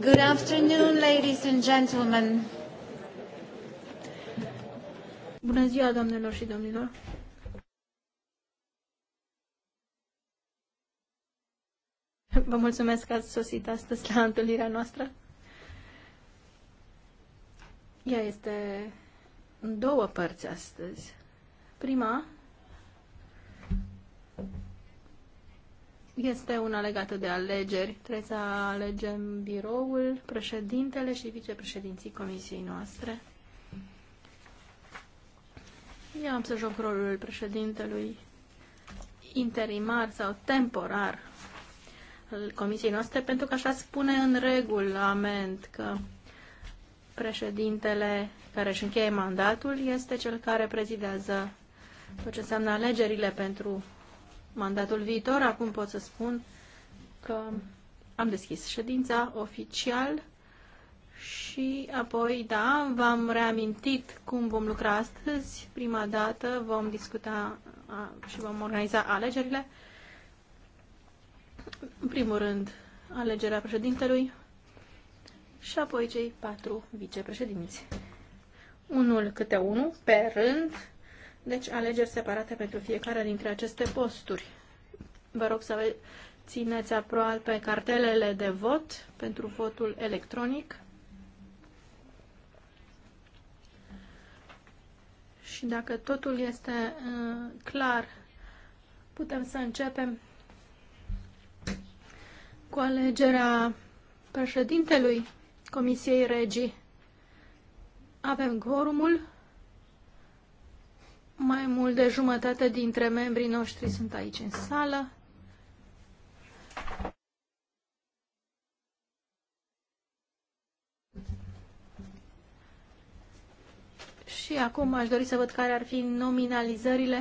Good afternoon, ladies and gentlemen. Bună ziua, doamnelor și domnilor. Vă mulțumesc că ați sosit astăzi la întâlnirea noastră. Ea este în două părți astăzi. Prima este una legată de alegeri. Trebuie să alegem biroul, președintele și vicepreședinții comisiei noastre. Eu am să joc rolul președintelui interimar sau temporar al comisiei noastre, pentru că așa spune în regulament că președintele care își încheie mandatul este cel care prezidează tot ce înseamnă alegerile pentru mandatul viitor. Acum pot să spun că am deschis ședința oficial și apoi, da, v-am reamintit cum vom lucra astăzi. Prima dată vom discuta și vom organiza alegerile. În primul rând, alegerea președintelui și apoi cei patru vicepreședinți. Unul câte unul, pe rând, deci alegeri separate pentru fiecare dintre aceste posturi. Vă rog să țineți aproape cartelele de vot pentru votul electronic. Și dacă totul este uh, clar, putem să începem cu alegerea președintelui Comisiei Regii. Avem quorumul. Mai mult de jumătate dintre membrii noștri sunt aici în sală. Și acum aș dori să văd care ar fi nominalizările.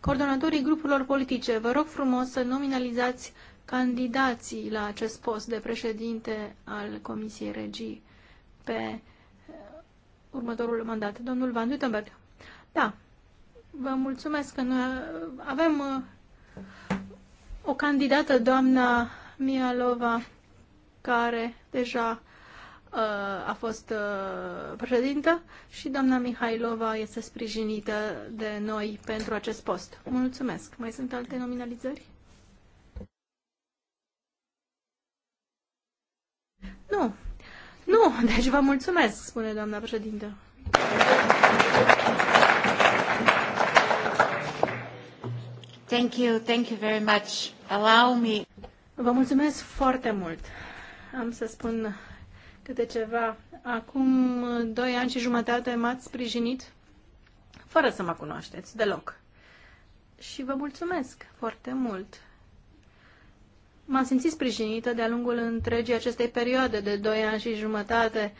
Coordonatorii grupurilor politice, vă rog frumos să nominalizați candidații la acest post de președinte al Comisiei Regii pe eh, următorul mandat. Domnul Van Duttenberg. Da, vă mulțumesc că noi avem eh, o candidată, doamna Mialova, care deja uh, a fost uh, președintă și doamna Mihailova este sprijinită de noi pentru acest post. Mulțumesc. Mai sunt alte nominalizări? Nu. Nu, deci vă mulțumesc, spune doamna președintă. Thank you, thank you very much. Allow me. Vă mulțumesc foarte mult. Am să spun câte ceva. Acum doi ani și jumătate m-ați sprijinit fără să mă cunoașteți deloc. Și vă mulțumesc foarte mult. M-am simțit sprijinită de-a lungul întregii acestei perioade de doi ani și jumătate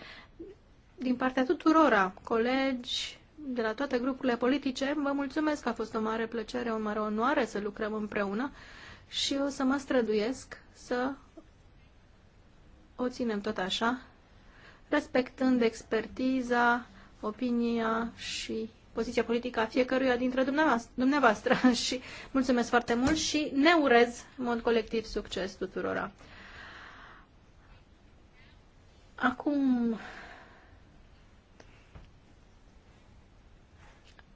din partea tuturora, colegi, de la toate grupurile politice. Vă mulțumesc, că a fost o mare plăcere, o mare onoare să lucrăm împreună și o să mă străduiesc să o ținem tot așa, respectând expertiza, opinia și poziția politică a fiecăruia dintre dumneavoastră, dumneavoastră și mulțumesc foarte mult și ne urez în mod colectiv succes tuturora. Acum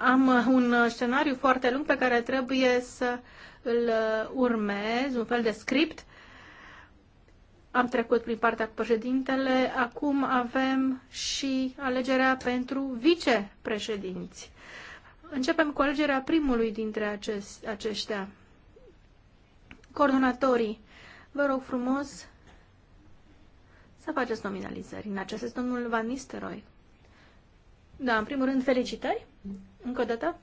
am uh, un uh, scenariu foarte lung pe care trebuie să îl uh, urmez, un fel de script. Am trecut prin partea cu președintele, acum avem și alegerea pentru vicepreședinți. Începem cu alegerea primului dintre aceștia. Coordonatorii, vă rog frumos să faceți nominalizări. În acest este domnul Van Nisteroi. Da, în primul rând, felicitări încă o dată?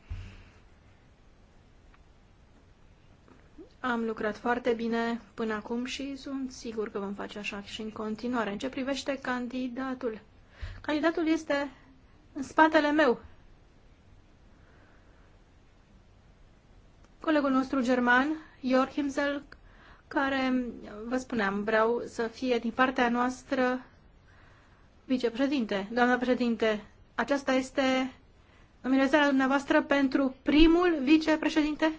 Am lucrat foarte bine până acum și sunt sigur că vom face așa și în continuare. În ce privește candidatul? Candidatul este în spatele meu. Colegul nostru german, Jörg Himsel, care, vă spuneam, vreau să fie din partea noastră vicepreședinte. Doamna președinte, aceasta este nominalizarea dumneavoastră pentru primul vicepreședinte?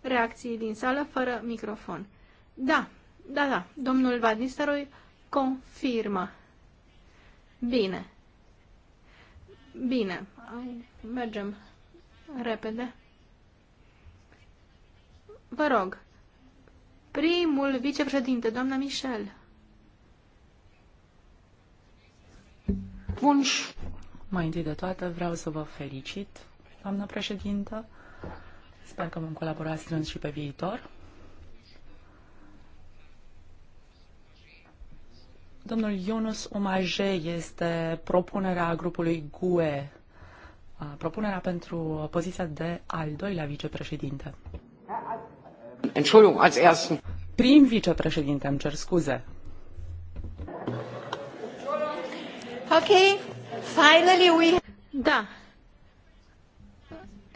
Reacții din sală fără microfon. Da, da, da, domnul Van confirmă. Bine. Bine, mergem repede. Vă rog, primul vicepreședinte, doamna Michel. Bun. Mai întâi de toate vreau să vă felicit, doamnă președintă. Sper că vom colabora strâns și pe viitor. Domnul Ionus Omaje este propunerea grupului GUE, propunerea pentru poziția de al doilea vicepreședinte. Entschuldigung, als ersten. Prim vicepreședinte, îmi cer scuze. Ok, finally we... Da.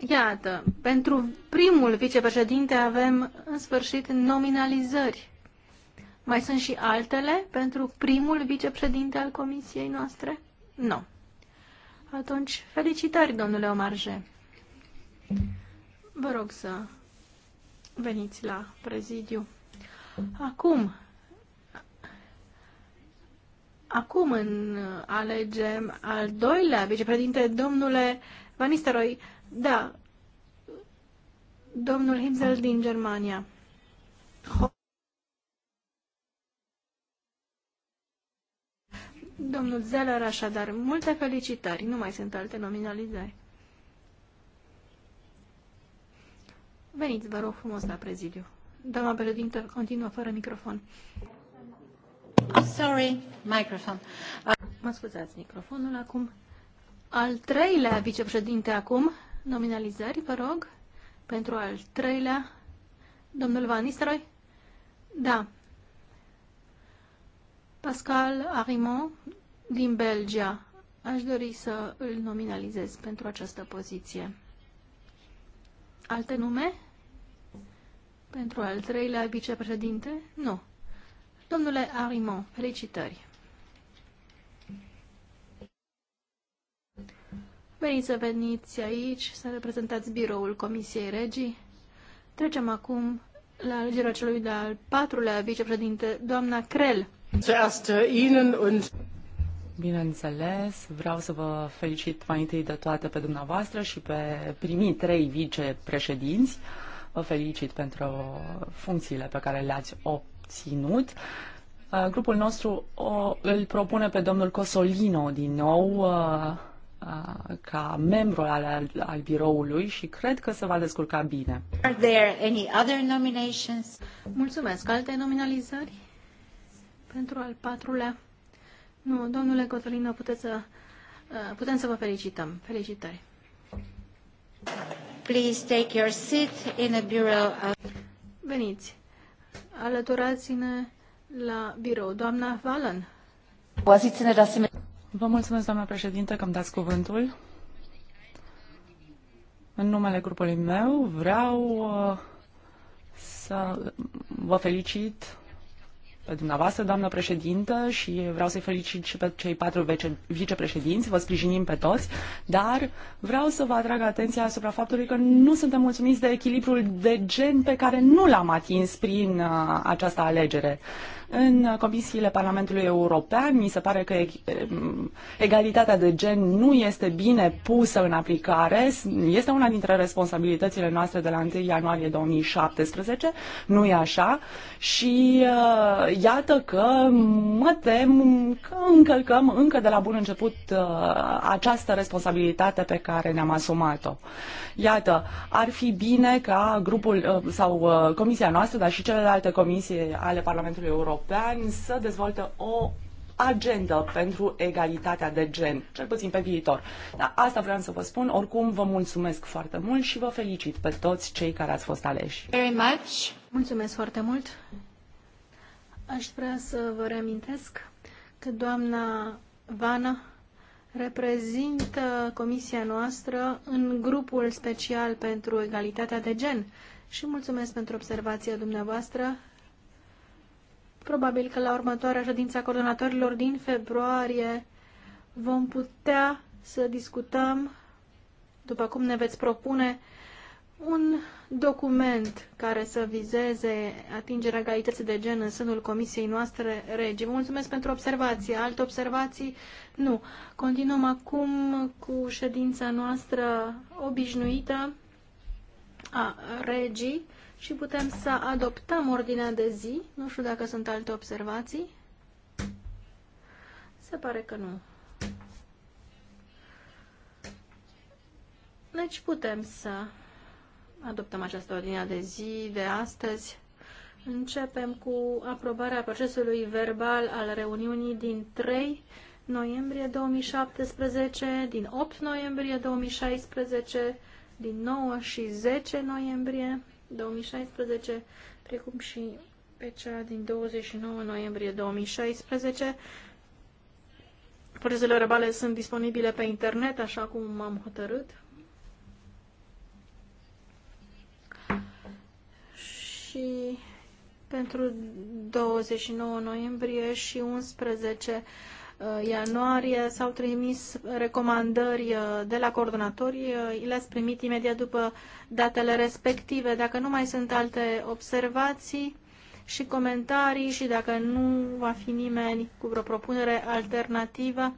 Iată, pentru primul vicepreședinte avem în sfârșit nominalizări. Mai sunt și altele pentru primul vicepreședinte al comisiei noastre? Nu. Atunci, felicitări, domnule Omarje. Vă rog să veniți la prezidiu. Acum, Acum în uh, alegem al doilea vicepreședinte, domnule Van Nistelrooy, da, domnul Himsel din Germania. Domnul Zeller, așadar, multe felicitări, nu mai sunt alte nominalizări. Veniți, vă rog frumos, la prezidiu. Doamna președintă, continuă fără microfon. Ah, sorry, microphone. Uh, mă scuzați microfonul acum. Al treilea vicepreședinte acum, nominalizări, vă rog, pentru al treilea, domnul Van Nistelrooy. Da. Pascal Arimont din Belgia. Aș dori să îl nominalizez pentru această poziție. Alte nume? Pentru al treilea vicepreședinte? Nu. Domnule Arimon, felicitări! Veniți să veniți aici, să reprezentați biroul Comisiei Regii. Trecem acum la alegerea celui de-al patrulea vicepreședinte, doamna Crel. Äh, Bineînțeles, vreau să vă felicit mai întâi de toate pe dumneavoastră și pe primii trei vicepreședinți. Vă felicit pentru funcțiile pe care le-ați obținut. Uh, grupul nostru o, îl propune pe domnul Cosolino din nou uh, uh, ca membru al, al biroului și cred că se va descurca bine. Are there any other nominations? Mulțumesc. Alte nominalizări? Pentru al patrulea. Nu, domnule Cotolino, puteți să, putem să vă felicităm. Felicitări. Please take your seat in a bureau of... Veniți. Alăturați-ne la birou. Doamna Valen. Vă mulțumesc, doamna președinte, că îmi dați cuvântul. În numele grupului meu vreau uh, să vă felicit dumneavoastră, doamnă președintă, și vreau să-i felicit și pe cei patru vice, vicepreședinți, vă sprijinim pe toți, dar vreau să vă atrag atenția asupra faptului că nu suntem mulțumiți de echilibrul de gen pe care nu l-am atins prin uh, această alegere în comisiile Parlamentului European. Mi se pare că egalitatea de gen nu este bine pusă în aplicare. Este una dintre responsabilitățile noastre de la 1 ianuarie 2017, nu e așa? Și uh, iată că mă tem că încălcăm încă de la bun început uh, această responsabilitate pe care ne-am asumat-o. Iată, ar fi bine ca grupul uh, sau uh, comisia noastră, dar și celelalte comisii ale Parlamentului European European să dezvolte o agendă pentru egalitatea de gen, cel puțin pe viitor. Dar asta vreau să vă spun. Oricum, vă mulțumesc foarte mult și vă felicit pe toți cei care ați fost aleși. Very much. Mulțumesc foarte mult. Aș vrea să vă reamintesc că doamna Vana reprezintă comisia noastră în grupul special pentru egalitatea de gen și mulțumesc pentru observația dumneavoastră Probabil că la următoarea ședință a coordonatorilor din februarie vom putea să discutăm, după cum ne veți propune, un document care să vizeze atingerea egalității de gen în sânul comisiei noastre regi. Mulțumesc pentru observații. Alte observații? Nu. Continuăm acum cu ședința noastră obișnuită a regii și putem să adoptăm ordinea de zi. Nu știu dacă sunt alte observații. Se pare că nu. Deci putem să adoptăm această ordine de zi de astăzi. Începem cu aprobarea procesului verbal al reuniunii din 3 noiembrie 2017, din 8 noiembrie 2016, din 9 și 10 noiembrie 2016, precum și pe cea din 29 noiembrie 2016. Procesele răbale sunt disponibile pe internet, așa cum m-am hotărât. Și pentru 29 noiembrie și 11 Uh, ianuarie s-au trimis recomandări uh, de la coordonatori, uh, le-ați primit imediat după datele respective. Dacă nu mai sunt alte observații și comentarii și dacă nu va fi nimeni cu vreo propunere alternativă,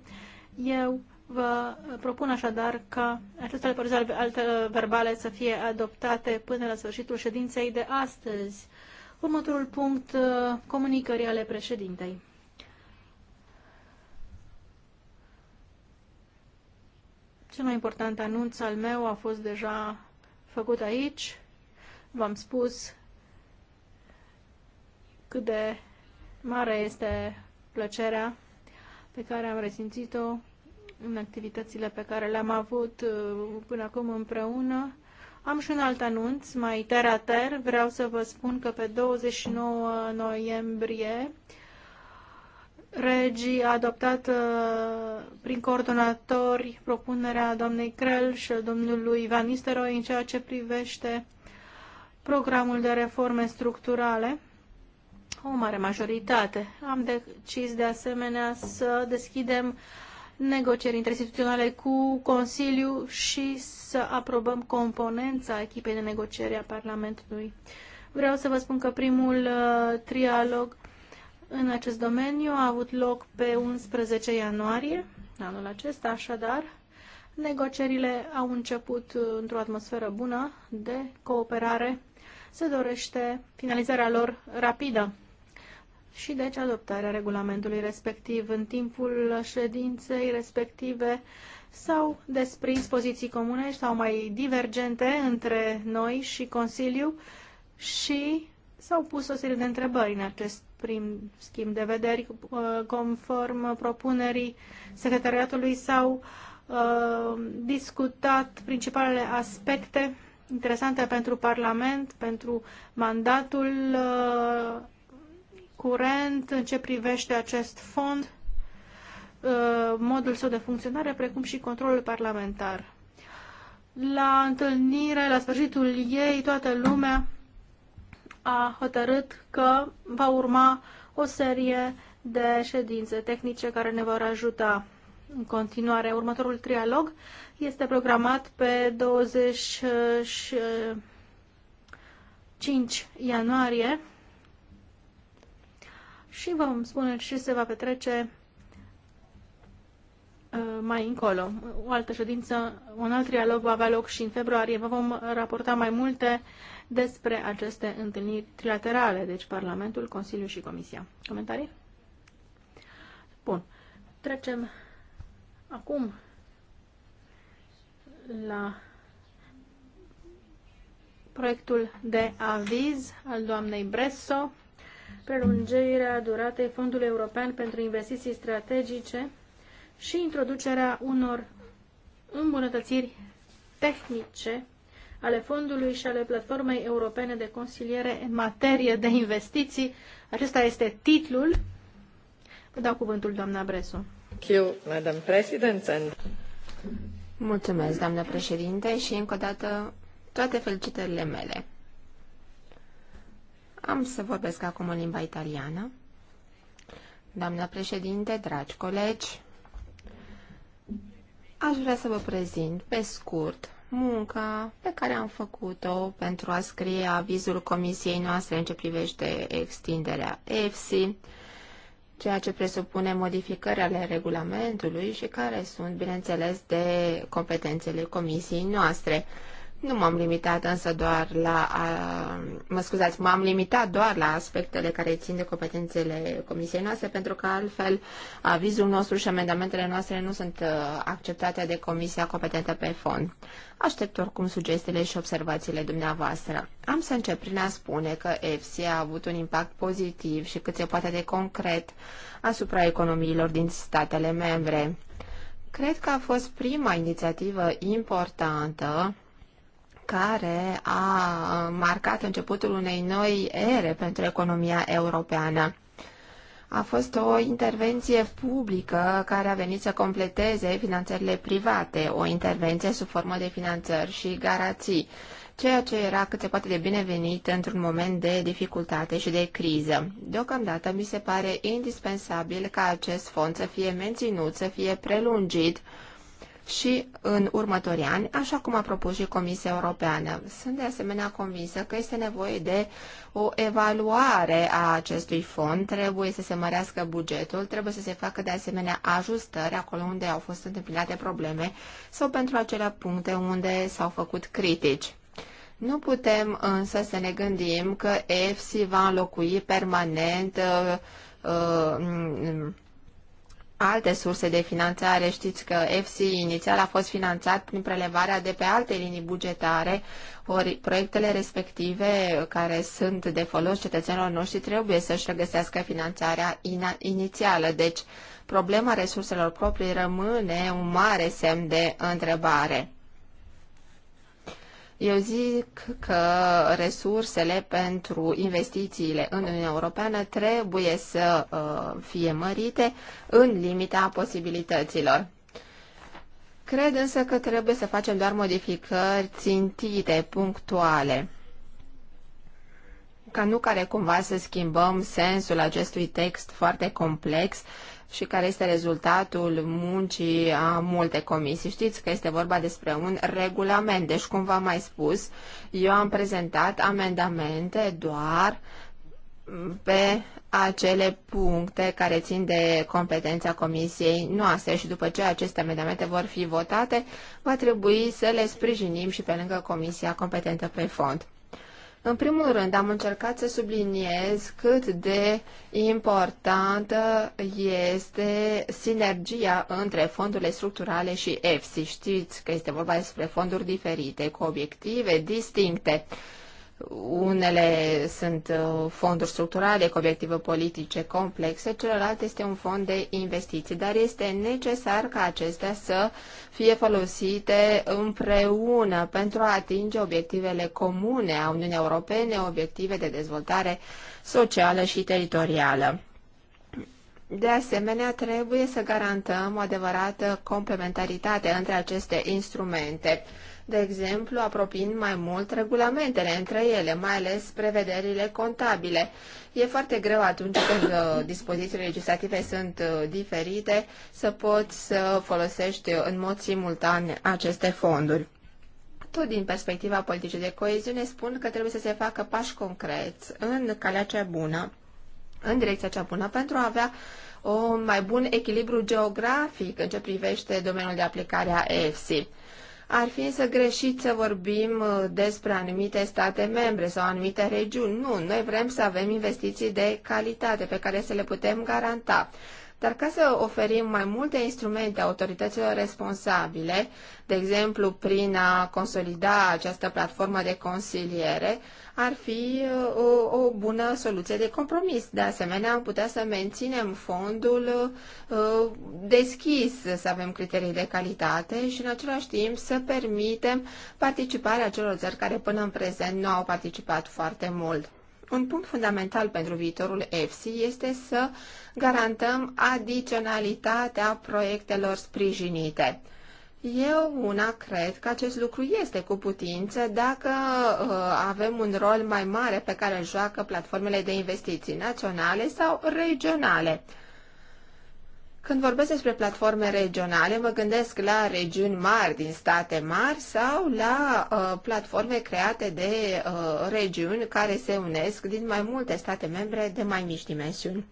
eu vă propun așadar ca aceste alte verbale să fie adoptate până la sfârșitul ședinței de astăzi. Următorul punct, comunicări ale președintei. Cel mai important anunț al meu a fost deja făcut aici. V-am spus cât de mare este plăcerea pe care am resimțit-o în activitățile pe care le-am avut uh, până acum împreună. Am și un alt anunț, mai ter-a-ter. Vreau să vă spun că pe 29 noiembrie Regii a adoptat uh, prin coordonatori propunerea doamnei Crel și domnului Van Nistelrooy în ceea ce privește programul de reforme structurale. O mare majoritate. Am decis de asemenea să deschidem negocieri interinstituționale cu Consiliu și să aprobăm componența echipei de negociere a Parlamentului. Vreau să vă spun că primul uh, trialog în acest domeniu a avut loc pe 11 ianuarie anul acesta, așadar negocierile au început într-o atmosferă bună de cooperare. Se dorește finalizarea lor rapidă și deci adoptarea regulamentului respectiv. În timpul ședinței respective s-au desprins poziții comune sau mai divergente între noi și Consiliu și s-au pus o serie de întrebări în acest prim schimb de vederi uh, conform propunerii secretariatului s-au uh, discutat principalele aspecte interesante pentru Parlament, pentru mandatul uh, curent în ce privește acest fond, uh, modul său de funcționare, precum și controlul parlamentar. La întâlnire, la sfârșitul ei, toată lumea a hotărât că va urma o serie de ședințe tehnice care ne vor ajuta în continuare. Următorul trialog este programat pe 25 ianuarie și vom spune ce se va petrece uh, mai încolo. O altă ședință, un alt trialog va avea loc și în februarie. Vă vom raporta mai multe uh, despre aceste întâlniri trilaterale, deci Parlamentul, Consiliul și Comisia. Comentarii? Bun. Trecem acum la proiectul de aviz al doamnei Bresso, prelungirea duratei Fondului European pentru Investiții Strategice și introducerea unor îmbunătățiri tehnice ale fondului și ale platformei europene de consiliere în materie de investiții. Acesta este titlul. Vă dau cuvântul, doamna Bresu. Mulțumesc, doamna președinte, și încă o dată toate felicitările mele. Am să vorbesc acum în limba italiană. Doamna președinte, dragi colegi, aș vrea să vă prezint pe scurt munca pe care am făcut-o pentru a scrie avizul comisiei noastre în ce privește extinderea EFSI, ceea ce presupune modificări ale regulamentului și care sunt, bineînțeles, de competențele comisiei noastre. Nu m-am limitat însă doar la, a, mă scuzați, m-am limitat doar la aspectele care țin de competențele comisiei noastre, pentru că altfel avizul nostru și amendamentele noastre nu sunt uh, acceptate de comisia competentă pe fond. Aștept oricum sugestiile și observațiile dumneavoastră. Am să încep prin a spune că EFSI a avut un impact pozitiv și cât se poate de concret asupra economiilor din statele membre. Cred că a fost prima inițiativă importantă care a marcat începutul unei noi ere pentru economia europeană. A fost o intervenție publică care a venit să completeze finanțările private, o intervenție sub formă de finanțări și garanții, ceea ce era cât se poate de binevenit într-un moment de dificultate și de criză. Deocamdată mi se pare indispensabil ca acest fond să fie menținut, să fie prelungit, și în următorii ani, așa cum a propus și Comisia Europeană. Sunt de asemenea convinsă că este nevoie de o evaluare a acestui fond, trebuie să se mărească bugetul, trebuie să se facă de asemenea ajustări acolo unde au fost întâmpinate probleme sau pentru acele puncte unde s-au făcut critici. Nu putem însă să ne gândim că EFSI va înlocui permanent uh, uh, alte surse de finanțare. Știți că FC inițial a fost finanțat prin prelevarea de pe alte linii bugetare, ori proiectele respective care sunt de folos cetățenilor noștri trebuie să-și regăsească finanțarea inițială. Deci, problema resurselor proprii rămâne un mare semn de întrebare. Eu zic că resursele pentru investițiile în Uniunea Europeană trebuie să uh, fie mărite în limita posibilităților. Cred însă că trebuie să facem doar modificări țintite, punctuale, ca nu care cumva să schimbăm sensul acestui text foarte complex și care este rezultatul muncii a multe comisii. Știți că este vorba despre un regulament, deci cum v-am mai spus, eu am prezentat amendamente doar pe acele puncte care țin de competența comisiei noastre și după ce aceste amendamente vor fi votate, va trebui să le sprijinim și pe lângă comisia competentă pe fond. În primul rând, am încercat să subliniez cât de importantă este sinergia între fondurile structurale și EFSI. Știți că este vorba despre fonduri diferite, cu obiective distincte. Unele sunt uh, fonduri structurale cu obiective politice complexe, celălalt este un fond de investiții, dar este necesar ca acestea să fie folosite împreună pentru a atinge obiectivele comune a Uniunii Europene, obiective de dezvoltare socială și teritorială. De asemenea, trebuie să garantăm o adevărată complementaritate între aceste instrumente de exemplu, apropiind mai mult regulamentele între ele, mai ales prevederile contabile. E foarte greu atunci când uh, dispozițiile legislative sunt uh, diferite să poți să folosești în mod simultan aceste fonduri. Tot din perspectiva politicii de coeziune spun că trebuie să se facă pași concreți în calea cea bună, în direcția cea bună, pentru a avea un mai bun echilibru geografic în ce privește domeniul de aplicare a EFSI. Ar fi însă greșit să vorbim uh, despre anumite state membre sau anumite regiuni. Nu, noi vrem să avem investiții de calitate pe care să le putem garanta. Dar ca să oferim mai multe instrumente autorităților responsabile, de exemplu prin a consolida această platformă de consiliere, ar fi uh, o, o bună soluție de compromis. De asemenea, am putea să menținem fondul uh, deschis, să avem criterii de calitate și în același timp să permitem participarea celor țări care până în prezent nu au participat foarte mult. Un punct fundamental pentru viitorul EFSI este să garantăm adiționalitatea proiectelor sprijinite. Eu una cred că acest lucru este cu putință dacă uh, avem un rol mai mare pe care îl joacă platformele de investiții naționale sau regionale când vorbesc despre platforme regionale, mă gândesc la regiuni mari din state mari sau la uh, platforme create de uh, regiuni care se unesc din mai multe state membre de mai mici dimensiuni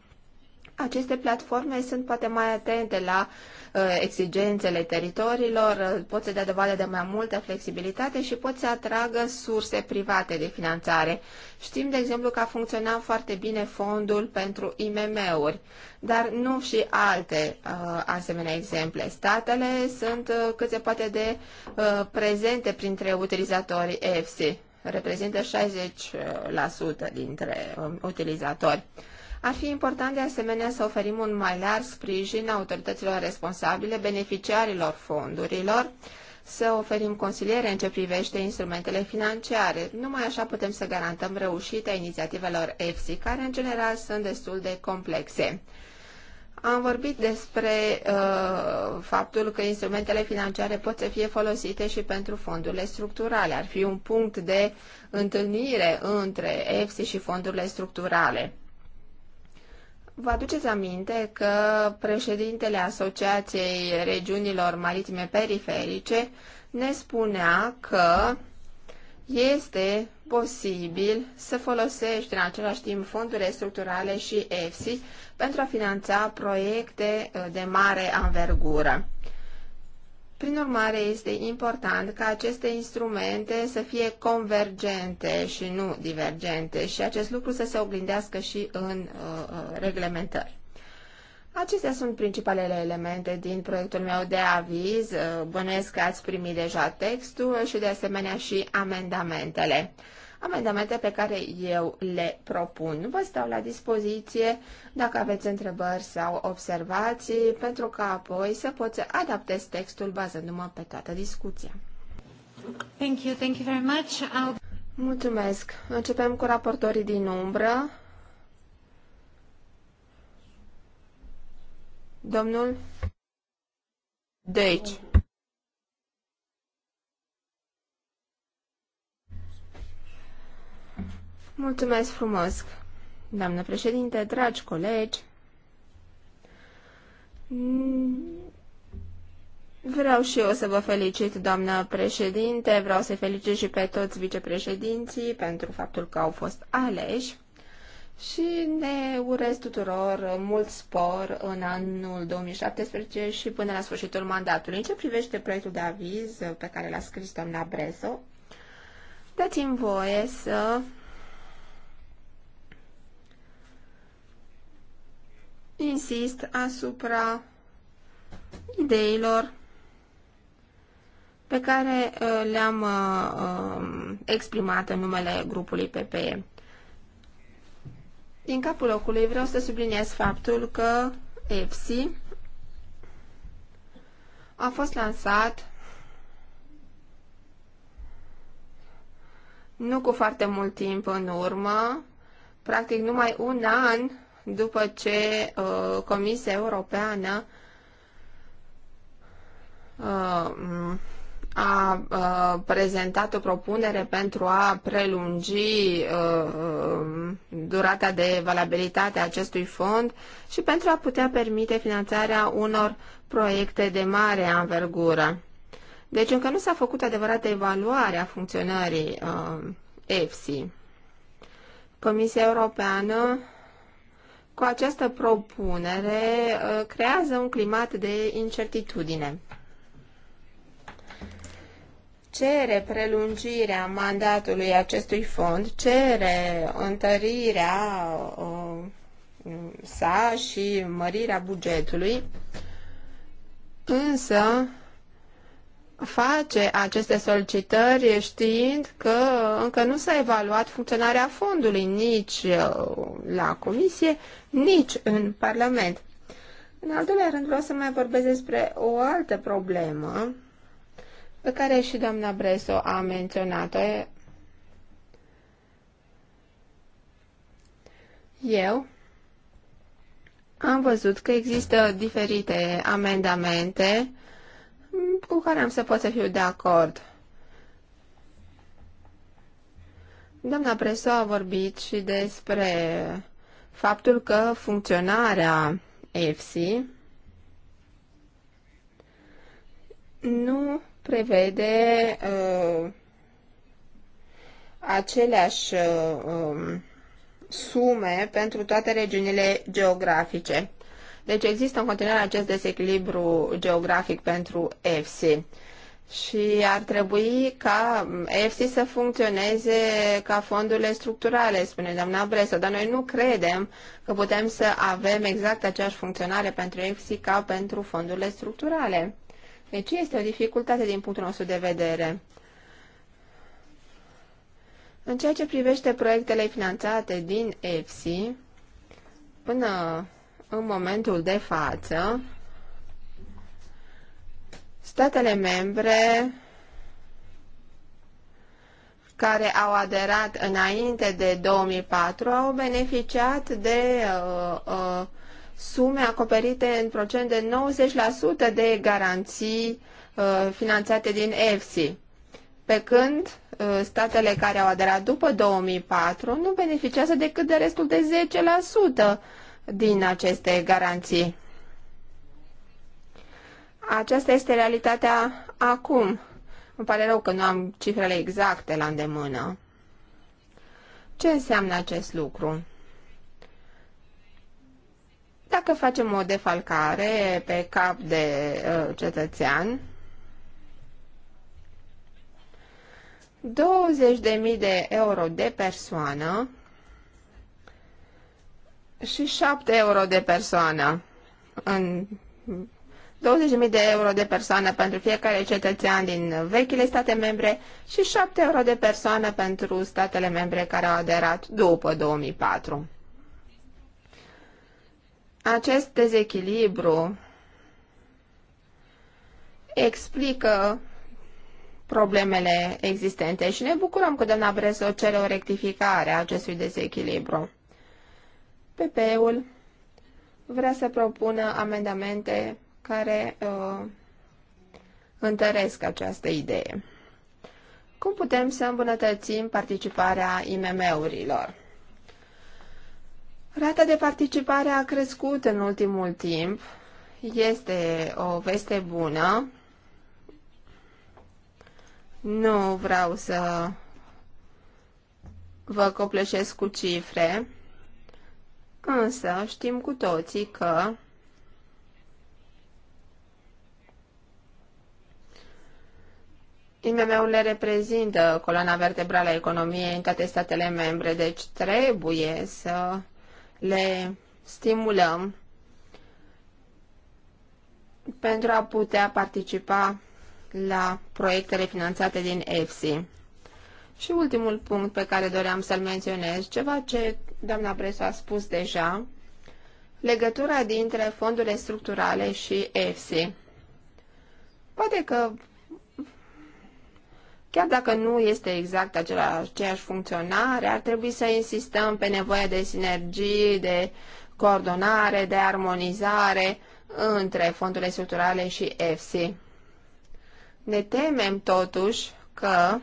aceste platforme sunt poate mai atente la uh, exigențele teritoriilor, uh, pot să dea dovadă de mai multă flexibilitate și pot să atragă surse private de finanțare. Știm, de exemplu, că a funcționat foarte bine fondul pentru IMM-uri, dar nu și alte uh, asemenea exemple. Statele sunt uh, cât se poate de uh, prezente printre utilizatorii EFSI reprezintă 60% uh, dintre uh, utilizatori. Ar fi important de asemenea să oferim un mai larg sprijin autorităților responsabile, beneficiarilor fondurilor, să oferim consiliere în ce privește instrumentele financiare. Numai așa putem să garantăm reușita inițiativelor EFSI, care în general sunt destul de complexe. Am vorbit despre uh, faptul că instrumentele financiare pot să fie folosite și pentru fondurile structurale. Ar fi un punct de întâlnire între EFSI și fondurile structurale. Vă aduceți aminte că președintele Asociației Regiunilor Maritime Periferice ne spunea că este posibil să folosești în același timp fondurile structurale și EFSI pentru a finanța proiecte uh, de mare anvergură. Prin urmare, este important ca aceste instrumente să fie convergente și nu divergente și acest lucru să se oglindească și în uh, uh reglementări. Acestea sunt principalele elemente din proiectul meu de aviz. Uh, bănuiesc că ați primit deja textul și de asemenea și amendamentele amendamente pe care eu le propun. Vă stau la dispoziție dacă aveți întrebări sau observații, pentru că apoi să pot să adaptez textul bazându-mă pe toată discuția. Thank you, thank you very much. I'll... Mulțumesc. Începem cu raportorii din umbră. Domnul Deci. Mulțumesc frumos, doamnă președinte, dragi colegi. Mm, vreau și eu să vă felicit, doamnă președinte, vreau să felicit și pe toți vicepreședinții pentru faptul că au fost aleși și ne urez tuturor mult spor în anul 2017 și până la sfârșitul mandatului. În ce privește proiectul de aviz pe care l-a scris doamna Breso, dați-mi voie să insist asupra ideilor pe care uh, le-am uh, um, exprimat în numele grupului PPE. Din capul locului vreau să subliniez faptul că EPSI a fost lansat nu cu foarte mult timp în urmă, practic numai un an după ce uh, Comisia Europeană uh, a uh, prezentat o propunere pentru a prelungi uh, durata de valabilitate a acestui fond și pentru a putea permite finanțarea unor proiecte de mare anvergură. Deci încă nu s-a făcut adevărată evaluare a funcționării uh, EFSI. Comisia Europeană cu această propunere uh, creează un climat de incertitudine. Cere prelungirea mandatului acestui fond, cere întărirea uh, sa și mărirea bugetului, însă face aceste solicitări știind că încă nu s-a evaluat funcționarea fondului nici uh, la Comisie, nici în Parlament. În al doilea rând vreau să mai vorbesc despre o altă problemă pe care și doamna Breso a menționat-o. Eu am văzut că există diferite amendamente cu care am să pot să fiu de acord. Doamna Preso a vorbit și despre faptul că funcționarea EFSI nu prevede uh, aceleași uh, um, sume pentru toate regiunile geografice. Deci există în continuare acest desechilibru geografic pentru EFSI. Și ar trebui ca EFSI să funcționeze ca fondurile structurale, spune doamna Bresă, dar noi nu credem că putem să avem exact aceeași funcționare pentru EFSI ca pentru fondurile structurale. Deci este o dificultate din punctul nostru de vedere. În ceea ce privește proiectele finanțate din EFSI, până în momentul de față, statele membre care au aderat înainte de 2004 au beneficiat de uh, uh, sume acoperite în procent de 90% de garanții uh, finanțate din EFSI, pe când uh, statele care au aderat după 2004 nu beneficiază decât de restul de 10% din aceste garanții. Aceasta este realitatea acum. Îmi pare rău că nu am cifrele exacte la îndemână. Ce înseamnă acest lucru? Dacă facem o defalcare pe cap de uh, cetățean, 20.000 de euro de persoană și 7 euro de persoană. În 20.000 de euro de persoană pentru fiecare cetățean din vechile state membre și 7 euro de persoană pentru statele membre care au aderat după 2004. Acest dezechilibru explică problemele existente și ne bucurăm că doamna Breso cere o rectificare a acestui dezechilibru. PP-ul vrea să propună amendamente care uh, întăresc această idee. Cum putem să îmbunătățim participarea IMM-urilor? Rata de participare a crescut în ultimul timp. Este o veste bună. Nu vreau să vă copleșesc cu cifre, Însă știm cu toții că IMM-urile reprezintă coloana vertebrală a economiei în toate statele membre, deci trebuie să le stimulăm pentru a putea participa la proiectele finanțate din EFSI. Și ultimul punct pe care doream să-l menționez, ceva ce doamna Bresu a spus deja, legătura dintre fondurile structurale și EFSI. Poate că, chiar dacă nu este exact aceeași funcționare, ar trebui să insistăm pe nevoia de sinergii, de coordonare, de armonizare între fondurile structurale și EFSI. Ne temem totuși că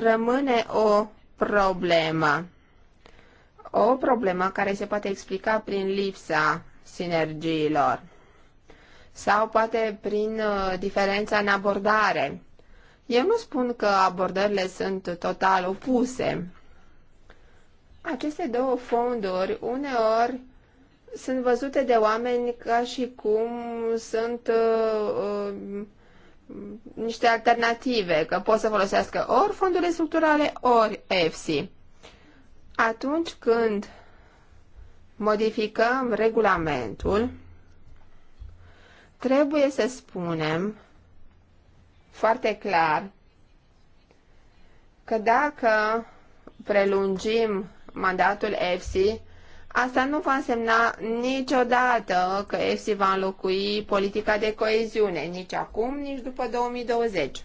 rămâne o problemă. O problemă care se poate explica prin lipsa sinergiilor sau poate prin uh, diferența în abordare. Eu nu spun că abordările sunt total opuse. Aceste două fonduri uneori sunt văzute de oameni ca și cum sunt uh, uh, niște alternative, că pot să folosească ori fondurile structurale, ori EFSI. Atunci când modificăm regulamentul, trebuie să spunem foarte clar că dacă prelungim mandatul EFSI, Asta nu va însemna niciodată că EFSI va înlocui politica de coeziune, nici acum, nici după 2020.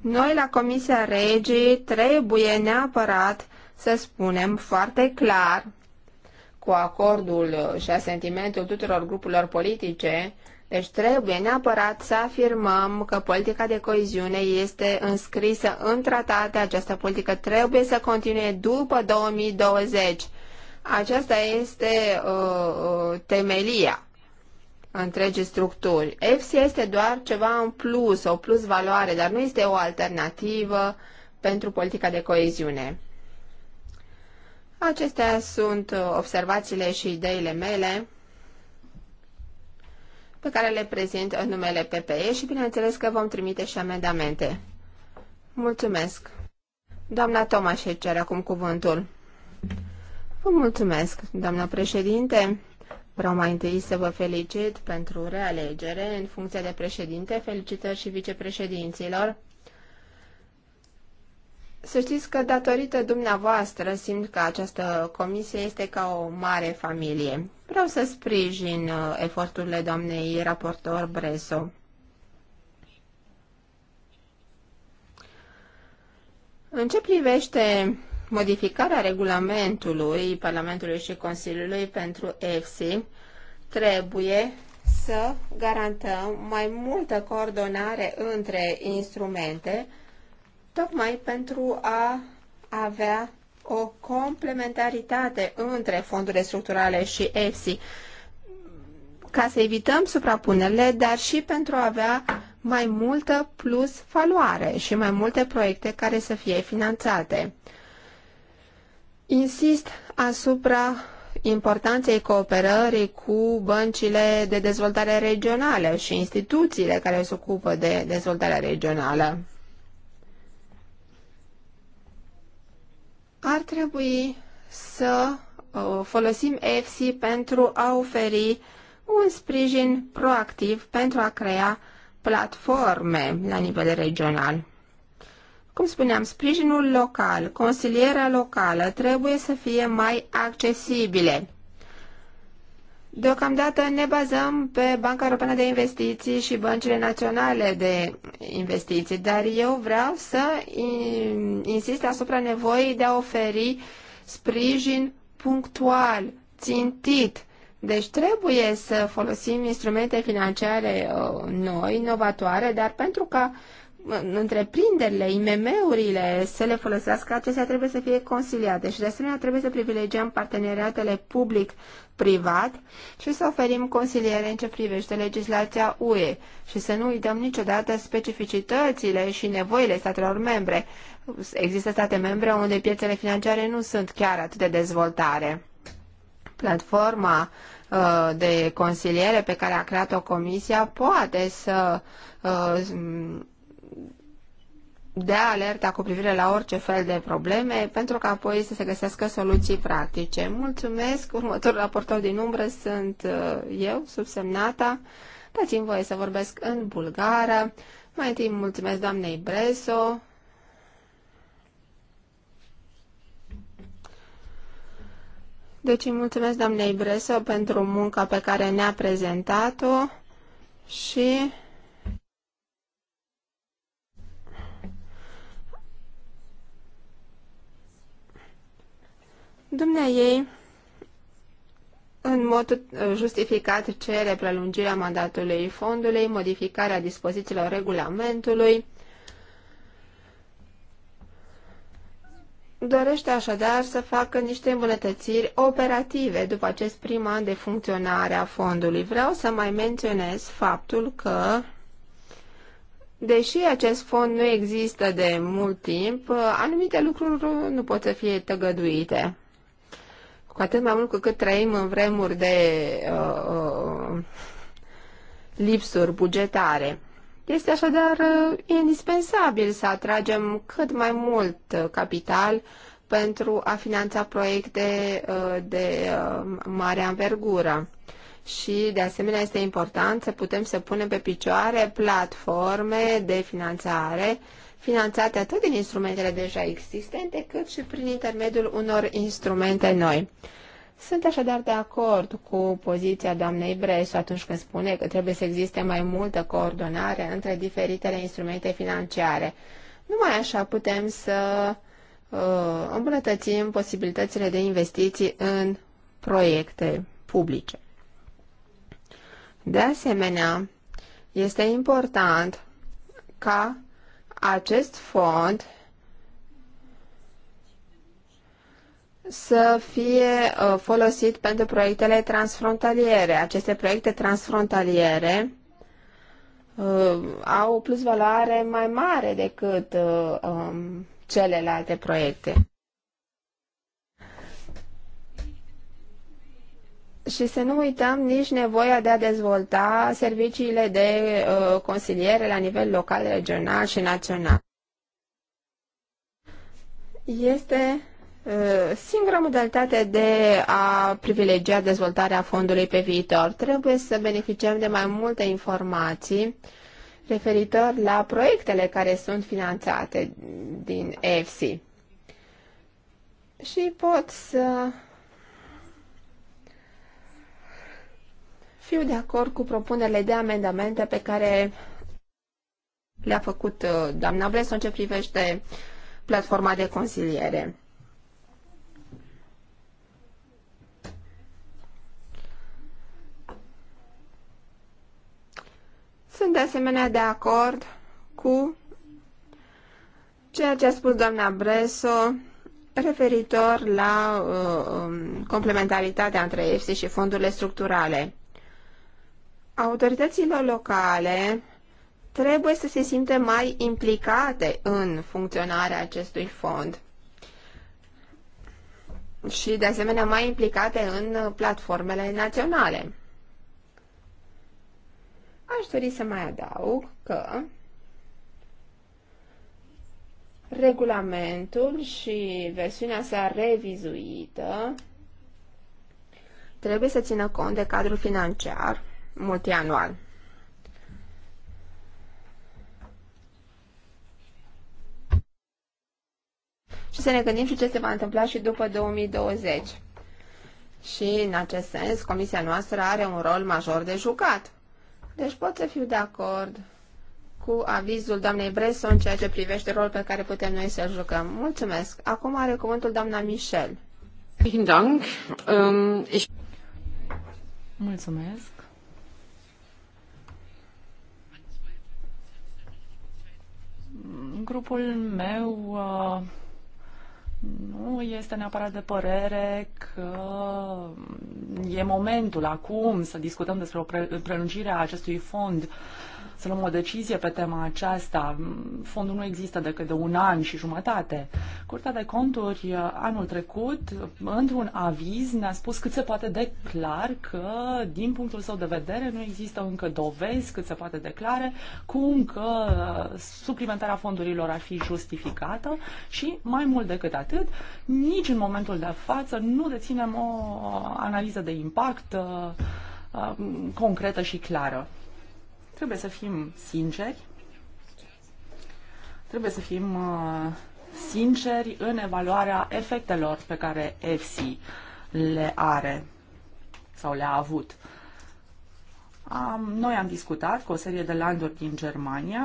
Noi la Comisia Regii trebuie neapărat să spunem foarte clar, cu acordul și asentimentul tuturor grupurilor politice, deci trebuie neapărat să afirmăm că politica de coeziune este înscrisă în tratate, această politică trebuie să continue după 2020. Aceasta este uh, uh, temelia întregii structuri. EFSI este doar ceva în plus, o plus valoare, dar nu este o alternativă pentru politica de coeziune. Acestea sunt uh, observațiile și ideile mele pe care le prezint în numele PPE și bineînțeles că vom trimite și amendamente. Mulțumesc. Doamna Tomașe cere acum cuvântul. Vă mulțumesc, doamna președinte. Vreau mai întâi să vă felicit pentru realegere în funcția de președinte, felicitări și vicepreședinților. Să știți că datorită dumneavoastră simt că această comisie este ca o mare familie. Vreau să sprijin uh, eforturile doamnei raportor Breso. În ce privește modificarea regulamentului Parlamentului și Consiliului pentru EFSI, trebuie să garantăm mai multă coordonare între instrumente, tocmai pentru a avea o complementaritate între fondurile structurale și EFSI, ca să evităm suprapunerile, dar și pentru a avea mai multă plus valoare și mai multe proiecte care să fie finanțate. Insist asupra importanței cooperării cu băncile de dezvoltare regională și instituțiile care se ocupă de dezvoltarea regională. Ar trebui să uh, folosim EFSI pentru a oferi un sprijin proactiv pentru a crea platforme la nivel regional. Cum spuneam, sprijinul local, consilierea locală trebuie să fie mai accesibile Deocamdată ne bazăm pe Banca Europeană de Investiții și băncile naționale de investiții, dar eu vreau să insist asupra nevoii de a oferi sprijin punctual, țintit. Deci trebuie să folosim instrumente financiare uh, noi, inovatoare, dar pentru ca întreprinderile, IMM-urile să le folosească, acestea trebuie să fie consiliate și de asemenea trebuie să privilegiem parteneriatele public-privat și să oferim consiliere în ce privește legislația UE și să nu uităm niciodată specificitățile și nevoile statelor membre. Există state membre unde piețele financiare nu sunt chiar atât de dezvoltare. Platforma uh, de consiliere pe care a creat-o comisia poate să uh, de alerta cu privire la orice fel de probleme, pentru că apoi să se găsească soluții practice. Mulțumesc! Următorul raportor din umbră sunt uh, eu, subsemnata. Dați-mi voie să vorbesc în bulgară. Mai întâi mulțumesc doamnei Breso. Deci mulțumesc doamnei Breso pentru munca pe care ne-a prezentat-o și Dumnea ei, în mod uh, justificat, cere prelungirea mandatului fondului, modificarea dispozițiilor regulamentului, dorește așadar să facă niște îmbunătățiri operative după acest prim an de funcționare a fondului. Vreau să mai menționez faptul că, deși acest fond nu există de mult timp, uh, anumite lucruri nu pot să fie tăgăduite cu atât mai mult cu cât trăim în vremuri de uh, uh lipsuri bugetare. Este așadar uh, indispensabil să atragem cât mai mult uh, capital pentru a finanța proiecte de mare anvergură. Și, de asemenea, este important să putem să punem pe picioare platforme de finanțare uh, finanțate atât din instrumentele deja existente, cât și prin intermediul unor instrumente noi. Sunt așadar de acord cu poziția doamnei Bresu atunci când spune că trebuie să existe mai multă coordonare între diferitele instrumente financiare. Numai așa putem să uh, îmbunătățim posibilitățile de investiții în proiecte publice. De asemenea, este important ca acest fond să fie uh, folosit pentru proiectele transfrontaliere. Aceste proiecte transfrontaliere uh, au o plus valoare mai mare decât uh, um, celelalte proiecte. Și să nu uităm nici nevoia de a dezvolta serviciile de uh, consiliere la nivel local, regional și național. Este uh, singura modalitate de a privilegia dezvoltarea fondului pe viitor. Trebuie să beneficiem de mai multe informații referitor la proiectele care sunt finanțate din EFSI. Și pot să fiu de acord cu propunerile de amendamente pe care le-a făcut uh, doamna Bresson ce privește platforma de consiliere. Sunt de asemenea de acord cu ceea ce a spus doamna Breso referitor la uh, um, complementaritatea între EFSI și fondurile structurale. Autoritățile locale trebuie să se simte mai implicate în funcționarea acestui fond și, de asemenea, mai implicate în platformele naționale. Aș dori să mai adaug că regulamentul și versiunea sa revizuită trebuie să țină cont de cadrul financiar multianual. Și să ne gândim și ce se va întâmpla și după 2020. Și, în acest sens, comisia noastră are un rol major de jucat. Deci pot să fiu de acord cu avizul doamnei Bresson în ceea ce privește rolul pe care putem noi să-l jucăm. Mulțumesc. Acum are cuvântul doamna Michel. Ähm, Mulțumesc. Grupul meu uh, nu este neapărat de părere că e momentul acum să discutăm despre o prelungire a acestui fond să luăm o decizie pe tema aceasta. Fondul nu există decât de un an și jumătate. Curtea de conturi uh, anul trecut, într-un aviz, ne-a spus cât se poate de clar că, din punctul său de vedere, nu există încă dovezi cât se poate de clare cum că uh, suplimentarea fondurilor ar fi justificată și, mai mult decât atât, nici în momentul de față nu deținem o analiză de impact uh, concretă și clară. Trebuie să fim sinceri, trebuie să fim uh, sinceri în evaluarea efectelor pe care EFSI le are sau le-a avut. Am, noi am discutat cu o serie de landuri din Germania,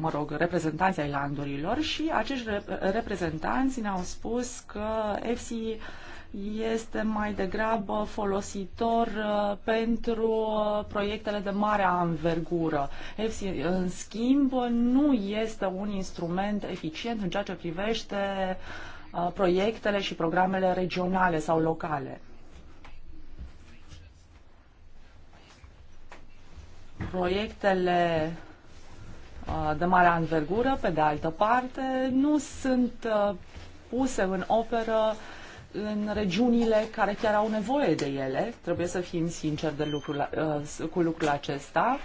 mă rog, reprezentanții ai landurilor și acești rep- reprezentanți ne-au spus că EFSI este mai degrabă folositor uh, pentru uh, proiectele de mare anvergură. EFSI, în schimb, nu este un instrument eficient în ceea ce privește uh, proiectele și programele regionale sau locale. Proiectele de mare anvergură, pe de altă parte, nu sunt puse în operă uh, în regiunile care chiar au nevoie de ele. Trebuie să fim sinceri de lucrul, uh, cu lucrul acesta.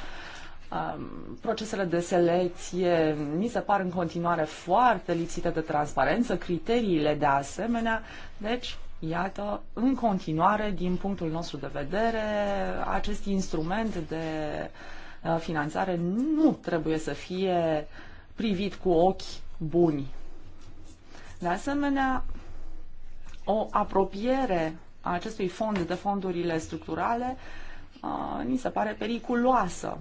Um, procesele de selecție mi se par în continuare foarte lipsite de transparență, criteriile de asemenea. Deci, iată, în continuare, din punctul nostru de vedere, acest instrument de uh, finanțare nu trebuie să fie privit cu ochi buni. De asemenea, o apropiere a acestui fond de fondurile structurale uh, ni se pare periculoasă.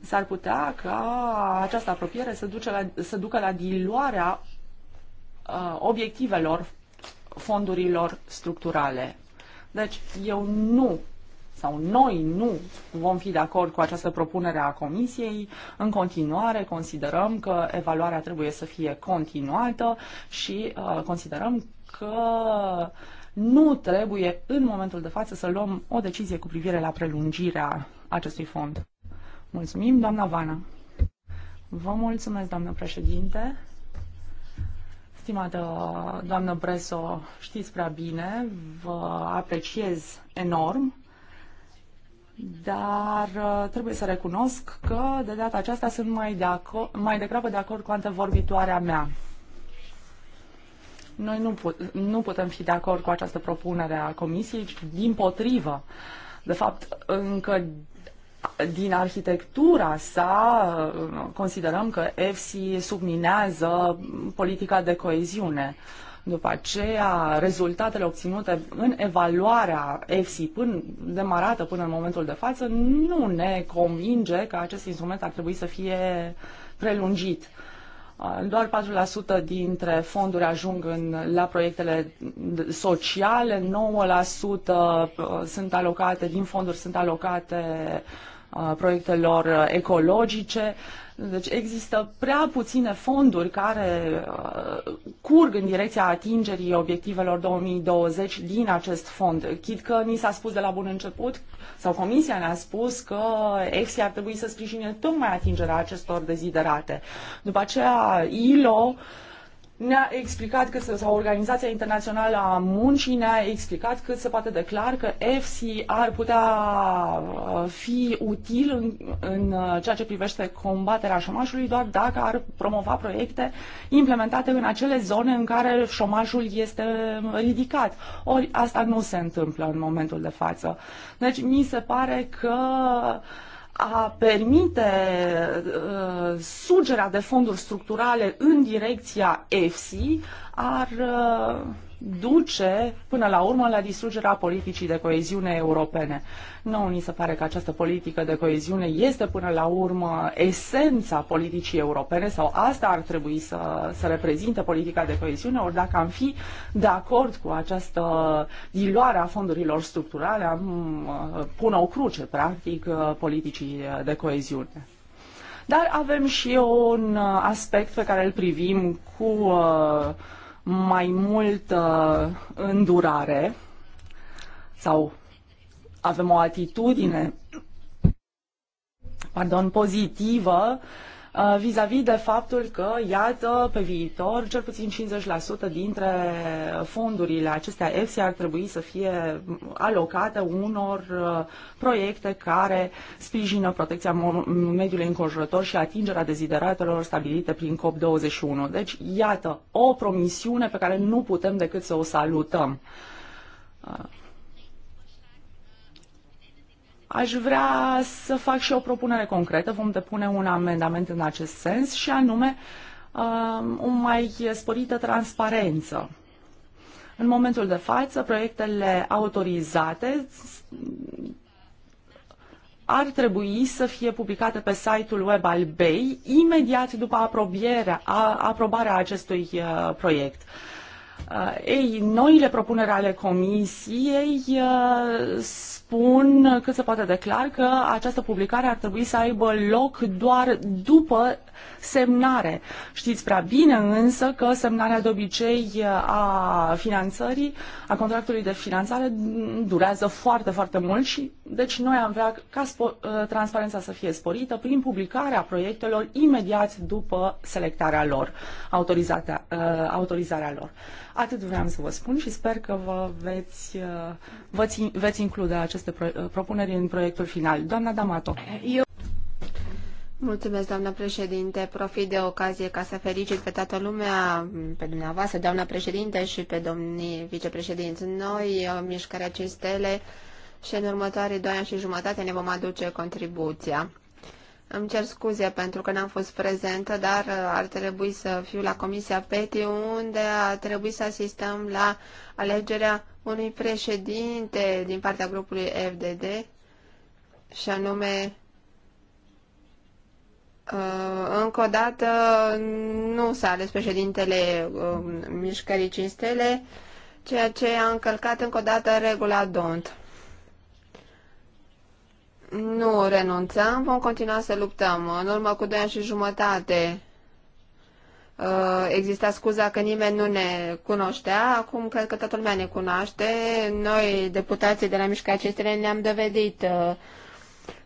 S-ar putea ca această apropiere să, duce la, să ducă la diluarea uh, obiectivelor fondurilor structurale. Deci eu nu sau noi nu vom fi de acord cu această propunere a Comisiei, în continuare considerăm că evaluarea trebuie să fie continuată și uh, considerăm că nu trebuie în momentul de față să luăm o decizie cu privire la prelungirea acestui fond. Mulțumim, doamna Vana. Vă mulțumesc, doamnă președinte. Stimată doamnă Breso, știți prea bine, vă apreciez enorm dar uh, trebuie să recunosc că de data aceasta sunt mai, de aco- mai degrabă de acord cu antevorbitoarea mea. Noi nu, put- nu putem fi de acord cu această propunere a Comisiei, ci din potrivă. De fapt, încă din arhitectura sa uh, considerăm că EFSI subminează politica de coeziune. Uh, după aceea, rezultatele obținute în evaluarea EFSI până demarată până în momentul de față nu ne convinge că acest instrument ar trebui să fie prelungit. Uh, doar 4% dintre fonduri ajung în, la proiectele sociale, 9% uh, sunt alocate, din fonduri sunt alocate uh, proiectelor ecologice. Deci există prea puține fonduri care uh, curg în direcția atingerii obiectivelor 2020 din acest fond. Chid că ni s-a spus de la bun început, sau Comisia ne-a spus că EXI ar trebui să sprijine tocmai atingerea acestor deziderate. După aceea, ILO ne-a explicat că, sau Organizația Internațională a Muncii ne-a explicat cât se poate de clar că EFSI ar putea uh, fi util în, în uh, ceea ce privește combaterea șomajului doar dacă ar promova proiecte implementate în acele zone în care șomajul este ridicat. Ori asta nu se întâmplă în momentul de față. Deci mi se pare că uh, a permite uh, sugerea de fonduri structurale în direcția EFSI ar uh, duce până la urmă la distrugerea politicii de coeziune europene. Nu, ni se pare că această politică de coeziune este până la urmă esența politicii europene sau asta ar trebui să, să reprezinte politica de coeziune, ori dacă am fi de acord cu această diluare a fondurilor structurale, am uh, pune o cruce, practic, uh, politicii de coeziune. Dar avem și un uh, aspect pe care îl privim cu uh, mai multă îndurare sau avem o atitudine pardon, pozitivă Uh, vis-a-vis -vis de faptul că, iată, pe viitor, cel puțin 50% dintre fondurile acestea EFSI ar trebui să fie alocate unor uh, proiecte care sprijină protecția mediului înconjurător și atingerea dezideratelor stabilite prin COP21. Deci, iată, o promisiune pe care nu putem decât să o salutăm. Uh, Aș vrea să fac și o propunere concretă. Vom depune un amendament în acest sens și anume um, o mai sporită transparență. În momentul de față, proiectele autorizate ar trebui să fie publicate pe site-ul web al BEI imediat după aprobierea, a, aprobarea acestui uh, proiect. Uh, ei, noile propuneri ale Comisiei uh, spun cât se poate de clar că această publicare ar trebui să aibă loc doar după semnare. Știți prea bine însă că semnarea de obicei a finanțării, a contractului de finanțare durează foarte, foarte mult și deci noi am vrea ca transparența să fie sporită prin publicarea proiectelor imediat după selectarea lor, uh, autorizarea lor. Atât vreau să vă spun și sper că vă veți, uh, veți, veți include aceste uh, propuneri în proiectul final. Doamna Damato. Eu... Mulțumesc, doamnă președinte. Profit de ocazie ca să felicit pe toată lumea, pe dumneavoastră, doamna președinte și pe domnii vicepreședinți. Noi, uh, Mișcarea Cistele, și în următoarei doi ani și jumătate ne vom aduce contribuția. Îmi cer scuze pentru că n-am fost prezentă, dar uh, ar trebui să fiu la Comisia PETI, unde a trebuit să asistăm la alegerea unui președinte din partea grupului FDD, și anume, uh, încă o dată, nu s-a ales președintele uh, Mișcării Cinstele, ceea ce a încălcat încă o dată regula DONT. Nu renunțăm, vom continua să luptăm. În urmă cu doi ani și jumătate uh, exista scuza că nimeni nu ne cunoștea, acum cred că toată lumea ne cunoaște. Noi, deputații de la Mișcarea Cestele, ne-am dovedit uh,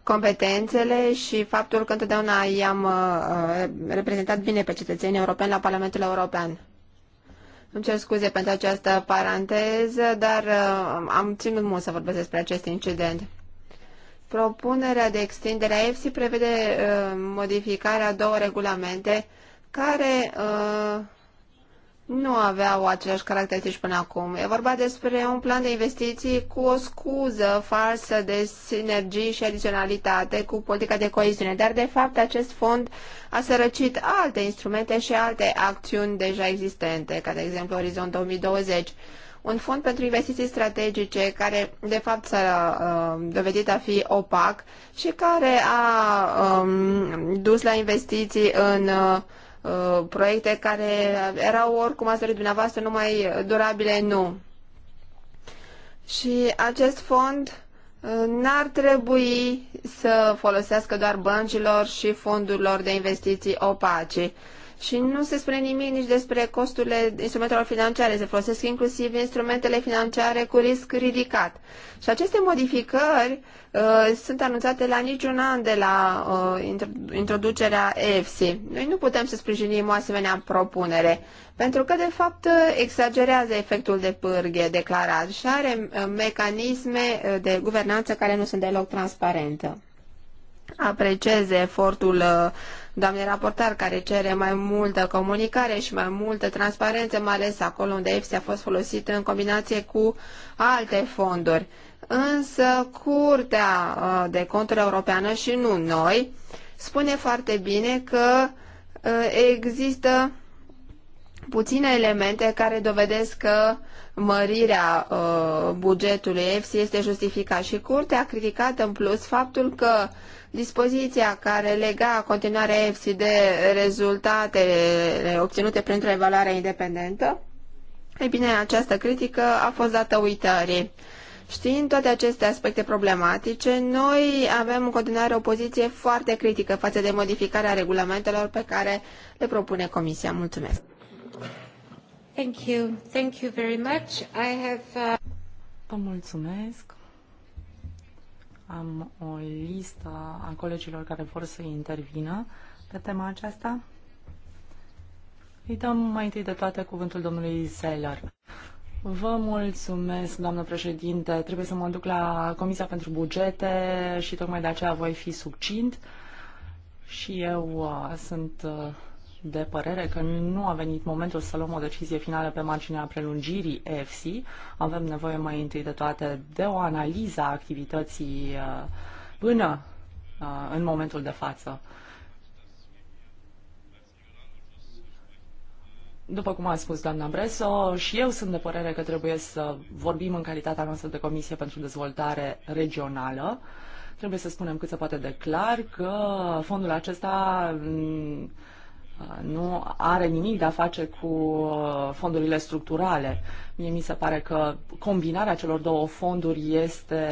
competențele și faptul că întotdeauna i-am uh, reprezentat bine pe cetățenii europeni la Parlamentul European. Îmi cer scuze pentru această paranteză, dar am ținut mult să vorbesc despre acest incident. Propunerea de extindere a EFSI prevede uh, modificarea două regulamente care uh, nu aveau aceleași caracteristici până acum. E vorba despre un plan de investiții cu o scuză falsă de sinergii și adiționalitate cu politica de coeziune, dar de fapt acest fond a sărăcit alte instrumente și alte acțiuni deja existente, ca de exemplu Orizont 2020 un fond pentru investiții strategice care de fapt s-a uh, dovedit a fi opac și care a um, dus la investiții în uh, uh proiecte care erau oricum ați dorit dumneavoastră numai durabile, nu. Și acest fond uh, n-ar trebui să folosească doar băncilor și fondurilor de investiții opace și nu se spune nimic nici despre costurile instrumentelor financiare. Se folosesc inclusiv instrumentele financiare cu risc ridicat. Și aceste modificări uh, sunt anunțate la niciun an de la uh, introducerea EFSI. Noi nu putem să sprijinim o asemenea propunere, pentru că, de fapt, exagerează efectul de pârghe declarat și are uh, mecanisme uh, de guvernanță care nu sunt deloc transparente apreciez efortul uh, doamnei raportar care cere mai multă comunicare și mai multă transparență, mai ales acolo unde EFSI a fost folosit în combinație cu alte fonduri. Însă Curtea uh, de Conturi Europeană și nu noi spune foarte bine că uh, există puține elemente care dovedesc că mărirea uh, bugetului EFSI este justificată și Curtea a criticat în plus faptul că Dispoziția care lega continuarea EFSI de rezultatele obținute printr-o evaluare independentă, ei bine, această critică a fost dată uitării. Știind toate aceste aspecte problematice, noi avem în continuare o poziție foarte critică față de modificarea regulamentelor pe care le propune Comisia. Mulțumesc! Thank you. Thank you very much. I have, uh... Vă mulțumesc. Am o listă a colegilor care vor să intervină pe tema aceasta. Îi dăm mai întâi de toate cuvântul domnului Zeller. Vă mulțumesc, doamnă președinte. Trebuie să mă duc la Comisia pentru Bugete și tocmai de aceea voi fi succint. Și eu uh, sunt uh, de părere că nu a venit momentul să luăm o decizie finală pe marginea prelungirii EFC. Avem nevoie mai întâi de toate de o analiză a activității uh, până uh, în momentul de față. După cum a spus doamna Breso, și eu sunt de părere că trebuie să vorbim în calitatea noastră de Comisie pentru Dezvoltare Regională. Trebuie să spunem cât se poate de clar că fondul acesta mm, nu are nimic de a face cu uh, fondurile structurale. Mie mi se pare că combinarea celor două fonduri este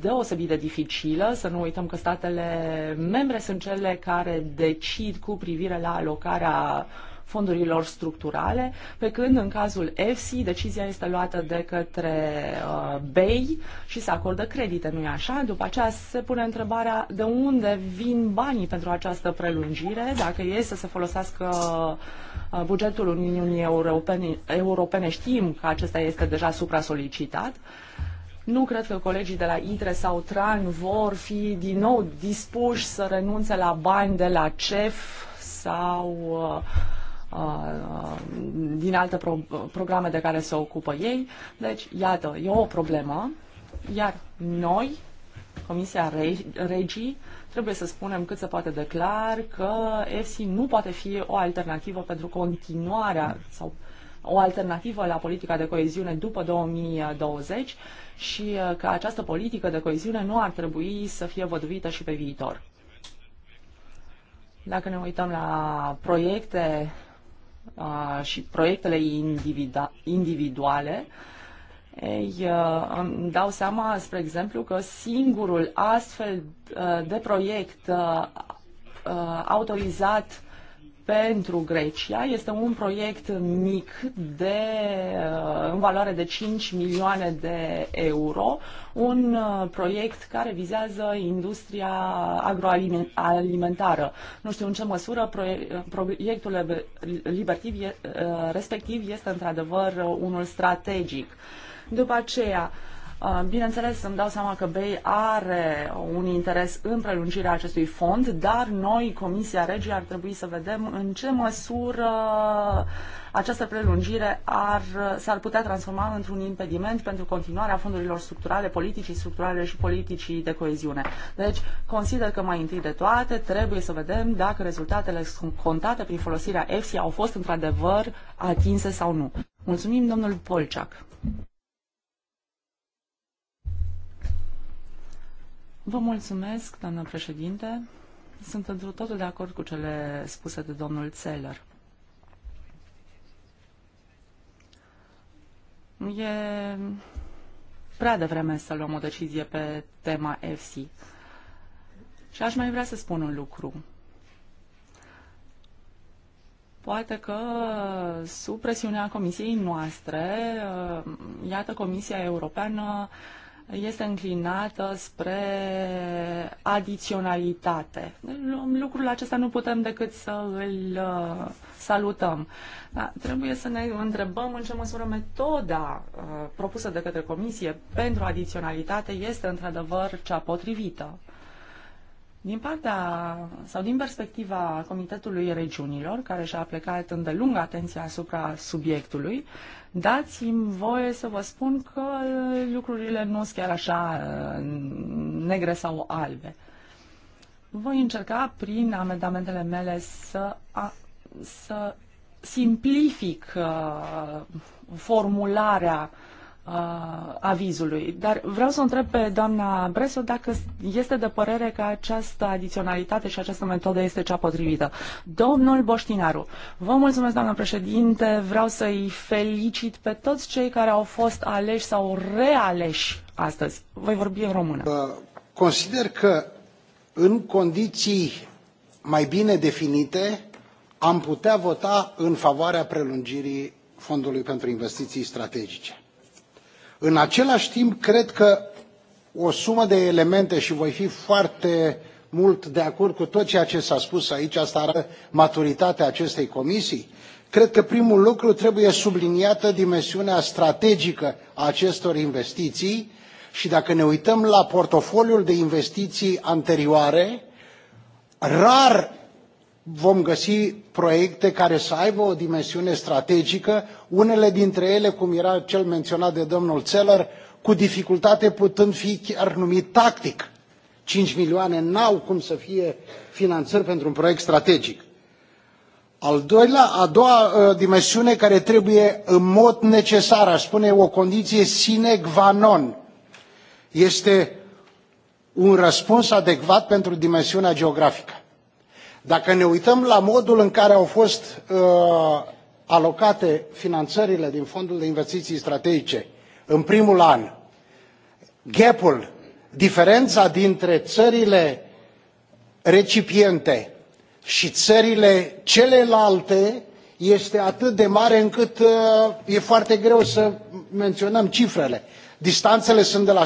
deosebit de dificilă. Să nu uităm că statele membre sunt cele care decid cu privire la alocarea uh, fondurilor structurale, pe când în cazul EFSI decizia este luată de către uh, BEI și se acordă credite, nu-i așa? După aceea se pune întrebarea de unde vin banii pentru această prelungire, dacă e să se folosească uh, bugetul Uniunii Europene, Europene știm că acesta este deja supra-solicitat. Nu cred că colegii de la ITRE sau TRAN vor fi din nou dispuși să renunțe la bani de la CEF sau uh, Uh, din alte pro programe de care se ocupă ei. Deci, iată, e o problemă, iar noi, Comisia Regii, trebuie să spunem cât se poate de clar că EFSI nu poate fi o alternativă pentru continuarea sau o alternativă la politica de coeziune după 2020 și uh, că această politică de coeziune nu ar trebui să fie văduită și pe viitor. Dacă ne uităm la proiecte și proiectele individuale, ei, îmi dau seama, spre exemplu, că singurul astfel de proiect autorizat pentru Grecia. Este un proiect mic de, uh, în valoare de 5 milioane de euro, un uh, proiect care vizează industria agroalimentară. Nu știu în ce măsură uh, proiectul libertiv respectiv este într-adevăr unul strategic. După aceea, Uh, bineînțeles, îmi dau seama că BEI are un interes în prelungirea acestui fond, dar noi, Comisia Regii, ar trebui să vedem în ce măsură această prelungire ar, s-ar putea transforma într-un impediment pentru continuarea fondurilor structurale, politicii structurale și politicii de coeziune. Deci, consider că mai întâi de toate trebuie să vedem dacă rezultatele contate prin folosirea EFSI au fost într-adevăr atinse sau nu. Mulțumim, domnul Polciac. Vă mulțumesc, doamnă președinte. Sunt întru totul de acord cu cele spuse de domnul Zeller. E prea devreme să luăm o decizie pe tema EFSI. Și aș mai vrea să spun un lucru. Poate că sub presiunea comisiei noastre, uh, iată, Comisia Europeană este înclinată spre adiționalitate. Lucrul acesta nu putem decât să îl uh, salutăm. Da, trebuie să ne întrebăm în ce măsură metoda uh, propusă de către Comisie pentru adiționalitate este într-adevăr cea potrivită. Din partea sau din perspectiva Comitetului Regiunilor, care și-a plecat îndelung atenția asupra subiectului, Dați-mi voie să vă spun că lucrurile nu sunt chiar așa uh, negre sau albe. Voi încerca prin amendamentele mele să, a, să simplific uh, formularea uh, uh, avizului. Dar vreau să întreb pe doamna Bresu dacă este de părere că această adiționalitate și această metodă este cea potrivită. Domnul Boștinaru, vă mulțumesc, doamnă președinte, vreau să-i felicit pe toți cei care au fost aleși sau realeși astăzi. Voi vorbi în română. Uh, consider că în condiții mai bine definite am putea vota în favoarea prelungirii Fondului pentru Investiții Strategice în același timp, cred că o sumă de elemente și voi fi foarte mult de acord cu tot ceea ce s-a spus aici, asta arată maturitatea acestei comisii. Cred că primul lucru trebuie subliniată dimensiunea strategică a acestor investiții și dacă ne uităm la portofoliul de investiții anterioare, rar vom găsi proiecte care să aibă o dimensiune strategică, unele dintre ele, cum era cel menționat de domnul Țeller, cu dificultate putând fi chiar numit tactic. 5 milioane n-au cum să fie finanțări pentru un proiect strategic. Al doilea, a doua uh, dimensiune care trebuie în mod necesar, aș spune o condiție sine qua non, este un răspuns adecvat pentru dimensiunea geografică. Dacă ne uităm la modul în care au fost uh, alocate finanțările din Fondul de Investiții Strategice în primul an, gapul, diferența dintre țările recipiente și țările celelalte este atât de mare încât uh, e foarte greu să menționăm cifrele. Distanțele sunt de la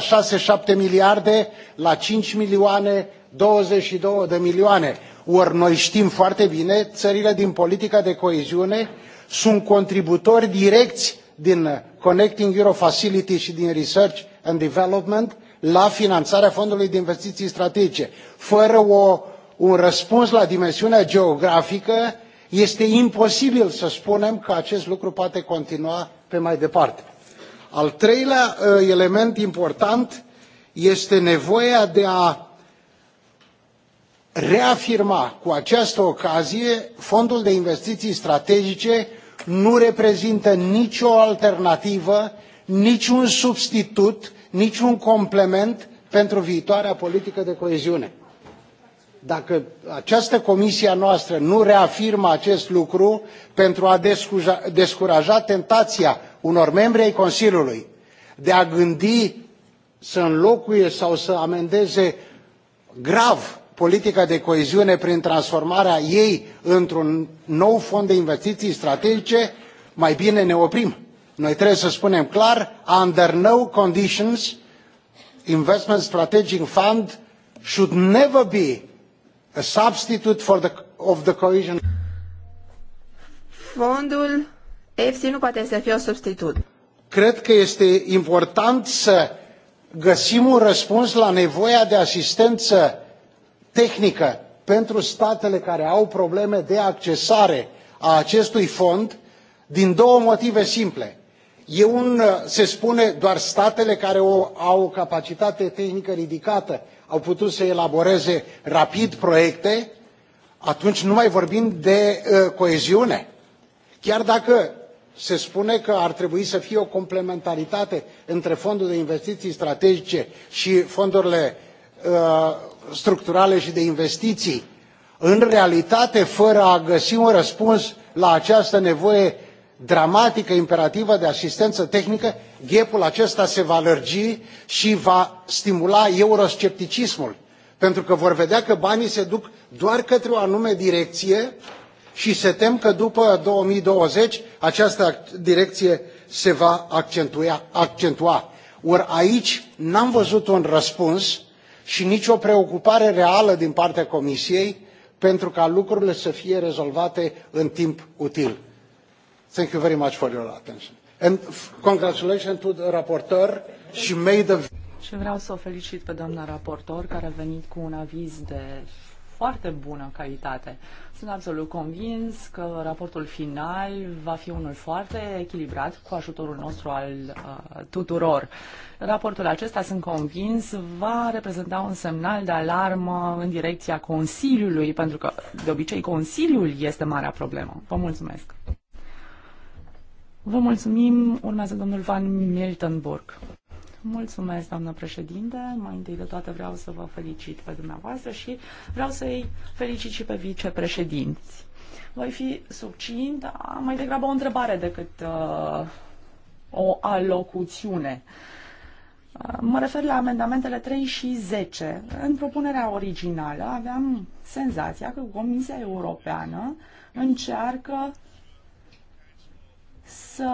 6-7 miliarde la 5 milioane, 22 de milioane. Ori noi știm foarte bine, țările din politica de coeziune sunt contributori direcți din Connecting Euro Facility și din Research and Development la finanțarea Fondului de Investiții Strategice. Fără o, un răspuns la dimensiunea geografică, este imposibil să spunem că acest lucru poate continua pe mai departe. Al treilea uh, element important este nevoia de a reafirma cu această ocazie fondul de investiții strategice nu reprezintă nicio alternativă niciun substitut niciun complement pentru viitoarea politică de coeziune. Dacă această comisie a noastră nu reafirmă acest lucru pentru a descuraja tentația unor membri ai Consiliului de a gândi să înlocuie sau să amendeze grav politica de coeziune prin transformarea ei într un nou fond de investiții strategice mai bine ne oprim. noi trebuie să spunem clar under no conditions investment strategic fund should never be a substitute for the, of the cohesion. Fondul EFSI nu poate să fie un substitut. Cred că este important să găsim un răspuns la nevoia de asistență tehnică pentru statele care au probleme de accesare a acestui fond din două motive simple e un, se spune doar statele care o, au o capacitate tehnică ridicată au putut să elaboreze rapid proiecte atunci nu mai vorbim de uh, coeziune chiar dacă se spune că ar trebui să fie o complementaritate între fondul de investiții strategice și fondurile uh, structurale și de investiții, în realitate, fără a găsi un răspuns la această nevoie dramatică, imperativă de asistență tehnică, ghepul acesta se va lărgi și va stimula euroscepticismul. Pentru că vor vedea că banii se duc doar către o anume direcție și se tem că după 2020 această direcție se va accentua. accentua. Ori aici n-am văzut un răspuns și nicio preocupare reală din partea Comisiei pentru ca lucrurile să fie rezolvate în timp util. Thank you very much for your attention. And congratulations to the rapporteur. She made a... Și vreau să o felicit pe doamna raportor care a venit cu un aviz de foarte bună calitate. Sunt absolut convins că raportul final va fi unul foarte echilibrat cu ajutorul nostru al uh, tuturor. Raportul acesta, sunt convins, va reprezenta un semnal de alarmă în direcția Consiliului, pentru că de obicei Consiliul este marea problemă. Vă mulțumesc! Vă mulțumim. Urmează domnul Van Miltenburg. Mulțumesc, doamnă președinte. Mai întâi de toate vreau să vă felicit pe dumneavoastră și vreau să-i felicit și pe vicepreședinți. Voi fi succint, mai degrabă o întrebare decât uh, o alocuțiune. Uh, mă refer la amendamentele 3 și 10. În propunerea originală aveam senzația că Comisia Europeană încearcă să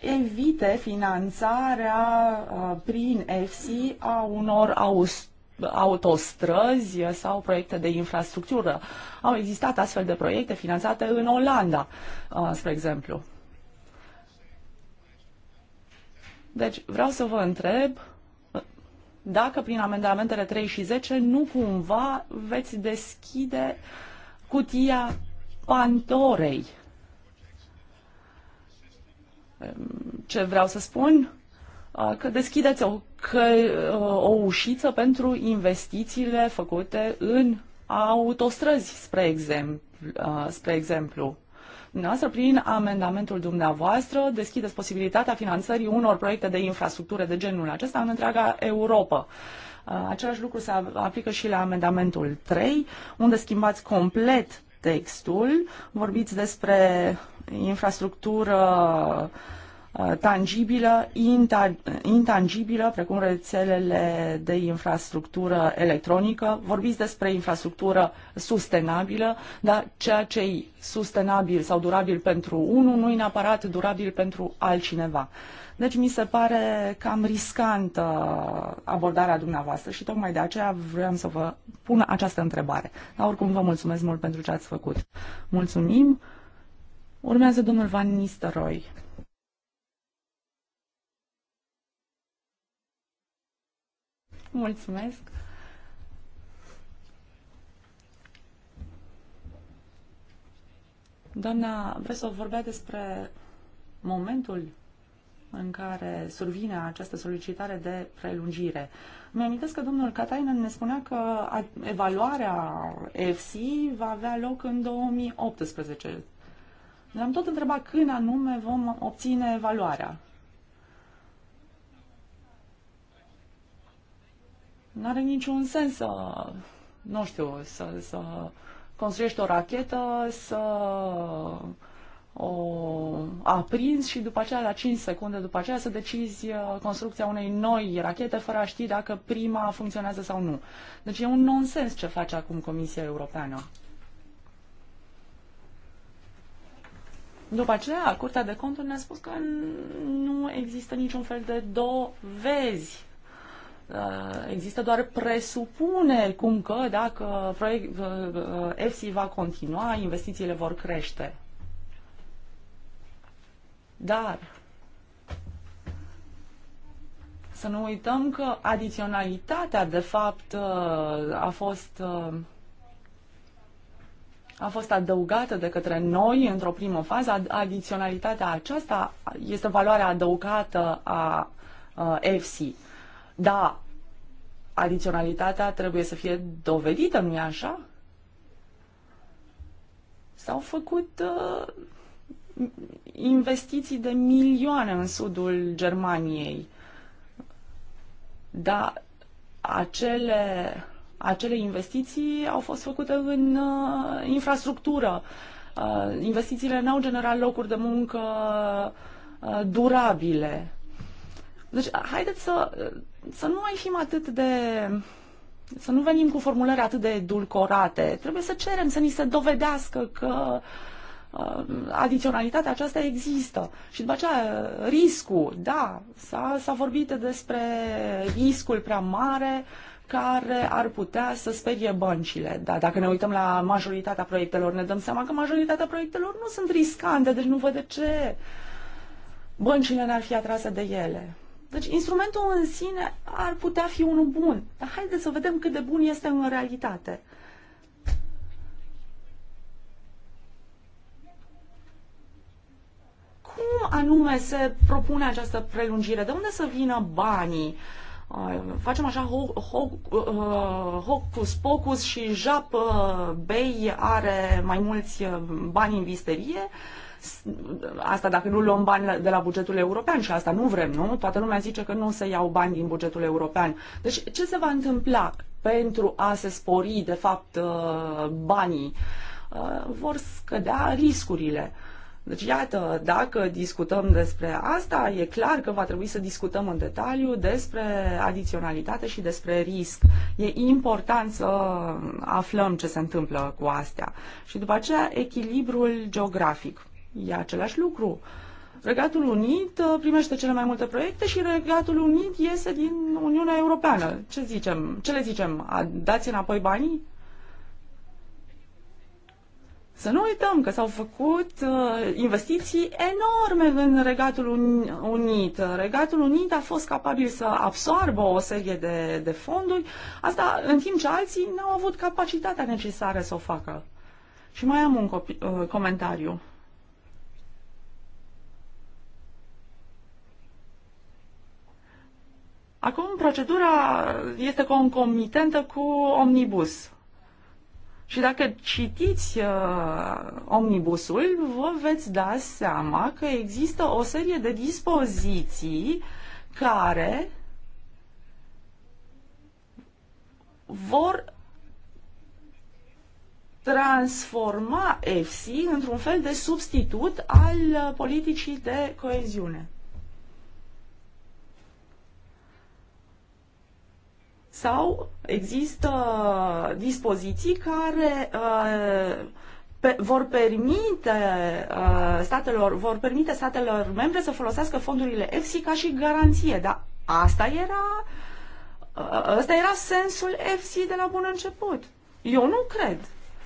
evite finanțarea uh, prin EFSI a unor aus- autostrăzi sau proiecte de infrastructură. Au existat astfel de proiecte finanțate în Olanda, uh, spre exemplu. Deci vreau să vă întreb uh, dacă prin amendamentele 3 și 10 nu cumva veți deschide cutia Pantorei ce vreau să spun? Uh, că deschideți o, că, uh, o ușiță pentru investițiile făcute în autostrăzi, spre exemplu. Uh, spre exemplu. Dumneavoastră, prin amendamentul dumneavoastră, deschideți posibilitatea finanțării unor proiecte de infrastructură de genul acesta în întreaga Europa. Același lucru se aplică și la amendamentul 3, unde schimbați complet textul, vorbiți despre infrastructură uh, tangibilă, intangibilă, precum rețelele de infrastructură electronică. Vorbiți despre infrastructură sustenabilă, dar ceea ce e sustenabil sau durabil pentru unul nu e neapărat durabil pentru altcineva. Uh, deci mi se pare cam riscantă abordarea dumneavoastră și tocmai de aceea vreau să vă pun această întrebare. Dar oricum vă mulțumesc mult pentru ce ați făcut. Mulțumim. Urmează domnul Van Nistelrooy. Mulțumesc. Doamna să vorbea despre momentul în care survine această solicitare de prelungire. Mi-amintesc că domnul Katainen ne spunea că evaluarea EFSI va avea loc în 2018. Ne-am tot întrebat când anume vom obține evaluarea. N-are niciun sens să, nu știu, să, să construiești o rachetă, să uh, o aprins și după aceea, la 5 secunde după aceea, să decizi uh, construcția unei noi rachete fără a ști dacă prima funcționează sau nu. Deci e un nonsens ce face acum Comisia Europeană. După aceea, Curtea de Conturi ne-a spus că nu există niciun fel de dovezi. Uh, există doar presupuneri cum că dacă proiect, EFSI uh, va continua, investițiile vor crește. Dar să nu uităm că adiționalitatea, de fapt, uh, a fost uh, a fost adăugată de către noi într-o primă fază. Adiționalitatea aceasta este valoarea adăugată a EFSI. Uh, da, adiționalitatea trebuie să fie dovedită, nu-i așa? S-au făcut uh, investiții de milioane în sudul Germaniei. Dar acele, acele investiții au fost făcute în uh, infrastructură. Uh, investițiile n-au generat locuri de muncă uh, durabile. Deci, haideți să, să nu mai fim atât de. să nu venim cu formulări atât de edulcorate. Trebuie să cerem să ni se dovedească că uh, Uh, adiționalitatea aceasta există. Și după aceea, uh, riscul, da, s-a, s-a vorbit despre riscul prea mare care ar putea să sperie băncile. Da, dacă ne uităm la majoritatea proiectelor, ne dăm seama că majoritatea proiectelor nu sunt riscante, deci nu văd de ce băncile n-ar fi atrase de ele. Deci instrumentul în sine ar putea fi unul bun, dar haideți să vedem cât de bun este în realitate. cum anume se propune această prelungire? De unde să vină banii? Uh, facem așa uh, hocus pocus și Jap uh, Bei are mai mulți bani în visterie. Asta dacă nu luăm bani de la bugetul european și asta nu vrem, nu? Toată lumea zice că nu se iau bani din bugetul european. Deci ce se va întâmpla pentru a se spori, de fapt, banii? Vor scădea riscurile. Deci, iată, dacă discutăm despre asta, e clar că va trebui să discutăm în detaliu despre adiționalitate și despre risc. E important să aflăm ce se întâmplă cu astea. Și după aceea, echilibrul geografic. E același lucru. Regatul Unit uh, primește cele mai multe proiecte și Regatul Unit iese din Uniunea Europeană. Ce zicem? Ce le zicem? Dați înapoi banii? Să nu uităm că s-au făcut uh, investiții enorme în Regatul Unit. Regatul Unit a fost capabil să absoarbă o serie de, de fonduri, asta în timp ce alții n-au avut capacitatea necesară să o facă. Și mai am un uh, comentariu. Acum, procedura este concomitentă cu omnibus. Și dacă citiți uh, omnibusul, vă veți da seama că există o serie de dispoziții care vor transforma EFSI într-un fel de substitut al uh, politicii de coeziune. sau există dispoziții care uh, pe, vor permite uh, statelor vor permite statelor membre să folosească fondurile EFSI ca și garanție, dar asta era uh, asta era sensul EFSI de la bun început. Eu nu cred.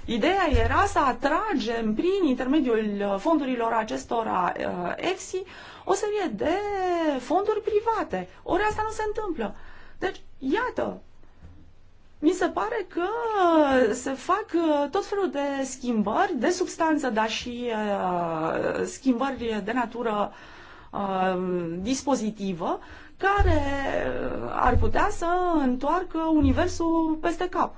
Ideea era să atragem prin intermediul uh, fondurilor acestora EFSI uh, o serie de fonduri private. Ori asta nu se întâmplă. Deci, iată, mi se pare că se fac uh, tot felul de schimbări de substanță, dar și uh, schimbări de natură uh, dispozitivă, care ar putea să întoarcă universul peste cap.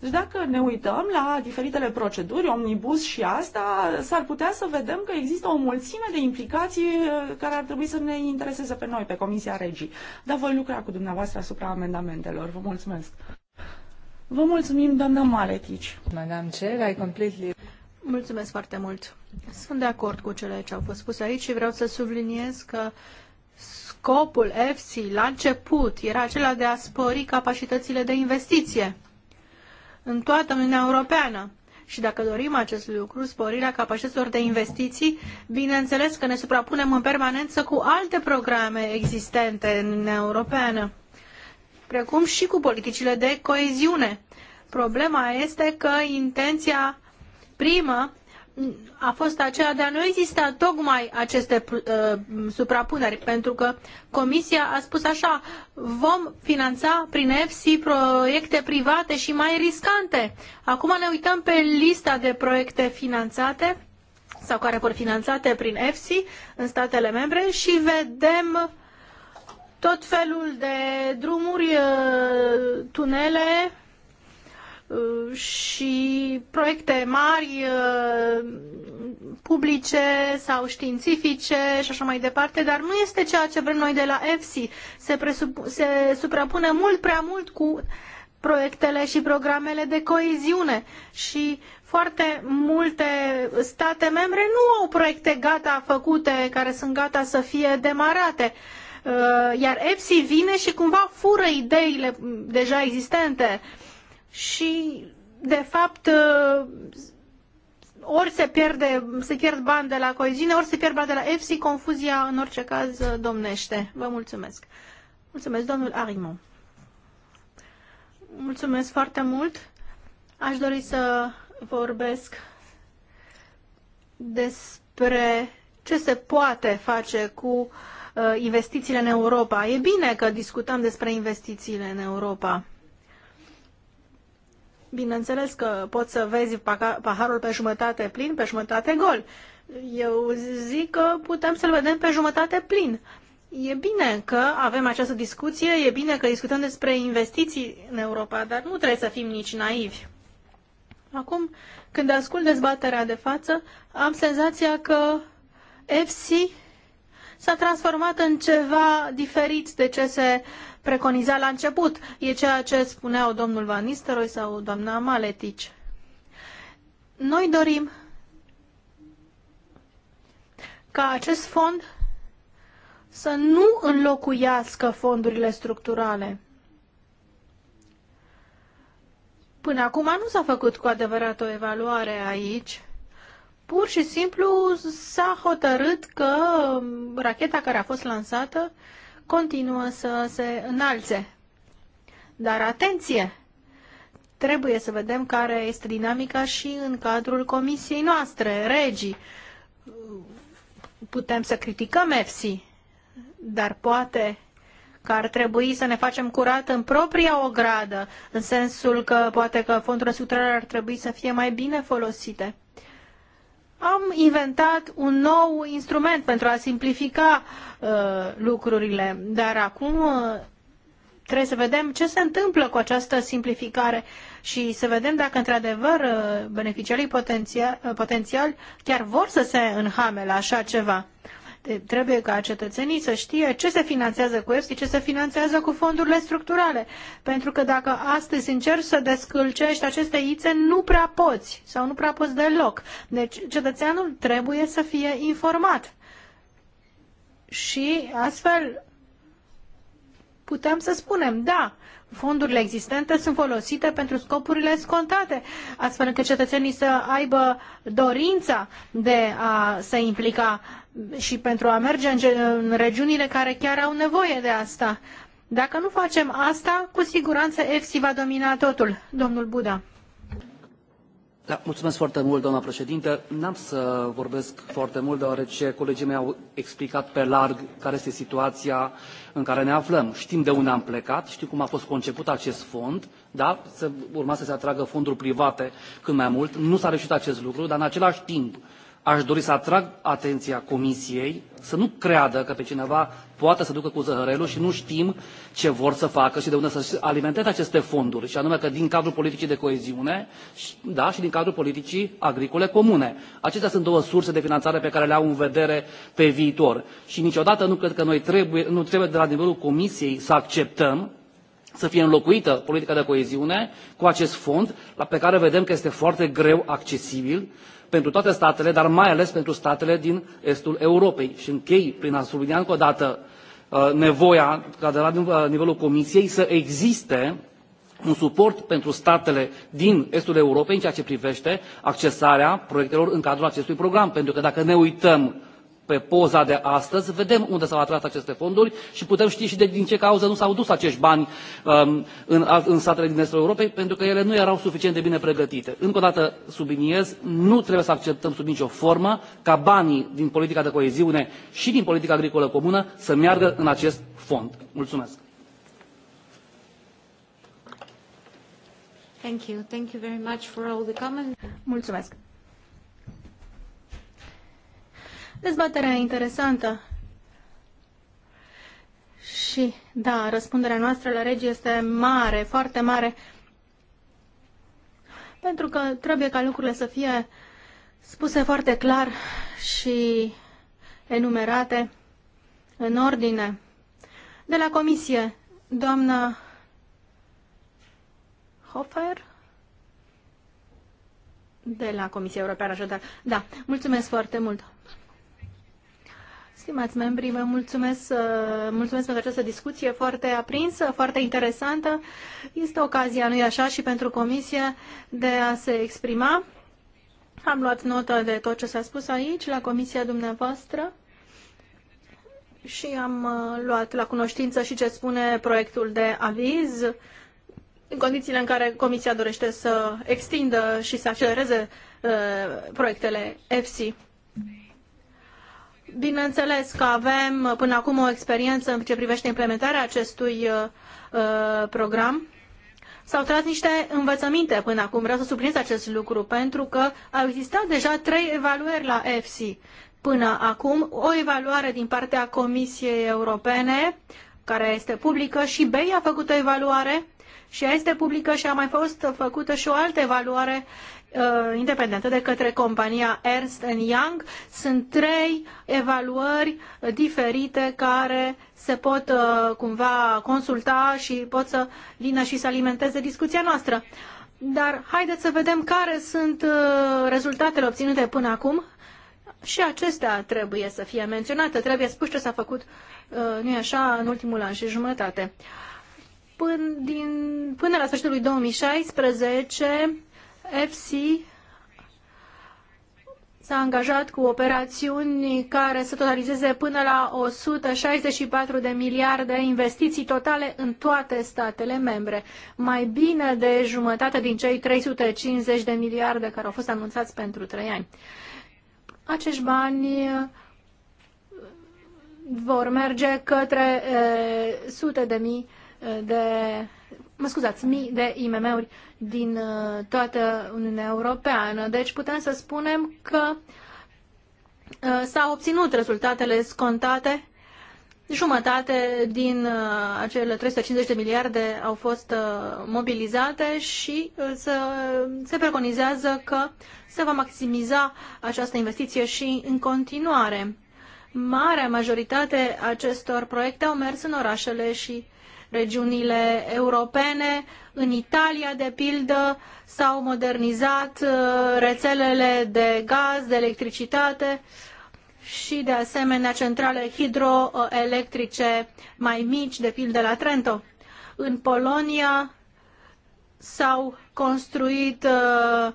Deci dacă ne uităm la diferitele proceduri, omnibus și asta, s-ar putea să vedem că există o mulțime de implicații uh, care ar trebui să ne intereseze pe noi, pe Comisia Regii. Dar voi lucra cu dumneavoastră asupra amendamentelor. Vă mulțumesc. Vă mulțumim, doamna Maletici. Madame Cer, I completely... Mulțumesc foarte mult. Sunt de acord cu cele ce au fost spuse aici și vreau să subliniez că scopul EFSI la început era acela de a spori capacitățile de investiție în toată Uniunea Europeană. Și dacă dorim acest lucru, sporirea capacităților de investiții, bineînțeles că ne suprapunem în permanență cu alte programe existente în Uniunea Europeană, precum și cu politicile de coeziune. Problema este că intenția primă a fost aceea de a nu exista tocmai aceste uh, suprapuneri, pentru că Comisia a spus așa, vom finanța prin EFSI proiecte private și mai riscante. Acum ne uităm pe lista de proiecte finanțate sau care vor finanțate prin EFSI în statele membre și vedem tot felul de drumuri, uh, tunele, Uh, și proiecte mari uh, publice sau științifice și așa mai departe, dar nu este ceea ce vrem noi de la EFSI. Se, se suprapune mult prea mult cu proiectele și programele de coeziune și foarte multe state membre nu au proiecte gata făcute, care sunt gata să fie demarate. Uh, iar EFSI vine și cumva fură ideile deja existente. Uh, și, de fapt, uh, ori se, pierde, se pierd bani de la coeziune, ori se pierd bani de la EFSI, confuzia în orice caz uh, domnește. Vă mulțumesc. Mulțumesc, domnul Arimon. Mulțumesc foarte mult. Aș dori să vorbesc despre ce se poate face cu uh, investițiile în Europa. E bine că discutăm despre investițiile în Europa bineînțeles că poți să vezi paharul pe jumătate plin, pe jumătate gol. Eu zic că putem să-l vedem pe jumătate plin. E bine că avem această discuție, e bine că discutăm despre investiții în Europa, dar nu trebuie să fim nici naivi. Acum, când ascult dezbaterea de față, am senzația că FC s-a transformat în ceva diferit de ce se preconiza la început. E ceea ce spuneau domnul Van Nistelrooy sau doamna Maletici. Noi dorim ca acest fond să nu înlocuiască fondurile structurale. Până acum nu s-a făcut cu adevărat o evaluare aici. Pur și simplu s-a hotărât că um, racheta care a fost lansată uh, continuă să se înalțe. Dar atenție! Trebuie să vedem care este dinamica și în cadrul comisiei noastre, regii. Putem să criticăm EFSI, dar poate că ar trebui să ne facem curat în propria ogradă, în sensul că poate că fondurile structurale ar trebui să fie mai bine folosite am inventat un nou instrument pentru a simplifica uh, lucrurile, dar acum uh, trebuie să vedem ce se întâmplă cu această simplificare și să vedem dacă într-adevăr uh, beneficiarii uh, potențiali, potențial chiar vor să se înhame la așa ceva trebuie ca cetățenii să știe ce se finanțează cu EFSI, ce se finanțează cu fondurile structurale. Pentru că dacă astăzi încerci să descălcești aceste ițe, nu prea poți sau nu prea poți deloc. Deci cetățeanul trebuie să fie informat. Și astfel putem să spunem, da, fondurile existente sunt folosite pentru scopurile scontate, astfel încât cetățenii să aibă dorința de a se implica și pentru a merge în, în regiunile care chiar au nevoie de asta. Dacă nu facem asta, cu siguranță EFSI va domina totul. Domnul Buda. Da, mulțumesc foarte mult, doamna președintă. N-am să vorbesc foarte mult, deoarece colegii mei au explicat pe larg care este situația în care ne aflăm. Știm de unde am plecat, știm cum a fost conceput acest fond, da? Se, urma să se atragă fonduri private cât mai mult. Nu s-a reușit acest lucru, dar în același timp aș dori să atrag atenția Comisiei să nu creadă că pe cineva poate să ducă cu zăhărelul și nu știm ce vor să facă și de unde să alimenteze aceste fonduri, și anume că din cadrul politicii de coeziune și da, și din cadrul politicii agricole comune. Acestea sunt două surse de finanțare pe care le au în vedere pe viitor. Și niciodată nu cred că noi trebuie, nu trebuie de la nivelul Comisiei să acceptăm să fie înlocuită politica de coeziune cu acest fond pe care vedem că este foarte greu accesibil pentru toate statele dar mai ales pentru statele din estul europei și închei prin a sublinia încă o dată uh, nevoia ca de la uh, nivelul comisiei să existe un suport pentru statele din estul europei în ceea ce privește accesarea proiectelor în cadrul acestui program pentru că dacă ne uităm pe poza de astăzi, vedem unde s-au atras aceste fonduri și putem ști și de, din ce cauză nu s-au dus acești bani um, în, în satele din estul Europei, pentru că ele nu erau suficient de bine pregătite. Încă o dată subliniez, nu trebuie să acceptăm sub nicio formă ca banii din politica de coeziune și din politica agricolă comună să meargă în acest fond. Mulțumesc! Mulțumesc. Dezbaterea e interesantă. Și, da, răspunderea noastră la regi este mare, foarte mare, pentru că trebuie ca lucrurile să fie spuse foarte clar și enumerate în ordine. De la comisie, doamna Hofer, de la Comisia Europeană, așadar. Da, mulțumesc foarte mult. Stimați membri, vă mulțumesc, uh, mulțumesc pentru această discuție foarte aprinsă, foarte interesantă. Este ocazia, nu-i așa, și pentru Comisie de a se exprima. Am luat notă de tot ce s-a spus aici, la Comisia dumneavoastră și am uh, luat la cunoștință și ce spune proiectul de aviz în condițiile în care Comisia dorește să extindă și să accelereze uh, proiectele EFSI. Bineînțeles că avem până acum o experiență în ce privește implementarea acestui uh, uh, program. S-au tras niște învățăminte până acum, vreau să subliniez acest lucru, pentru că au existat deja trei evaluări la EFSI până acum, o evaluare din partea Comisiei Europene, care este publică, și BEI a făcut o evaluare și ea este publică și a mai fost făcută și o altă evaluare uh, independentă de către compania Ernst Young. Sunt trei evaluări diferite care se pot uh, cumva consulta și pot să vină și să alimenteze discuția noastră. Dar haideți să vedem care sunt uh, rezultatele obținute până acum. Și acestea trebuie să fie menționate, trebuie spus ce s-a făcut, uh, nu e așa, în ultimul an și jumătate. Până, din, până la sfârșitul lui 2016, FC s-a angajat cu operațiuni care să totalizeze până la 164 de miliarde investiții totale în toate statele membre. Mai bine de jumătate din cei 350 de miliarde care au fost anunțați pentru trei ani. Acești bani eh, vor merge către e, eh, sute de mii eh, de mă scuzați, mii de IMM-uri din uh, toată Uniunea Europeană. Deci putem să spunem că uh, s-au obținut rezultatele scontate. Jumătate din uh, acele 350 de miliarde au fost mobilizate și se preconizează că se va maximiza această investiție și în continuare. Marea majoritate acestor proiecte au mers în orașele și regiunile europene. În Italia, de pildă, s-au modernizat uh, rețelele de gaz, de electricitate și, de asemenea, centrale hidroelectrice mai mici, de pildă la Trento. În Polonia s-au construit uh,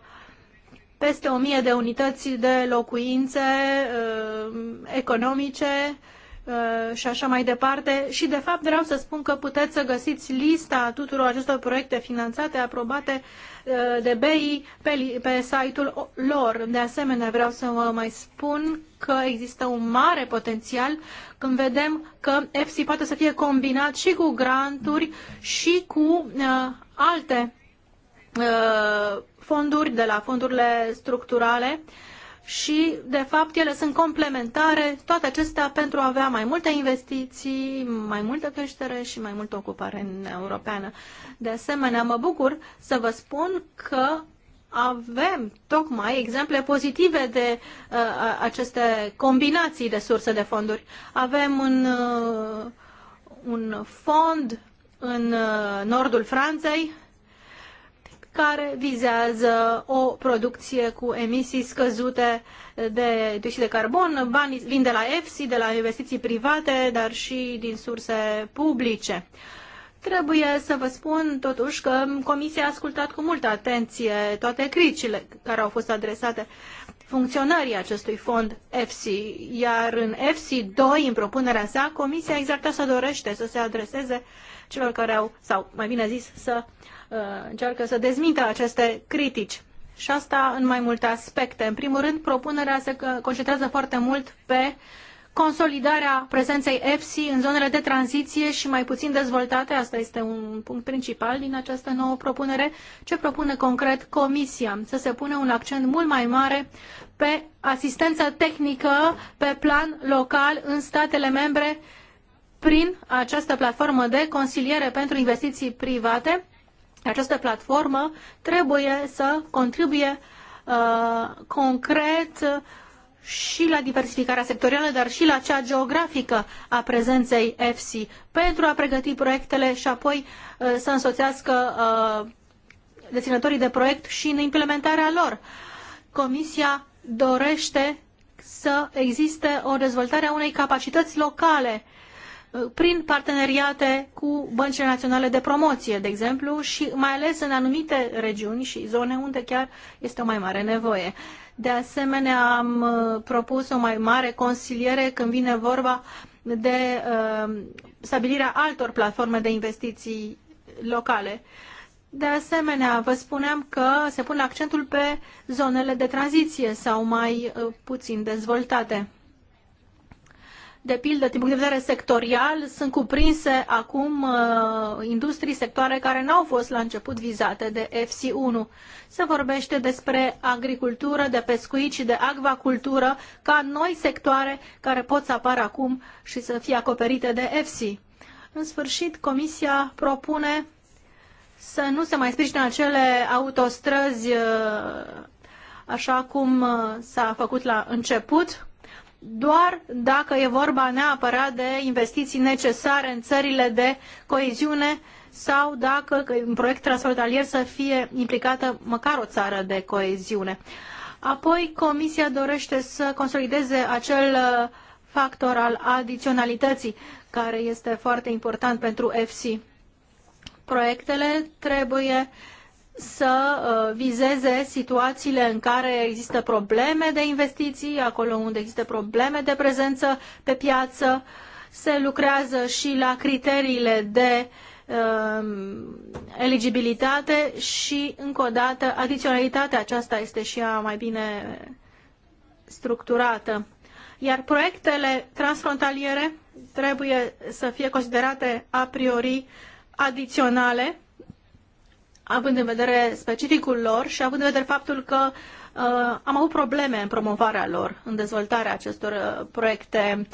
peste o mie de unități de locuințe uh, economice Uh, și așa mai departe. Și, de fapt, vreau să spun că puteți să găsiți lista tuturor acestor proiecte finanțate, aprobate uh, de BEI pe, pe site-ul lor. De asemenea, vreau să vă mai spun că există un mare potențial când vedem că EFSI poate să fie combinat și cu granturi și cu uh, alte uh, fonduri de la fondurile structurale uh, și, de fapt, ele sunt complementare, toate acestea pentru a avea mai multe investiții, mai multă creștere și mai multă ocupare în europeană. De asemenea, mă bucur să vă spun că avem tocmai exemple pozitive de uh, aceste combinații de surse de fonduri. Avem un, uh, un fond în uh, nordul Franței care vizează o producție cu emisii scăzute de dioxid de carbon. Banii vin de la EFSI, de la investiții private, dar și din surse publice. Trebuie să vă spun totuși că Comisia a ascultat cu multă atenție toate criticile care au fost adresate funcționării acestui fond EFSI, iar în EFSI 2, în propunerea sa, Comisia exact asta dorește, să se adreseze celor care au, sau mai bine zis, să uh, Uh, încearcă să dezmintă aceste critici. Și asta în mai multe aspecte. În primul rând, propunerea se uh, concentrează foarte mult pe consolidarea prezenței EFSI în zonele de tranziție și mai puțin dezvoltate, asta este un punct principal din această nouă propunere, ce propune concret Comisia, să se pune un accent mult mai mare pe asistență tehnică pe plan local în statele membre prin această platformă de consiliere pentru investiții private această platformă trebuie să contribuie uh, concret și la diversificarea sectorială, dar și la cea geografică a prezenței EFSI, pentru a pregăti proiectele și apoi uh, să însoțească uh, deținătorii de proiect și în implementarea lor. Comisia dorește să existe o dezvoltare a unei capacități locale uh, Uh, prin parteneriate cu băncile naționale de promoție, de exemplu, și mai ales în anumite regiuni și zone unde chiar este o mai mare nevoie. De asemenea, am uh, propus o mai mare consiliere când vine vorba de uh, stabilirea altor platforme de investiții locale. De asemenea, vă spuneam că se pune accentul pe zonele de tranziție sau mai uh, puțin dezvoltate de pildă, din punct de vedere sectorial, sunt cuprinse acum uh, industrii, sectoare care n-au fost la început vizate de FC1. Se vorbește despre agricultură, de pescuit și de acvacultură ca noi sectoare care pot să apară acum și să fie acoperite de FC. În sfârșit, Comisia propune să nu se mai sprijine acele autostrăzi uh, așa cum uh, s-a făcut la început, doar dacă e vorba neapărat de investiții necesare în țările de coeziune sau dacă în proiect transfrontalier să fie implicată măcar o țară de coeziune. Apoi, Comisia dorește să consolideze acel uh, factor al adiționalității, care este foarte important pentru FC. Proiectele trebuie uh, să uh, vizeze situațiile în care există probleme de investiții, acolo unde există probleme de prezență pe piață. Se lucrează și la criteriile de um, eligibilitate și, încă o dată, adiționalitatea aceasta este și ea mai bine structurată. Iar proiectele transfrontaliere trebuie să fie considerate a priori adiționale având în vedere specificul lor și având în vedere faptul că uh, am avut probleme în promovarea lor, în dezvoltarea acestor uh, proiecte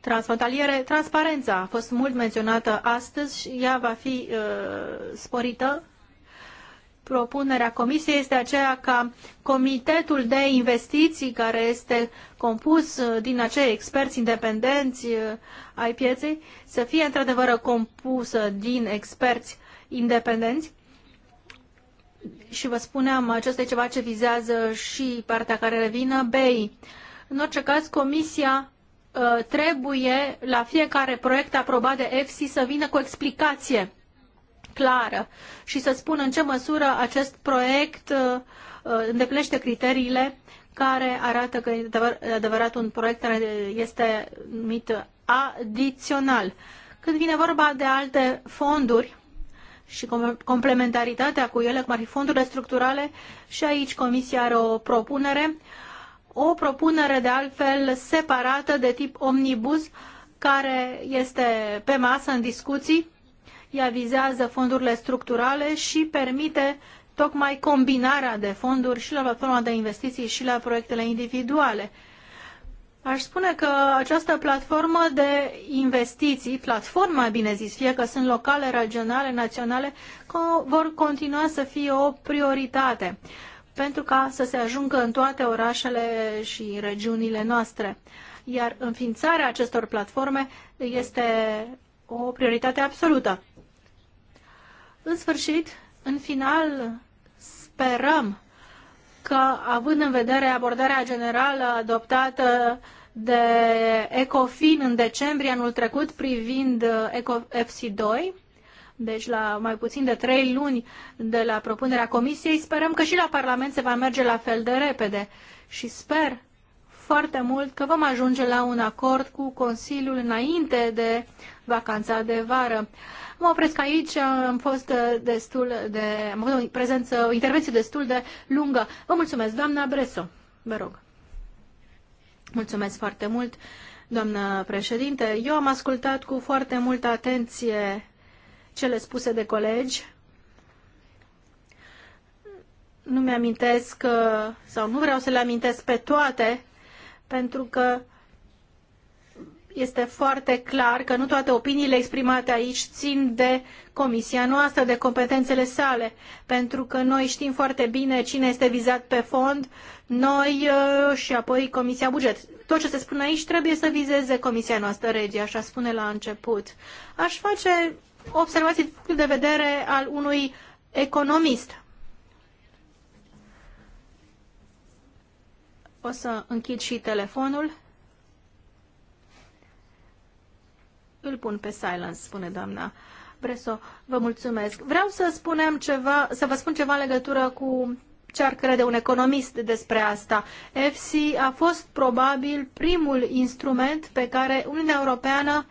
transfrontaliere. Transparența a fost mult menționată astăzi și ea va fi uh, sporită. Propunerea comisiei este aceea ca comitetul de investiții care este compus uh, din acei experți independenți uh, ai pieței să fie într-adevăr compusă din experți independenți și vă spuneam, acesta e ceva ce vizează și partea care revină BEI. În orice caz, Comisia uh, trebuie la fiecare proiect aprobat de EFSI să vină cu o explicație clară și să spună în ce măsură acest proiect uh, uh, îndeplinește criteriile care arată că e adevărat un proiect care este numit adițional. Când vine vorba de alte fonduri, și complementaritatea cu ele, cum ar fi fondurile structurale, și aici Comisia are o propunere, o propunere de altfel separată de tip omnibus, care este pe masă în discuții. Ea vizează fondurile structurale și permite tocmai combinarea de fonduri și la platforma de investiții și la proiectele individuale. Aș spune că această platformă de investiții, platforma, mai bine zis, fie că sunt locale, regionale, naționale, vor continua să fie o prioritate pentru ca să se ajungă în toate orașele și regiunile noastre. Iar înființarea acestor platforme este o prioritate absolută. În sfârșit, în final, sperăm că, având în vedere abordarea generală adoptată de Ecofin în decembrie anul trecut privind uh, ecofc 2 deci la mai puțin de trei luni de la propunerea Comisiei. Sperăm că și la Parlament se va merge la fel de repede și sper foarte mult că vom ajunge la un acord cu Consiliul înainte de vacanța de vară. Mă opresc aici, am fost uh, destul de, am avut o prezență, o intervenție destul de lungă. Vă mulțumesc, doamna Breso, vă rog. Mulțumesc foarte mult, doamnă președinte. Eu am ascultat cu foarte multă atenție cele spuse de colegi. Nu mi-amintesc uh, sau nu vreau să le amintesc pe toate, pentru că este foarte clar că nu toate opiniile exprimate aici țin de comisia noastră, de competențele sale, pentru că noi știm foarte bine cine este vizat pe fond, noi uh, și apoi comisia buget. Tot ce se spune aici trebuie să vizeze comisia noastră regie, așa spune la început. Aș face observații din punctul de vedere al unui economist. O să închid și telefonul. Îl pun pe silence, spune doamna Breso. Vă mulțumesc. Vreau să spunem ceva, să vă spun ceva în legătură cu ce ar crede un economist despre asta. EFSI a fost probabil primul instrument pe care Uniunea Europeană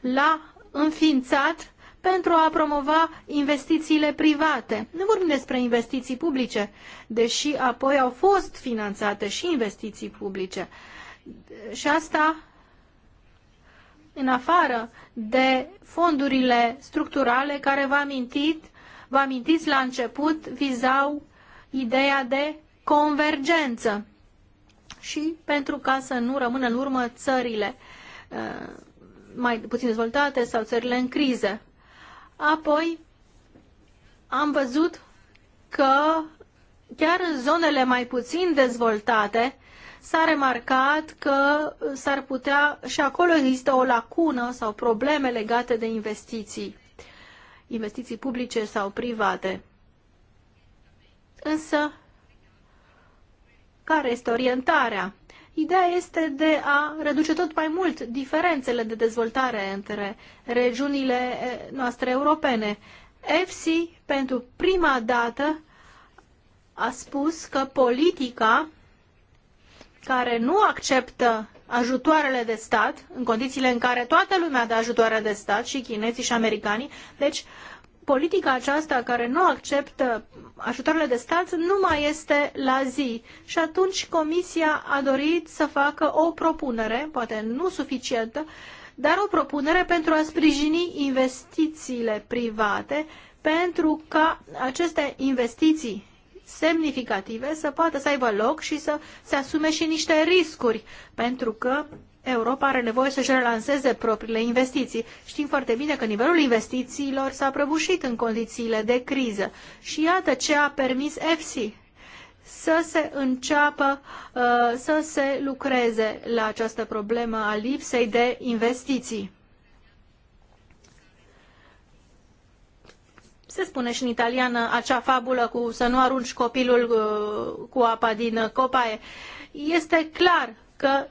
l-a înființat pentru a promova investițiile private. Nu vorbim despre investiții publice, deși apoi au fost finanțate și investiții publice. Și asta în afară de fondurile structurale care vă am amintit, vă amintiți la început, vizau ideea de convergență și pentru ca să nu rămână în urmă țările uh, mai puțin dezvoltate sau țările în criză. Apoi am văzut că chiar în zonele mai puțin dezvoltate s-a remarcat că s-ar putea și acolo există o lacună sau probleme legate de investiții, investiții publice sau private. Însă, care este orientarea? Ideea este de a reduce tot mai mult diferențele de dezvoltare între regiunile noastre europene. EFSI, pentru prima dată, a spus că politica care nu acceptă ajutoarele de stat, în condițiile în care toată lumea dă ajutoare de stat, și chinezii și americanii. Deci, politica aceasta care nu acceptă ajutoarele de stat nu mai este la zi. Și atunci Comisia a dorit să facă o propunere, poate nu suficientă, dar o propunere pentru a sprijini investițiile private, pentru ca aceste investiții semnificative să poată să aibă loc și să se asume și niște riscuri, pentru că Europa are nevoie să-și relanseze propriile investiții. Știm foarte bine că nivelul investițiilor s-a prăbușit în condițiile de criză și iată ce a permis EFSI să se înceapă uh, să se lucreze la această problemă a lipsei de investiții. se spune și în italiană acea fabulă cu să nu arunci copilul uh, cu apa din copaie. Este clar că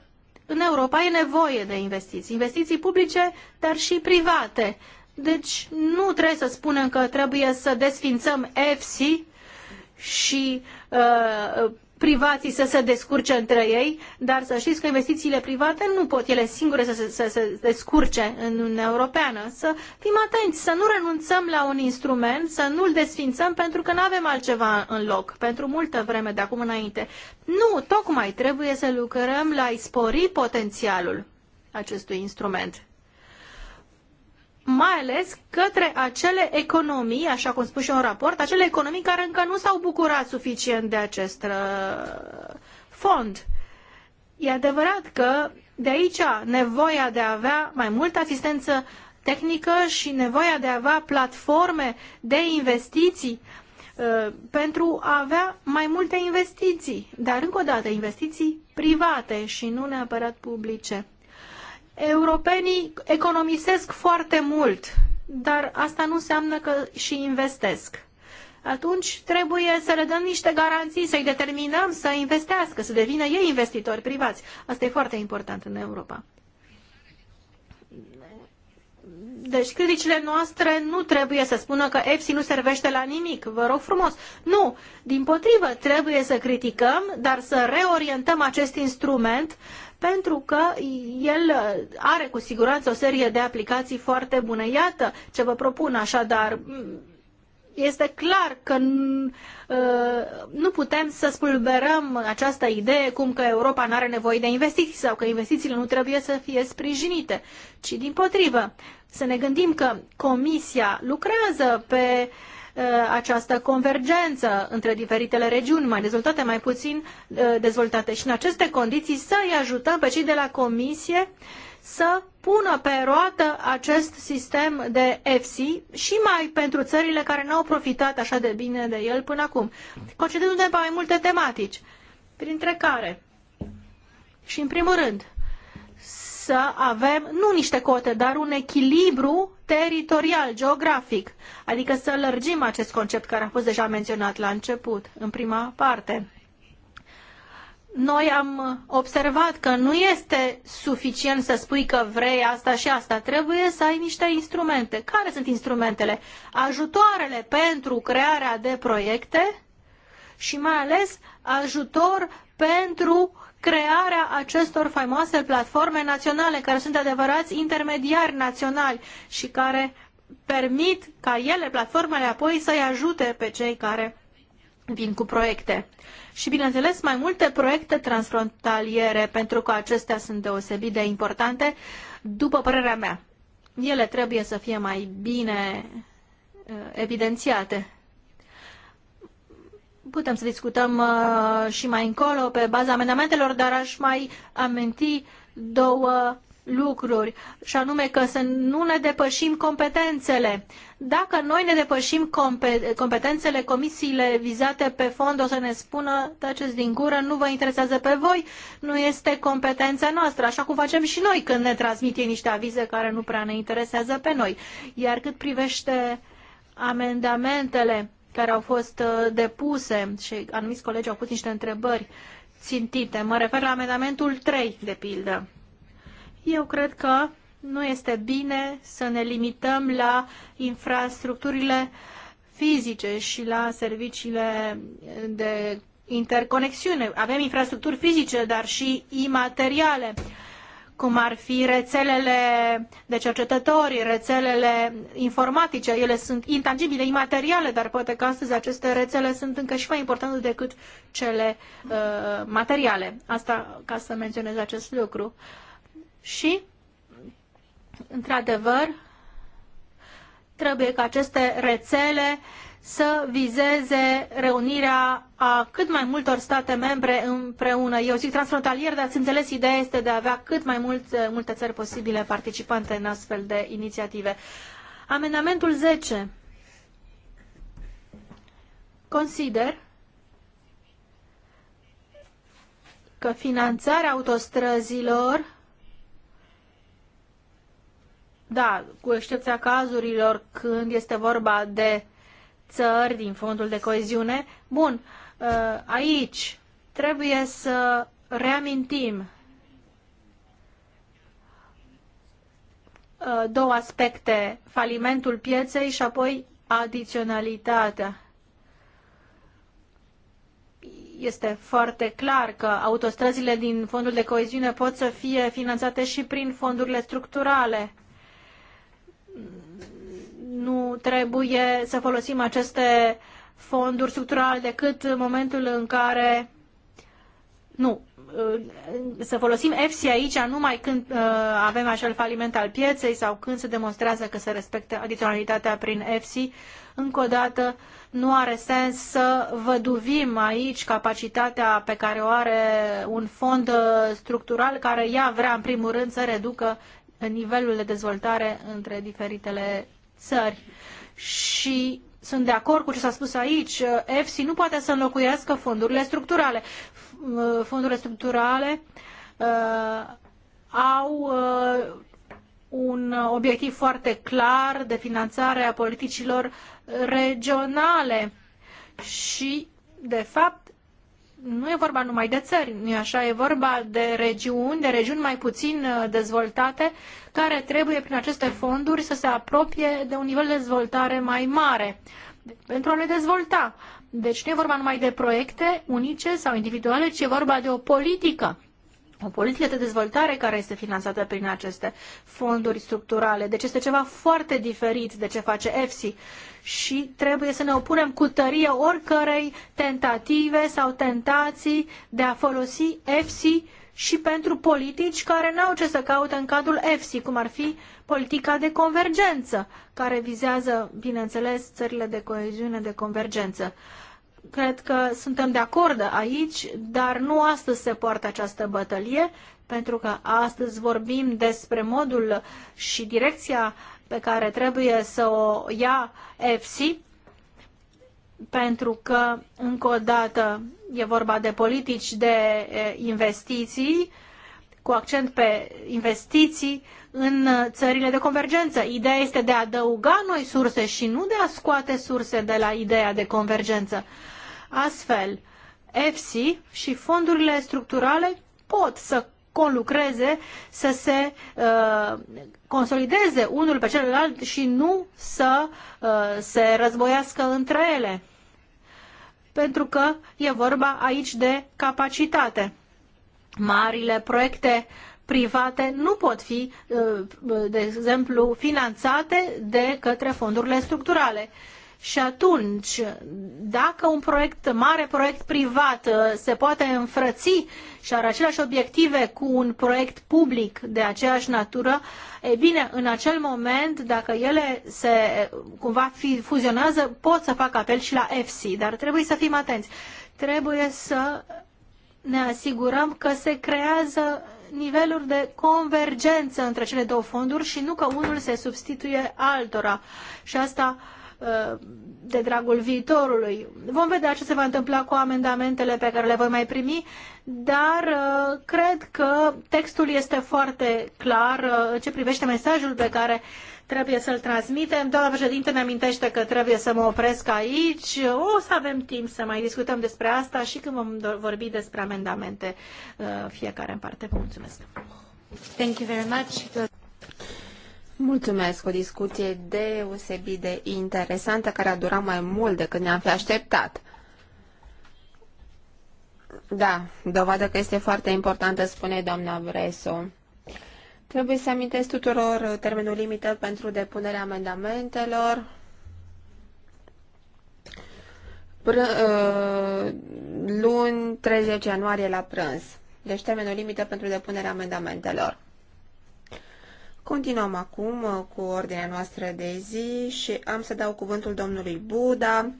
în Europa e nevoie de investiții, investiții publice, dar și private. Deci nu trebuie să spunem că trebuie să desfințăm EFSI și uh, privații să se descurce între ei, dar să știți că investițiile private nu pot ele singure să se, să se descurce în Uniunea Europeană. Să fim atenți, să nu renunțăm la un instrument, să nu-l desfințăm pentru că nu avem altceva în loc pentru multă vreme de acum înainte. Nu, tocmai trebuie să lucrăm la a spori potențialul acestui instrument mai ales către acele economii, așa cum spun și în raport, acele economii care încă nu s-au bucurat suficient de acest uh, fond. E adevărat că de aici nevoia de a avea mai multă asistență tehnică și nevoia de a avea platforme de investiții uh, pentru a avea mai multe investiții, dar încă o dată investiții private și nu neapărat publice europenii economisesc foarte mult, dar asta nu înseamnă că și investesc. Atunci trebuie să le dăm niște garanții, să-i determinăm să investească, să devină ei investitori privați. Asta e foarte important în Europa. Deci criticile noastre nu trebuie să spună că EPSI nu servește la nimic, vă rog frumos. Nu, din potrivă, trebuie să criticăm, dar să reorientăm acest instrument pentru că el are cu siguranță o serie de aplicații foarte bune. Iată ce vă propun așadar. Este clar că uh, nu putem să spulberăm această idee cum că Europa nu are nevoie de investiții sau că investițiile nu trebuie să fie sprijinite, ci din potrivă. Să ne gândim că Comisia lucrează pe uh, Uh, această convergență între diferitele regiuni mai dezvoltate, mai puțin uh, dezvoltate. Și în aceste condiții să-i ajutăm pe cei de la Comisie să pună pe roată acest sistem de EFSI și mai pentru țările care nu au profitat așa de bine de el până acum, concentrându-ne pe mai multe tematici, printre care și în primul rând, să avem nu niște cote, dar un echilibru teritorial, geografic, adică să lărgim acest concept care a fost deja menționat la început, în prima parte. Noi am observat că nu este suficient să spui că vrei asta și asta, trebuie să ai niște instrumente. Care sunt instrumentele? Ajutoarele pentru crearea de proiecte și mai ales ajutor pentru crearea acestor faimoase platforme naționale, care sunt adevărați intermediari naționali și care permit ca ele, platformele, apoi să-i ajute pe cei care vin cu proiecte. Și, bineînțeles, mai multe proiecte transfrontaliere, pentru că acestea sunt deosebit de importante, după părerea mea. Ele trebuie să fie mai bine uh, evidențiate. Putem să discutăm uh, și mai încolo pe baza amendamentelor, dar aș mai aminti două lucruri, și anume că să nu ne depășim competențele. Dacă noi ne depășim competențele, comisiile vizate pe fond o să ne spună, taceți din gură, nu vă interesează pe voi, nu este competența noastră, așa cum facem și noi când ne transmite niște avize care nu prea ne interesează pe noi. Iar cât privește amendamentele, care au fost uh, depuse și anumiți colegi au pus niște întrebări țintite. Mă refer la amendamentul 3, de pildă. Eu cred că nu este bine să ne limităm la infrastructurile fizice și la serviciile de interconexiune. Avem infrastructuri fizice, dar și imateriale cum ar fi rețelele de cercetători, rețelele informatice. Ele sunt intangibile, imateriale, dar poate că astăzi aceste rețele sunt încă și mai importante decât cele uh, materiale. Asta ca să menționez acest lucru. Și, într-adevăr, trebuie ca aceste rețele uh, să vizeze reunirea a cât mai multor state membre împreună. Eu zic transfrontalier, dar ați înțeles, ideea este de a avea cât mai multe, eh, multe țări posibile participante în astfel de inițiative. Amendamentul 10. Consider că finanțarea autostrăzilor da, cu excepția cazurilor când este vorba de țări din fondul de coeziune. Bun, uh, aici trebuie să reamintim uh, două aspecte, falimentul pieței și apoi adiționalitatea. Este foarte clar că autostrăzile din fondul de coeziune pot să fie finanțate și prin fondurile structurale nu trebuie să folosim aceste fonduri structurale decât în momentul în care nu, să folosim EFSI aici numai când uh, avem acel faliment al pieței sau când se demonstrează că se respectă adiționalitatea prin EFSI. Încă o dată, nu are sens să văduvim aici capacitatea pe care o are un fond uh, structural care ea vrea, în primul rând, să reducă nivelul de dezvoltare între diferitele țări. Și sunt de acord cu ce s-a spus aici, EFSI eh, nu poate să înlocuiască fondurile structurale. Eh, fondurile structurale uh, au uh, un obiectiv foarte clar de finanțare a politicilor regionale și, de fapt, nu e vorba numai de țări, nu așa, e vorba de regiuni, de regiuni mai puțin uh, dezvoltate, care trebuie prin aceste fonduri să se apropie de un nivel de dezvoltare mai mare pentru a le dezvolta. Deci nu e vorba numai de proiecte unice sau individuale, ci e vorba de o politică politică de dezvoltare care este finanțată prin aceste fonduri structurale. Deci este ceva foarte diferit de ce face EFSI și trebuie să ne opunem cu tărie oricărei tentative sau tentații de a folosi EFSI și pentru politici care n-au ce să caute în cadrul EFSI, cum ar fi politica de convergență, care vizează, bineînțeles, țările de coeziune de convergență cred că suntem de acord aici, dar nu astăzi se poartă această bătălie, pentru că astăzi vorbim despre modul și direcția pe care trebuie să o ia EFSI, pentru că, încă o dată, e vorba de politici de investiții, cu accent pe investiții în țările de convergență. Ideea este de a adăuga noi surse și nu de a scoate surse de la ideea de convergență. Astfel, EFSI și fondurile structurale pot să conlucreze, să se uh, consolideze unul pe celălalt și nu să uh, se războiască între ele. Pentru că e vorba aici de capacitate. Marile proiecte private nu pot fi, uh, de exemplu, finanțate de către fondurile structurale și atunci, dacă un proiect, mare proiect privat uh, se poate înfrăți și are aceleași obiective cu un proiect public de aceeași natură, e bine, în acel moment, dacă ele se cumva fi, fuzionează, pot să facă apel și la EFSI, dar trebuie să fim atenți. Trebuie să ne asigurăm că se creează niveluri de convergență între cele două fonduri și nu că unul se substituie altora. Și asta uh, de dragul viitorului. Vom vedea ce se va întâmpla cu amendamentele pe care le voi mai primi, dar uh, cred că textul este foarte clar uh, ce privește mesajul pe care trebuie să-l transmitem. Doamna președinte ne amintește că trebuie să mă opresc aici. O să avem timp să mai discutăm despre asta și când vom vorbi despre amendamente uh, fiecare în parte. Vă mulțumesc! Thank you very much. Mulțumesc, o discuție deosebit de interesantă care a durat mai mult decât ne-am fi așteptat. Da, dovadă că este foarte importantă, spune doamna Vreso. Trebuie să amintesc tuturor termenul limită pentru depunerea amendamentelor. Pr uh, luni 30 ianuarie la prânz. Deci termenul limită pentru depunerea amendamentelor. Continuăm acum uh, cu ordinea noastră de zi și am să dau cuvântul domnului Buda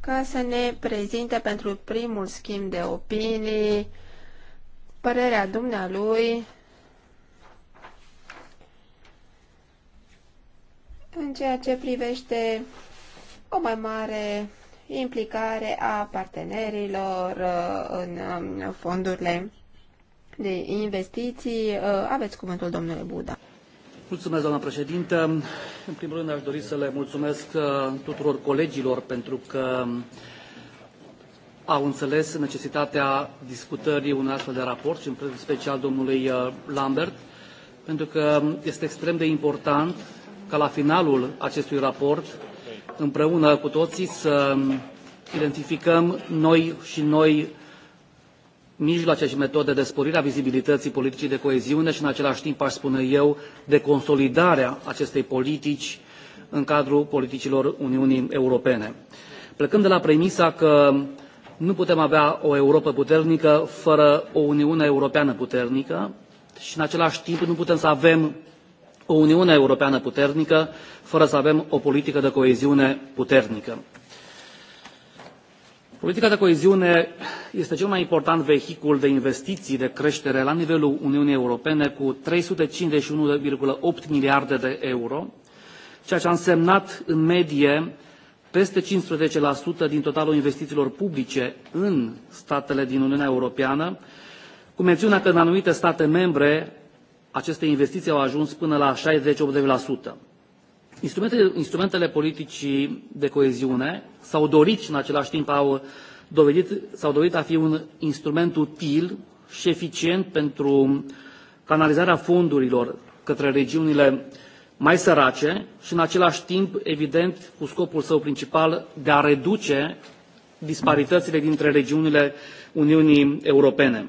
ca să ne prezinte pentru primul schimb de opinii părerea dumnealui în ceea ce privește o mai mare implicare a partenerilor uh, în um, fondurile de investiții. Uh, aveți cuvântul domnule Buda. Mulțumesc, doamna președintă. În primul rând, aș dori să le mulțumesc uh, tuturor colegilor pentru că au înțeles necesitatea discutării unui astfel de raport și în special domnului uh, Lambert, pentru că este extrem de important ca la finalul acestui raport, împreună cu toții, să um, identificăm noi și noi mijloace și metode de sporire a vizibilității politicii de coeziune și, în același timp, aș spune eu, de consolidarea acestei politici în cadrul politicilor Uniunii Europene. Plecând de la premisa că nu putem avea o Europă puternică fără o Uniune Europeană puternică și, în același timp, nu putem să avem o Uniune Europeană puternică fără să avem o politică de coeziune puternică. Politica de coeziune este cel mai important vehicul de investiții de creștere la nivelul Uniunii Europene cu 351,8 miliarde de euro, ceea ce a însemnat în medie peste 15% din totalul investițiilor publice în statele din Uniunea Europeană, cu mențiunea că în anumite state membre aceste investiții au ajuns până la 68%. Instrumentele, instrumentele politicii de coeziune s-au dorit și în același timp au dovedit, s-au dovedit a fi un instrument util și eficient pentru canalizarea fondurilor către regiunile mai sărace și în același timp, evident, cu scopul său principal de a reduce disparitățile dintre regiunile Uniunii Europene.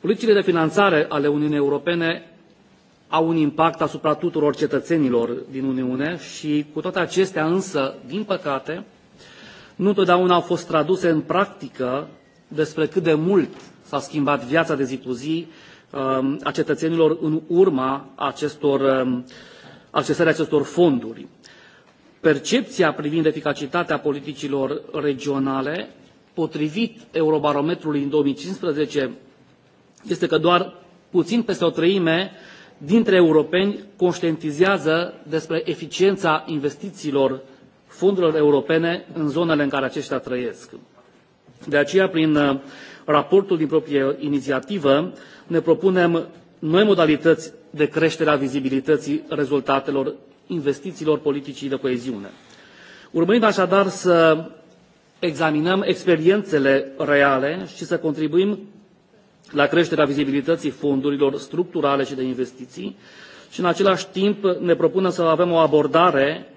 Politicile de finanțare ale Uniunii Europene au un impact asupra tuturor cetățenilor din Uniune și cu toate acestea însă, din păcate, nu întotdeauna au fost traduse în practică despre cât de mult s-a schimbat viața de zi cu zi um, a cetățenilor în urma acestor, um, accesării acestor fonduri. Percepția privind eficacitatea politicilor regionale, potrivit Eurobarometrului în 2015, este că doar puțin peste o treime dintre europeni conștientizează despre eficiența investițiilor fondurilor europene în zonele în care aceștia trăiesc. De aceea, prin uh, raportul din proprie inițiativă, ne propunem noi modalități de creștere a vizibilității rezultatelor investițiilor politicii de coeziune. Urmărind așadar să examinăm experiențele reale și să contribuim la creșterea vizibilității fondurilor structurale și de investiții și în același timp ne propunem să avem o abordare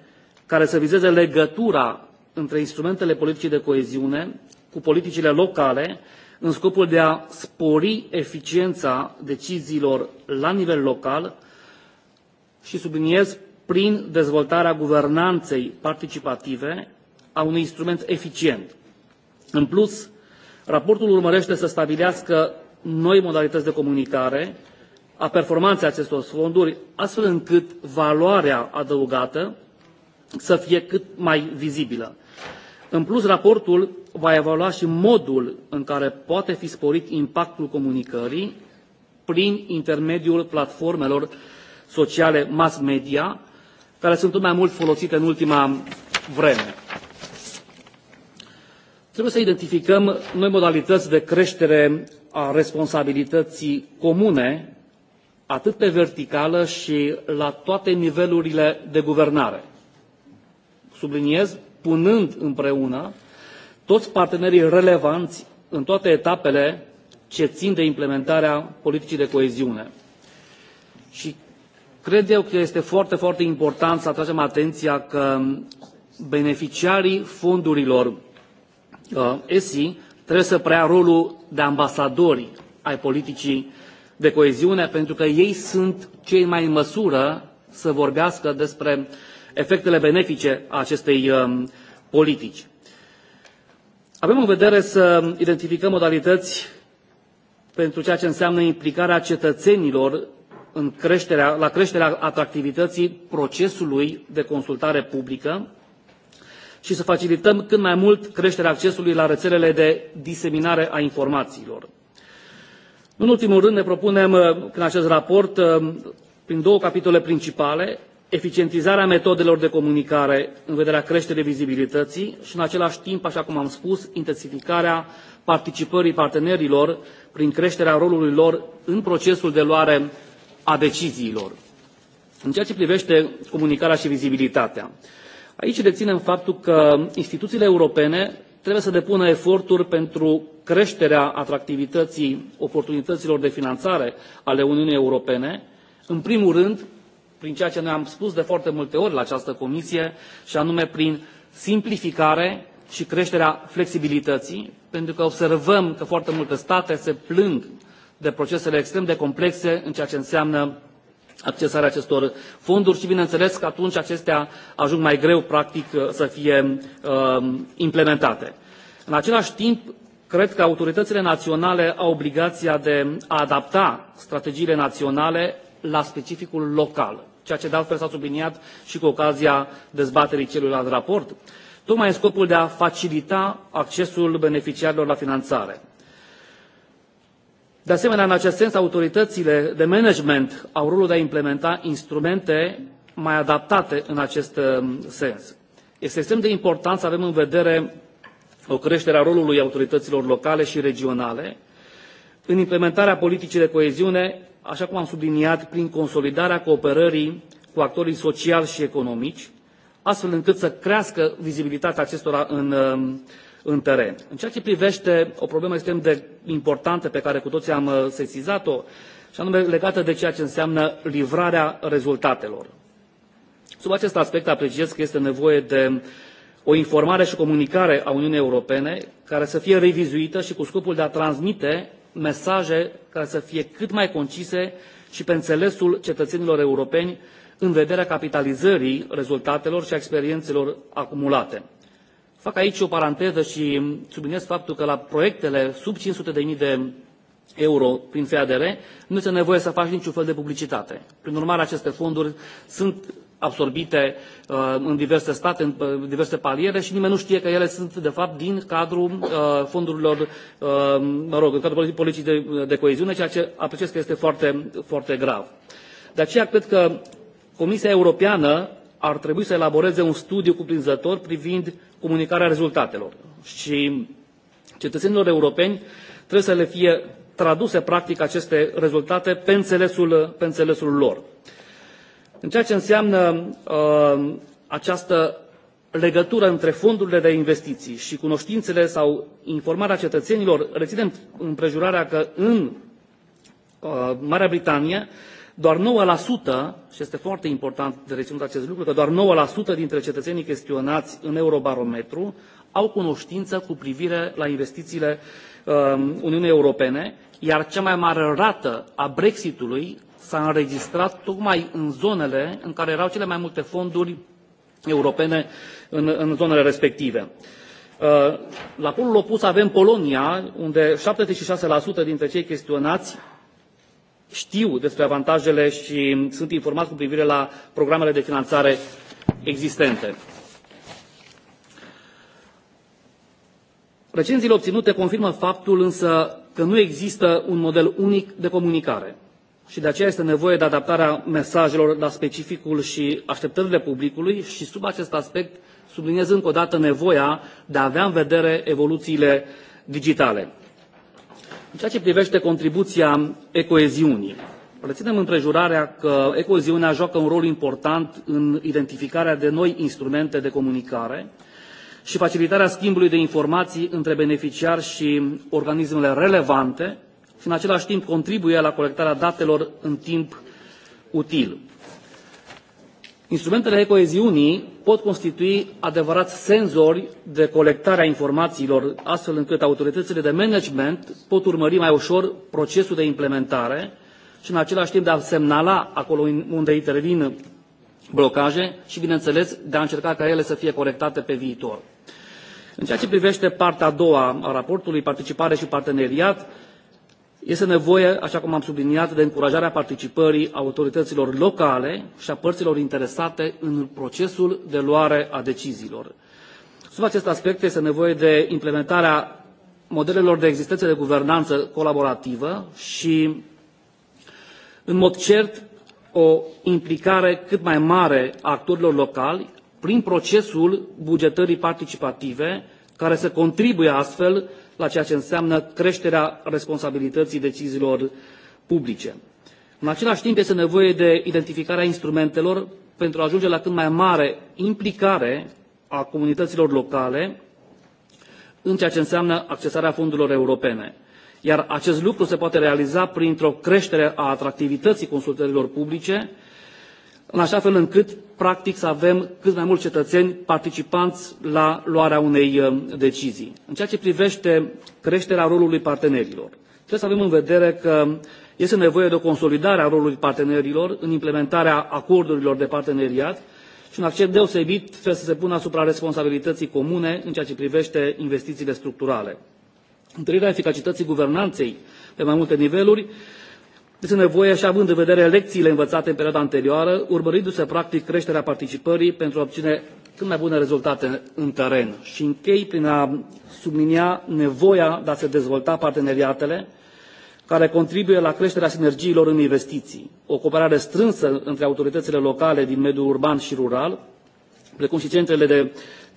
care să vizeze legătura între instrumentele politicii de coeziune cu politicile locale în scopul de a spori eficiența deciziilor la nivel local și subliniez prin dezvoltarea guvernanței participative a unui instrument eficient. în plus raportul urmărește să stabilească noi modalități de comunicare a performanței acestor fonduri, astfel încât valoarea adăugată să fie cât mai vizibilă. În plus, raportul va evalua și modul în care poate fi sporit impactul comunicării prin intermediul platformelor sociale mass media, care sunt tot mai mult folosite în ultima vreme. Trebuie să identificăm noi modalități de creștere a responsabilității comune, atât pe verticală și la toate nivelurile de guvernare. Subliniez, punând împreună toți partenerii relevanți în toate etapele ce țin de implementarea politicii de coeziune. Și cred eu că este foarte, foarte important să atragem atenția că beneficiarii fondurilor ESI uh, trebuie să preia rolul de ambasadori ai politicii de coeziune, pentru că ei sunt cei mai în măsură să vorbească despre efectele benefice a acestei um, politici. Avem în vedere să identificăm modalități pentru ceea ce înseamnă implicarea cetățenilor în creșterea, la creșterea atractivității procesului de consultare publică, și să facilităm cât mai mult creșterea accesului la rețelele de diseminare a informațiilor. Nu în ultimul rând ne propunem în uh, acest raport, uh, prin două capitole principale, eficientizarea metodelor de comunicare în vederea creșterii vizibilității și în același timp, așa cum am spus, intensificarea participării partenerilor prin creșterea rolului lor în procesul de luare a deciziilor. În ceea ce privește comunicarea și vizibilitatea, Aici reținem faptul că instituțiile europene trebuie să depună eforturi pentru creșterea atractivității oportunităților de finanțare ale Uniunii Europene, în primul rând prin ceea ce noi am spus de foarte multe ori la această comisie, și anume prin simplificare și creșterea flexibilității, pentru că observăm că foarte multe state se plâng de procesele extrem de complexe în ceea ce înseamnă accesarea acestor fonduri și bineînțeles că atunci acestea ajung mai greu practic uh, să fie um, implementate. În același timp, cred că autoritățile naționale au obligația de a adapta strategiile naționale la specificul local, ceea ce de altfel s-a subliniat și cu ocazia dezbaterii celuilalt raport, tocmai în scopul de a facilita accesul beneficiarilor la finanțare de asemenea în acest sens autoritățile de management au rolul de a implementa instrumente mai adaptate în acest uh, sens. este extrem de important să avem în vedere o creștere a rolului autorităților locale și regionale în implementarea politicii de coeziune așa cum am subliniat prin consolidarea cooperării cu actorii sociali și economici astfel încât să crească vizibilitatea acestora în uh, în teren. În ceea ce privește o problemă extrem de importantă pe care cu toții am uh, sesizat o și anume legată de ceea ce înseamnă livrarea rezultatelor. Sub acest aspect apreciez că este nevoie de o informare și comunicare a Uniunii Europene care să fie revizuită și cu scopul de a transmite mesaje care să fie cât mai concise și pe înțelesul cetățenilor europeni în vederea capitalizării rezultatelor și a experiențelor acumulate. Fac aici o paranteză și subliniez faptul că la proiectele sub 500.000 de euro prin FEADR nu este nevoie să faci niciun fel de publicitate. Prin urmare, aceste fonduri sunt absorbite uh, în diverse state, în uh, diverse paliere și nimeni nu știe că ele sunt, de fapt, din cadrul uh, fondurilor, uh, mă rog, în cadrul politicii de, de coeziune, ceea ce apreciez că este foarte, foarte grav. De aceea cred că Comisia Europeană ar trebui să elaboreze un studiu cuprinzător privind comunicarea rezultatelor și cetățenilor europeni trebuie să le fie traduse practic aceste rezultate pe înțelesul, pe înțelesul lor. În ceea ce înseamnă uh, această legătură între fondurile de investiții și cunoștințele sau informarea cetățenilor, reținem împrejurarea că în uh, Marea Britanie doar 9%, și este foarte important de reținut acest lucru, că doar 9% dintre cetățenii chestionați în Eurobarometru au cunoștință cu privire la investițiile um, Uniunii Europene, iar cea mai mare rată a Brexitului s-a înregistrat tocmai în zonele în care erau cele mai multe fonduri europene în, în zonele respective. Uh, la polul opus avem Polonia, unde 76% dintre cei chestionați știu despre avantajele și sunt informați cu privire la programele de finanțare existente. Recenziile obținute confirmă faptul însă că nu există un model unic de comunicare și de aceea este nevoie de adaptarea mesajelor la specificul și așteptările publicului și sub acest aspect subliniez încă o dată nevoia de a avea în vedere evoluțiile digitale. În ceea ce privește contribuția ecoeziunii, reținem împrejurarea că ecoeziunea joacă un rol important în identificarea de noi instrumente de comunicare și facilitarea schimbului de informații între beneficiari și organismele relevante și în același timp contribuie la colectarea datelor în timp util. Instrumentele coeziunii pot constitui adevărați senzori de colectare a informațiilor, astfel încât autoritățile de management pot urmări mai ușor procesul de implementare și în același timp de a semnala acolo unde intervin blocaje și, bineînțeles, de a încerca ca ele să fie corectate pe viitor. În ceea ce privește partea a doua a raportului, participare și parteneriat, este nevoie, așa cum am subliniat, de încurajarea participării autorităților locale și a părților interesate în procesul de luare a deciziilor. Sub acest aspect este nevoie de implementarea modelelor de existență de guvernanță colaborativă și, în mod cert, o implicare cât mai mare a actorilor locali prin procesul bugetării participative, care să contribuie astfel la ceea ce înseamnă creșterea responsabilității deciziilor publice. În același timp, este nevoie de identificarea instrumentelor pentru a ajunge la cât mai mare implicare a comunităților locale în ceea ce înseamnă accesarea fondurilor europene. Iar acest lucru se poate realiza printr-o creștere a atractivității consultărilor publice, în așa fel încât, practic, să avem cât mai mulți cetățeni participanți la luarea unei uh, decizii. În ceea ce privește creșterea rolului partenerilor, trebuie să avem în vedere că este nevoie de o consolidare a rolului partenerilor în implementarea acordurilor de parteneriat și un accent deosebit trebuie să se pună asupra responsabilității comune în ceea ce privește investițiile structurale. Întărirea eficacității guvernanței pe mai multe niveluri este nevoie și având în vedere lecțiile învățate în perioada anterioară, urmărindu-se practic creșterea participării pentru a obține cât mai bune rezultate în teren. Și închei prin a sublinia nevoia de a se dezvolta parteneriatele care contribuie la creșterea sinergiilor în investiții, o cooperare strânsă între autoritățile locale din mediul urban și rural, precum și centrele de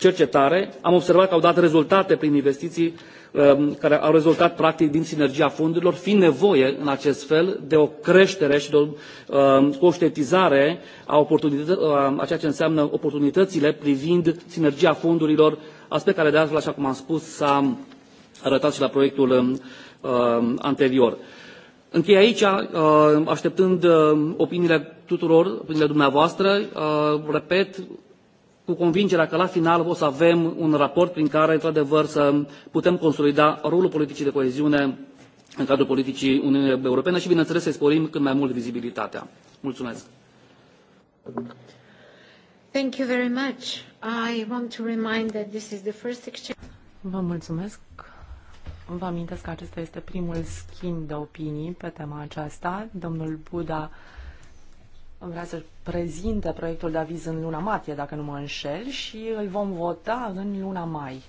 cercetare am observat că au dat rezultate prin investiții um, care au rezultat practic din sinergia fondurilor fiind nevoie în acest fel de o creștere și de o um, conștientizare a, um, a ceea ce înseamnă oportunitățile privind sinergia fondurilor aspect care de altfel așa cum am spus s a arătat și la proiectul anterior. Închei aici, uh, așteptând uh, opiniile tuturor, opiniile dumneavoastră. Uh, repet, cu convingerea că la final o să avem un raport prin care, într-adevăr, să putem consolida rolul politicii de coeziune în cadrul politicii Uniunii Europene și, bineînțeles, să sporim cât mai mult vizibilitatea. Mulțumesc! Thank you very much. I want to remind that this is the first exchange. Vă mulțumesc. Vă amintesc că acesta este primul schimb de opinii pe tema aceasta. Domnul Buda vrea să prezinte proiectul de aviz în luna martie, dacă nu mă înșel, și îl vom vota în luna mai.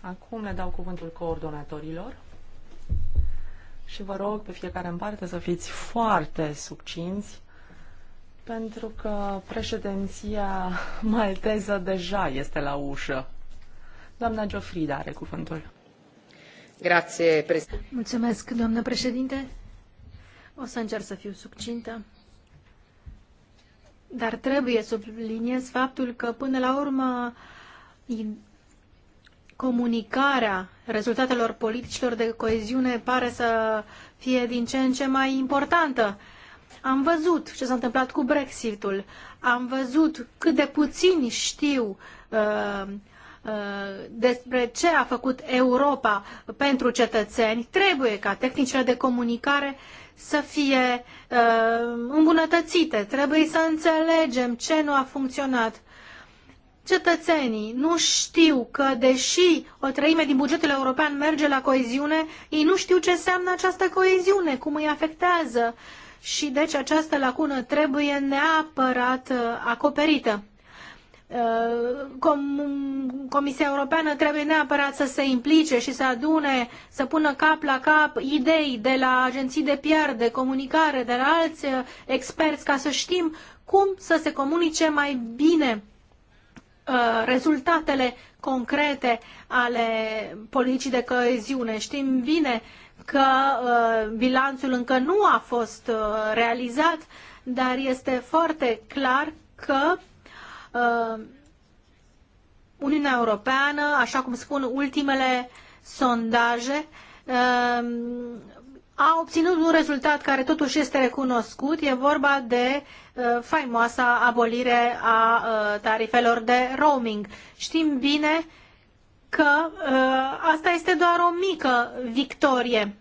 Acum le dau cuvântul coordonatorilor și vă rog pe fiecare în parte să fiți foarte succinți pentru că președinția malteză deja este la ușă. Doamna Geofrida are cuvântul. Grație, președinte. Mulțumesc, doamnă președinte. O să încerc să fiu succintă. Dar trebuie să subliniez faptul că până la urmă comunicarea rezultatelor politicilor de coeziune pare să fie din ce în ce mai importantă. Am văzut ce s-a întâmplat cu Brexitul, am văzut cât de puțini știu uh, uh despre ce a făcut Europa pentru cetățeni, trebuie ca tehnicile de comunicare să fie uh, îmbunătățite. Trebuie să înțelegem ce nu a funcționat. Cetățenii nu știu că, deși o treime din bugetul european merge la coeziune, ei nu știu ce înseamnă această coeziune, cum îi afectează. Și deci această lacună trebuie neapărat uh, acoperită. Comisia Europeană trebuie neapărat să se implice și să adune, să pună cap la cap idei de la agenții de PR, de comunicare, de la alți uh, experți, ca să știm cum să se comunice mai bine uh, rezultatele concrete ale politicii de coeziune. Știm bine că uh, bilanțul încă nu a fost realizat, dar este foarte clar că Uh, Uniunea Europeană, așa cum spun ultimele sondaje, uh, a obținut un rezultat care totuși este recunoscut. E vorba de uh, faimoasa abolire a tarifelor de roaming. Știm bine că asta este doar o mică victorie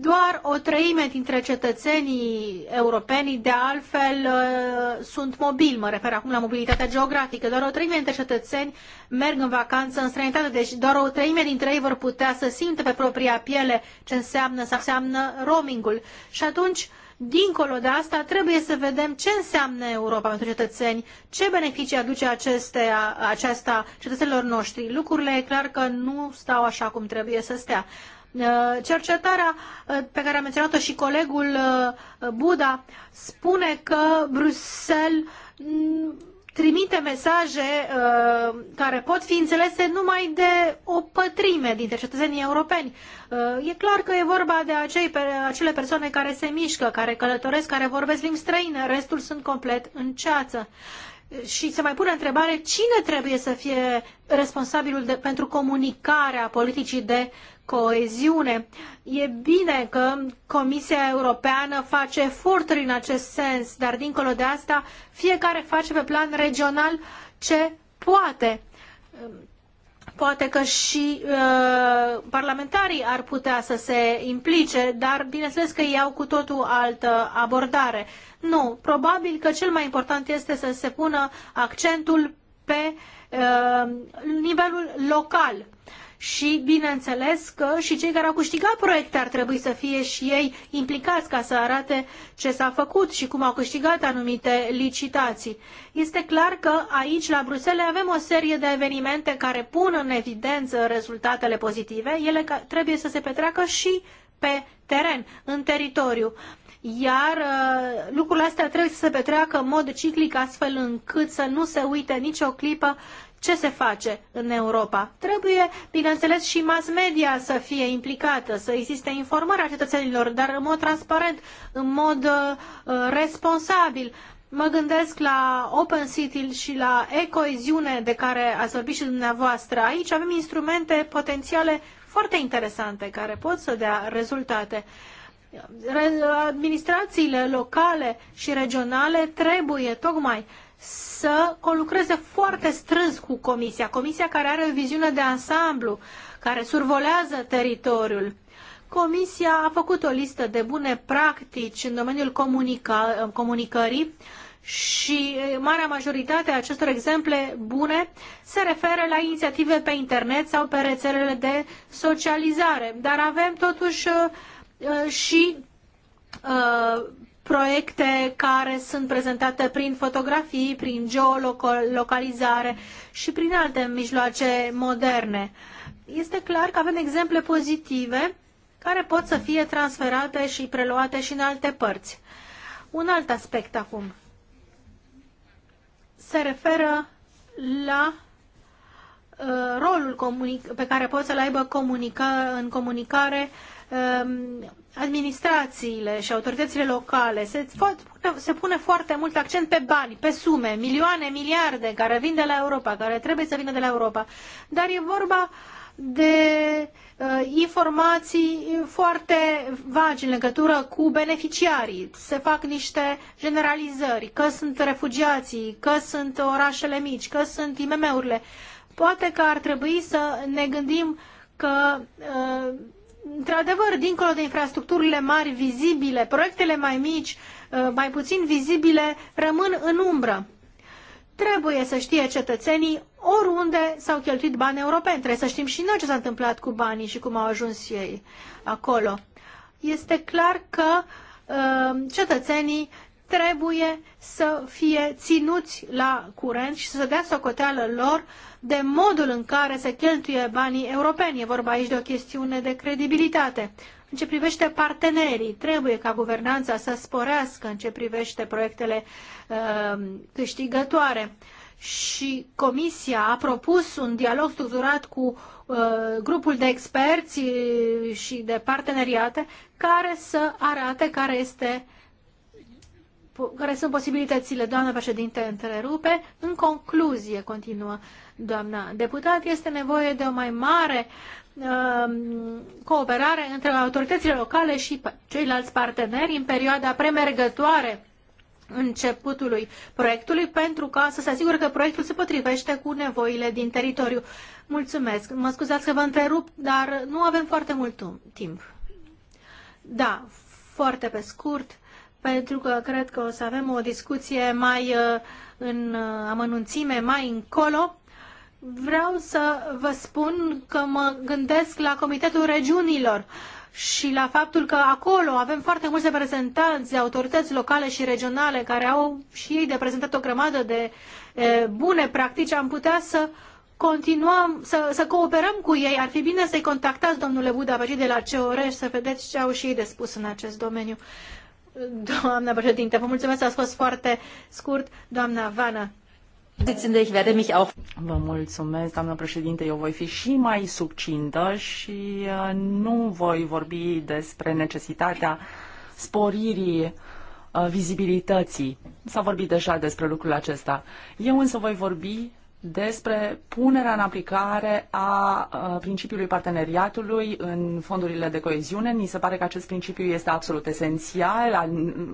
doar o treime dintre cetățenii europeni, de altfel, uh, sunt mobili, mă refer acum la mobilitatea geografică, doar o treime dintre cetățeni merg în vacanță în străinătate, deci doar o treime dintre ei vor putea să simtă pe propria piele ce înseamnă să înseamnă roamingul. Și atunci, dincolo de asta, trebuie să vedem ce înseamnă Europa pentru cetățeni, ce beneficii aduce aceste, aceasta cetățenilor noștri. Lucrurile e clar că nu stau așa cum trebuie să stea. Uh, cercetarea uh, pe care a menționat-o și colegul uh, Buda spune că Bruxelles mm, trimite mesaje care pot fi înțelese numai de o pătrime dintre cetățenii europeni. e clar că e vorba de acei, acele persoane care se mișcă, care călătoresc, care vorbesc limbi străine, restul sunt complet în ceață. Și se mai pune întrebare cine trebuie să fie responsabilul de, pentru comunicarea politicii de coeziune. E bine că Comisia Europeană face eforturi în acest sens, dar dincolo de asta, fiecare face pe plan regional ce poate. Poate că și uh, parlamentarii ar putea să se implice, dar bineînțeles că iau cu totul altă abordare. Nu, probabil că cel mai important este să se pună accentul pe uh, nivelul local. Uh, și, bineînțeles, că și cei care au câștigat proiecte ar trebui să fie și ei implicați ca să arate ce s-a făcut și cum au câștigat anumite licitații. Este clar că aici, la Bruxelles, avem o serie de evenimente care pun în evidență rezultatele pozitive. Ele trebuie să se petreacă și pe teren, în teritoriu iar uh, lucrurile astea trebuie să se petreacă în mod ciclic astfel încât să nu se uite nicio clipă ce se face în Europa. Trebuie, bineînțeles, și mass media să fie implicată, să existe informarea cetățenilor, dar în mod transparent, în mod uh, responsabil. Mă gândesc la Open City și la ecoiziune de care ați vorbit și dumneavoastră. Aici avem instrumente potențiale foarte interesante care pot să dea rezultate administrațiile locale și regionale trebuie tocmai să conlucreze foarte strâns cu Comisia, Comisia care are o viziune de ansamblu, care survolează teritoriul. Comisia a făcut o listă de bune practici în domeniul comunica, comunicării și marea majoritate a acestor exemple bune se referă la inițiative pe internet sau pe rețelele de socializare. Dar avem totuși și proiecte care sunt prezentate prin fotografii, prin geolocalizare și prin alte mijloace moderne. Este clar că avem exemple pozitive care pot să fie transferate și preluate și în alte părți. Un alt aspect acum se referă la uh, rolul pe care pot să-l aibă comunica, în comunicare Ehm, administrațiile și autoritățile locale. Se, pune, se pune foarte mult accent pe bani, pe sume, milioane, miliarde care vin de la Europa, care trebuie să vină de la Europa. Dar e vorba de uh, informații foarte vagi în legătură cu beneficiarii. Se fac niște generalizări, că sunt refugiații, că sunt orașele mici, că sunt IMM-urile. Poate că ar trebui să ne gândim că uh, într-adevăr, dincolo de infrastructurile mari vizibile, proiectele mai mici, uh, mai puțin vizibile, rămân în umbră. Trebuie să știe cetățenii oriunde s-au cheltuit bani europeni. Trebuie să știm și noi ce s-a întâmplat cu banii și cum au ajuns ei acolo. Este clar că uh, cetățenii trebuie să fie ținuți la curent și să dea socoteală lor de modul în care se cheltuie banii europeni. E vorba aici de o chestiune de credibilitate. În ce privește partenerii, trebuie ca guvernanța să sporească în ce privește proiectele uh, câștigătoare. Și Comisia a propus un dialog structurat cu uh, grupul de experți și de parteneriate care să arate care este uh, care sunt posibilitățile, doamnă președinte, întrerupe. În concluzie, continuă doamna deputat, este nevoie de o mai mare um, cooperare între autoritățile locale și ceilalți parteneri în perioada premergătoare începutului proiectului pentru ca să se asigure că proiectul se potrivește cu nevoile din teritoriu. Mulțumesc. Mă scuzați că vă întrerup, dar nu avem foarte mult timp. Da, foarte pe scurt pentru că cred că o să avem o discuție mai uh, în uh, amănunțime, mai încolo. Vreau să vă spun că mă gândesc la Comitetul Regiunilor și la faptul că acolo avem foarte mulți reprezentanți de autorități locale și regionale care au și ei de prezentat o grămadă de e, bune practici, am putea să continuăm, să, să cooperăm cu ei. Ar fi bine să-i contactați, domnule Buda, pe de la CEOR și să vedeți ce au și ei de spus în acest domeniu. Doamna președinte, vă mulțumesc, a scos foarte scurt. Doamna Vana. Vă mulțumesc, doamnă președinte. Eu voi fi și mai succintă și uh, nu voi vorbi despre necesitatea sporirii uh, vizibilității. S-a vorbit deja despre lucrul acesta. Eu însă voi vorbi despre punerea în aplicare a principiului parteneriatului în fondurile de coeziune. Ni se pare că acest principiu este absolut esențial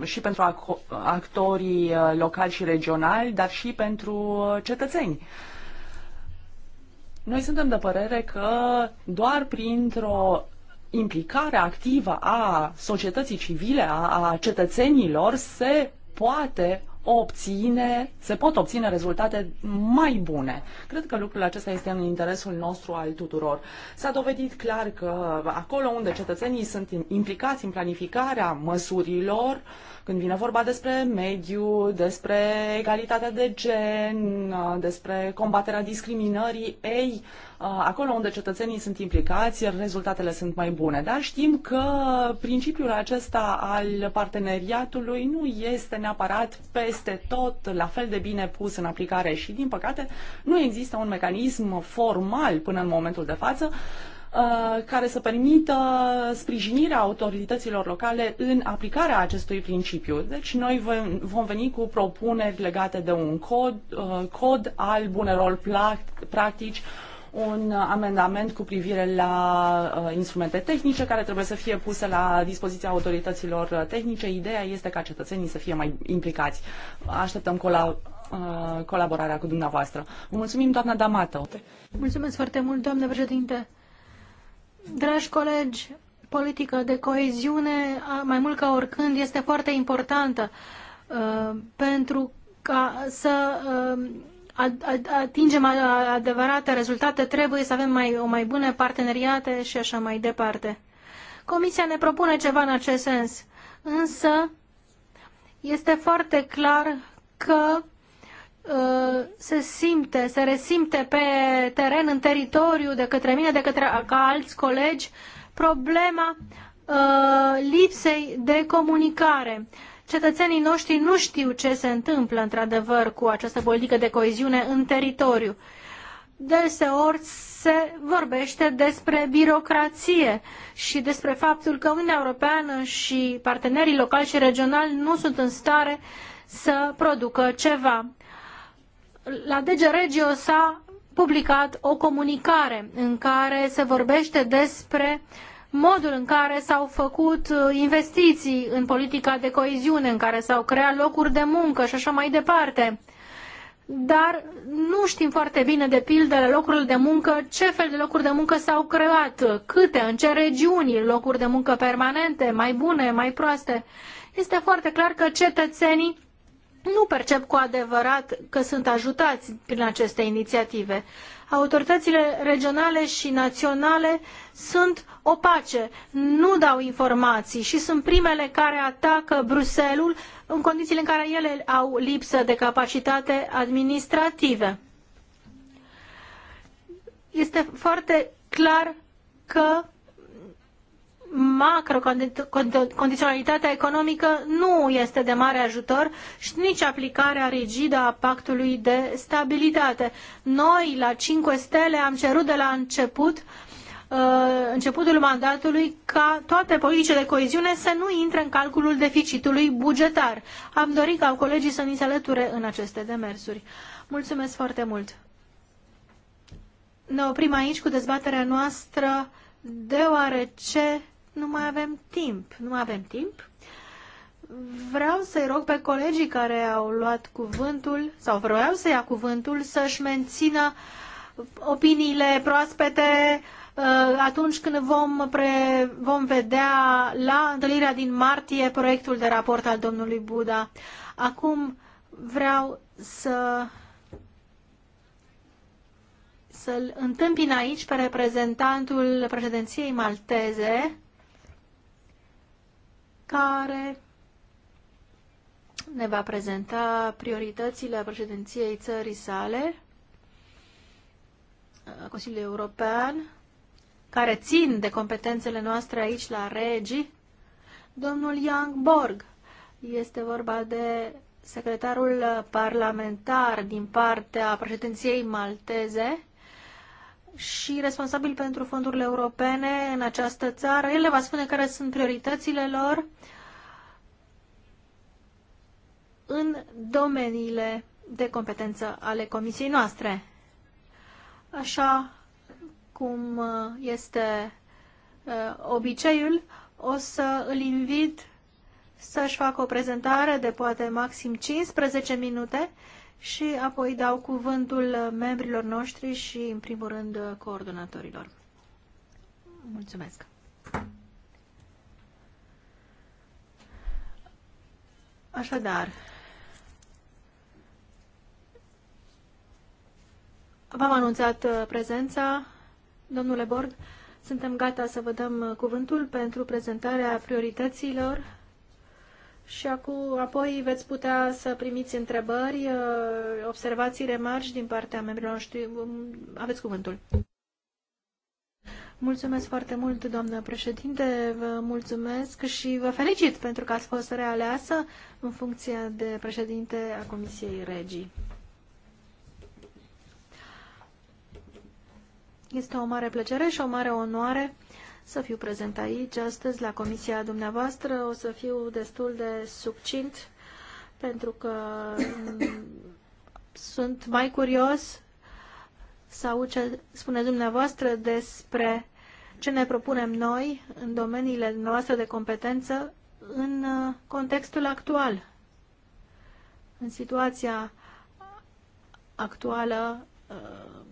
și pentru actorii locali și regionali, dar și pentru cetățeni. Noi suntem de părere că doar printr-o implicare activă a societății civile, a, a cetățenilor, se poate obține, se pot obține rezultate mai bune. Cred că lucrul acesta este în interesul nostru al tuturor. S-a dovedit clar că acolo unde cetățenii sunt implicați în planificarea măsurilor, când vine vorba despre mediu, despre egalitatea de gen, despre combaterea discriminării, ei, Uh, acolo unde cetățenii sunt implicați, rezultatele sunt mai bune. Dar știm că principiul acesta al parteneriatului nu este neapărat peste tot la fel de bine pus în aplicare și, din păcate, nu există un mecanism formal până în momentul de față uh, care să permită sprijinirea autorităților locale în aplicarea acestui principiu. Deci noi vom veni cu propuneri legate de un cod, uh, cod al bunelor practici, un amendament cu privire la uh, instrumente tehnice care trebuie să fie puse la dispoziția autorităților uh, tehnice. Ideea este ca cetățenii să fie mai implicați. Așteptăm cola uh, colaborarea cu dumneavoastră. Vă mulțumim, doamna Damato. Mulțumesc foarte mult, doamnă președinte. Dragi colegi, politică de coeziune, mai mult ca oricând, este foarte importantă uh, pentru ca să uh, atingem adevărate rezultate, trebuie să avem mai, o mai bună parteneriate și așa mai departe. Comisia ne propune ceva în acest sens, însă este foarte clar că uh, se simte, se resimte pe teren, în teritoriu, de către mine, de către ca alți colegi, problema uh, lipsei de comunicare cetățenii noștri nu știu ce se întâmplă într-adevăr cu această politică de coeziune în teritoriu. Deseori se vorbește despre birocrație și despre faptul că Uniunea Europeană și partenerii locali și regionali nu sunt în stare să producă ceva. La DG Regio s-a publicat o comunicare în care se vorbește despre uh, modul în care s-au făcut uh, investiții în politica de coeziune, în care s-au creat locuri de muncă și așa mai departe. Dar nu știm foarte bine, de pildă, la locurile de muncă, ce fel de locuri de muncă s-au creat, câte, în ce regiuni, locuri de muncă permanente, mai bune, mai proaste. Este foarte clar că cetățenii nu percep cu adevărat că sunt ajutați prin aceste inițiative autoritățile regionale și naționale sunt opace, nu dau informații și sunt primele care atacă Bruselul în condițiile în care ele au lipsă de capacitate administrative. Este foarte clar că macrocondiționalitatea economică nu este de mare ajutor și nici aplicarea rigidă a pactului de stabilitate. Noi, la 5 stele, am cerut de la început uh, începutul mandatului ca toate politicile de coeziune să nu intre în calculul deficitului bugetar. Am dorit ca colegii să ni se alăture în aceste demersuri. Mulțumesc foarte mult! Ne oprim aici cu dezbaterea noastră deoarece nu mai avem timp. Nu mai avem timp. Vreau să-i rog pe colegii care au luat cuvântul, sau vreau să ia cuvântul, să-și mențină opiniile proaspete uh, atunci când vom, pre, vom vedea la întâlnirea din martie proiectul de raport al domnului Buda. Acum vreau să să-l întâmpin aici pe reprezentantul președinției malteze, care ne va prezenta prioritățile președinției țării sale, Consiliul European, care țin de competențele noastre aici la Regi, domnul Young Borg. Este vorba de secretarul parlamentar din partea președinției malteze și responsabil pentru fondurile europene în această țară. El le va spune care sunt prioritățile lor în domeniile de competență ale comisiei noastre. Așa cum uh, este uh, obiceiul, o să îl invit să-și facă o prezentare de poate maxim 15 minute și apoi dau cuvântul membrilor noștri și, în primul rând, coordonatorilor. Mulțumesc! Așadar, v-am anunțat uh, prezența, domnule Bord. Suntem gata să vă dăm uh, cuvântul pentru prezentarea priorităților și acum, apoi veți putea să primiți întrebări, uh, observații, remarci din partea membrilor noștri. Um, aveți cuvântul. Mulțumesc foarte mult, doamnă președinte, vă mulțumesc și vă felicit pentru că ați fost realeasă în funcția de președinte a Comisiei Regii. Este o mare plăcere și o mare onoare să fiu prezent aici astăzi la comisia dumneavoastră. O să fiu destul de succint pentru că mm, sunt mai curios să aud ce spune dumneavoastră despre ce ne propunem noi în domeniile noastre de competență în uh, contextul actual, în situația actuală uh,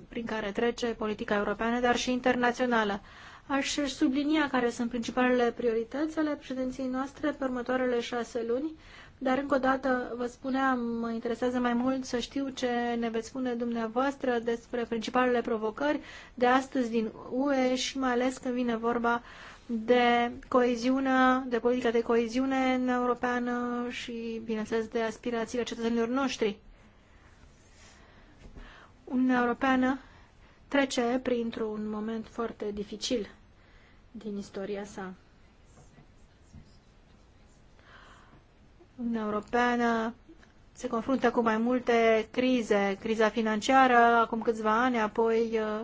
prin care trece politica europeană, dar și internațională. Aș sublinia care sunt principalele priorități ale președinției noastre pe următoarele șase luni, dar încă o dată vă spuneam, mă interesează mai mult să știu ce ne veți spune dumneavoastră despre principalele provocări de astăzi din UE și mai ales când vine vorba de coeziune, de politica de coeziune în europeană și, bineînțeles, de aspirațiile cetățenilor noștri. Uniunea Europeană trece printr-un moment foarte dificil din istoria sa. Uniunea Europeană se confruntă cu mai multe crize, criza financiară acum câțiva ani, apoi uh,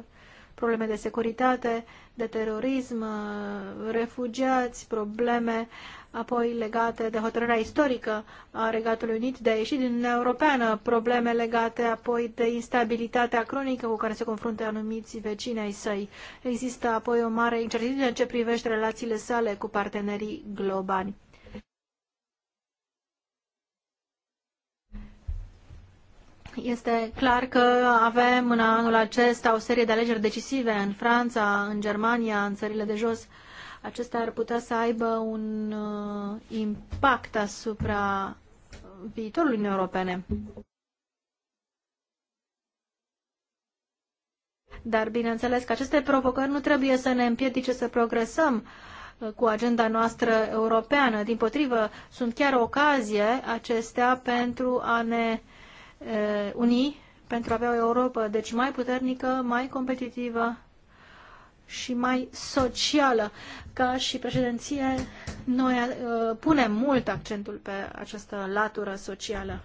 probleme de securitate de terorism, uh, refugiați, probleme apoi legate de hotărârea istorică a Regatului Unit de a ieși din Uniunea Europeană, probleme legate apoi de instabilitatea cronică cu care se confruntă anumiți vecini ai săi. Există apoi o mare incertitudine în ce privește relațiile sale cu partenerii globali. Este clar că avem în anul acesta o serie de alegeri decisive în Franța, în Germania, în țările de jos. Acestea ar putea să aibă un uh, impact asupra viitorului Uniunii Europene. Dar bineînțeles că aceste provocări nu trebuie să ne împiedice să progresăm uh, cu agenda noastră europeană. Din potrivă, sunt chiar ocazie acestea pentru a ne uh, Eh, uni pentru a avea o Europa deci mai puternică, mai competitivă și mai socială. Ca și președinție, noi eh, punem mult accentul pe această latură socială.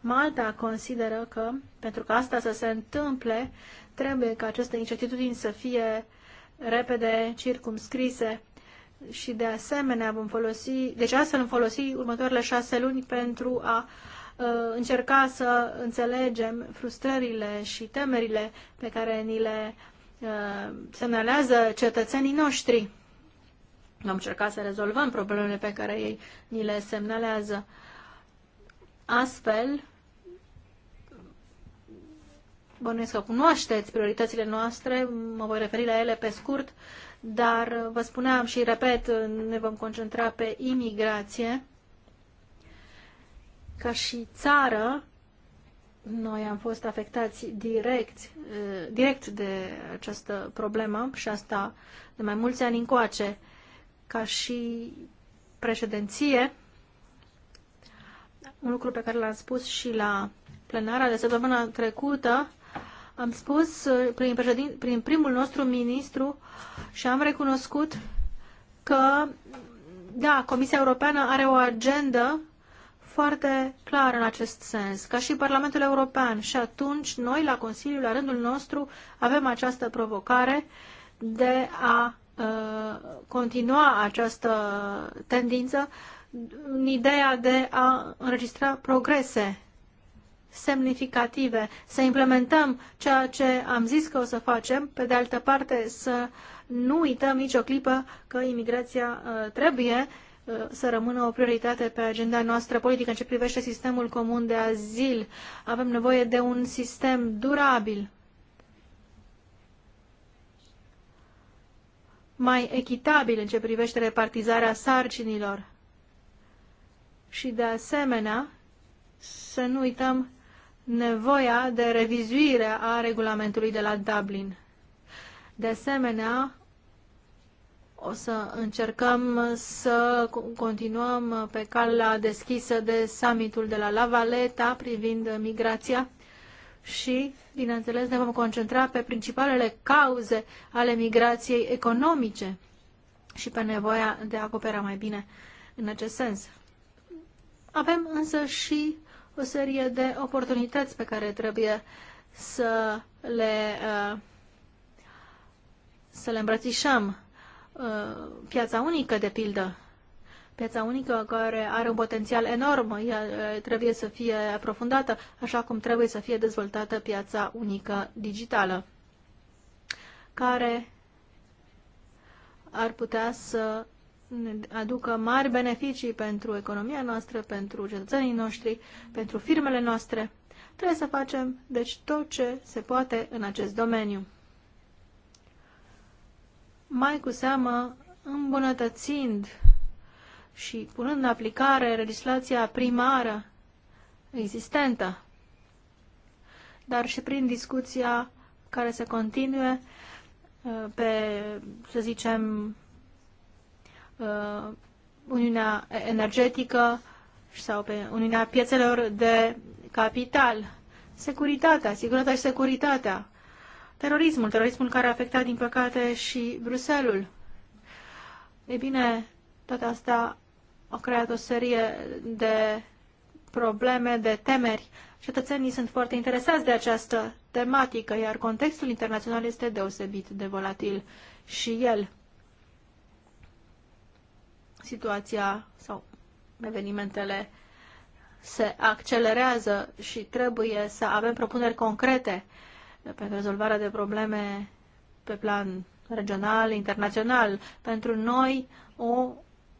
Malta consideră că, pentru că asta să se întâmple, trebuie ca aceste incertitudini să fie repede circumscrise și de asemenea vom folosi, deci astfel vom folosi următoarele șase luni pentru a uh, Uh, încerca să înțelegem frustrările și temerile pe care ni le uh, semnalează cetățenii noștri. Am încercat să rezolvăm problemele pe care ei ni le semnalează. Astfel, bănuiesc că cunoașteți prioritățile noastre, mă voi referi la ele pe scurt, dar vă spuneam și repet, ne vom concentra pe imigrație ca și țară, noi am fost afectați direct, eh, direct de această problemă și asta de mai mulți ani încoace. Ca și președinție, un lucru pe care l-am spus și la plenara de săptămâna trecută, am spus eh, prin, președin, prin primul nostru ministru și am recunoscut că, da, Comisia Europeană are o agendă foarte clar în acest sens, ca și Parlamentul European. Și atunci noi, la Consiliu, la rândul nostru, avem această provocare de a uh, continua această tendință în ideea de a înregistra progrese semnificative, să implementăm ceea ce am zis că o să facem, pe de altă parte să nu uităm nicio clipă că imigrația uh, trebuie uh, Uh, să rămână o prioritate pe agenda noastră politică în ce privește sistemul comun de azil. Avem nevoie de un sistem durabil, mai echitabil în ce privește repartizarea sarcinilor. Și de asemenea, să nu uităm nevoia de revizuire a regulamentului de la Dublin. De asemenea, o să încercăm să continuăm pe calea deschisă de summitul de la La Valeta privind migrația și, bineînțeles, ne vom concentra pe principalele cauze ale migrației economice și pe nevoia de a coopera mai bine în acest sens. Avem însă și o serie de oportunități pe care trebuie să le, uh, să le îmbrățișăm Uh, piața unică, de pildă. Piața unică care are un potențial enorm, ea uh, trebuie să fie aprofundată, așa cum trebuie să fie dezvoltată piața unică digitală, care ar putea să aducă mari beneficii pentru economia noastră, pentru cetățenii noștri, pentru firmele noastre. Trebuie să facem, deci, tot ce se poate în acest domeniu mai cu seamă îmbunătățind și punând în aplicare legislația primară existentă, dar și prin discuția care se continue uh, pe, să zicem, uh, Uniunea Energetică sau pe Uniunea Piețelor de Capital. Securitatea, siguranța și securitatea terorismul, terorismul care a afectat, din păcate, și Bruselul. Ei bine, toate astea au creat o serie de probleme, de temeri. Cetățenii sunt foarte interesați de această tematică, iar contextul internațional este deosebit de volatil și el. Situația sau evenimentele se accelerează și trebuie să avem propuneri concrete uh, pentru rezolvarea de probleme pe plan regional, internațional. Pentru noi, o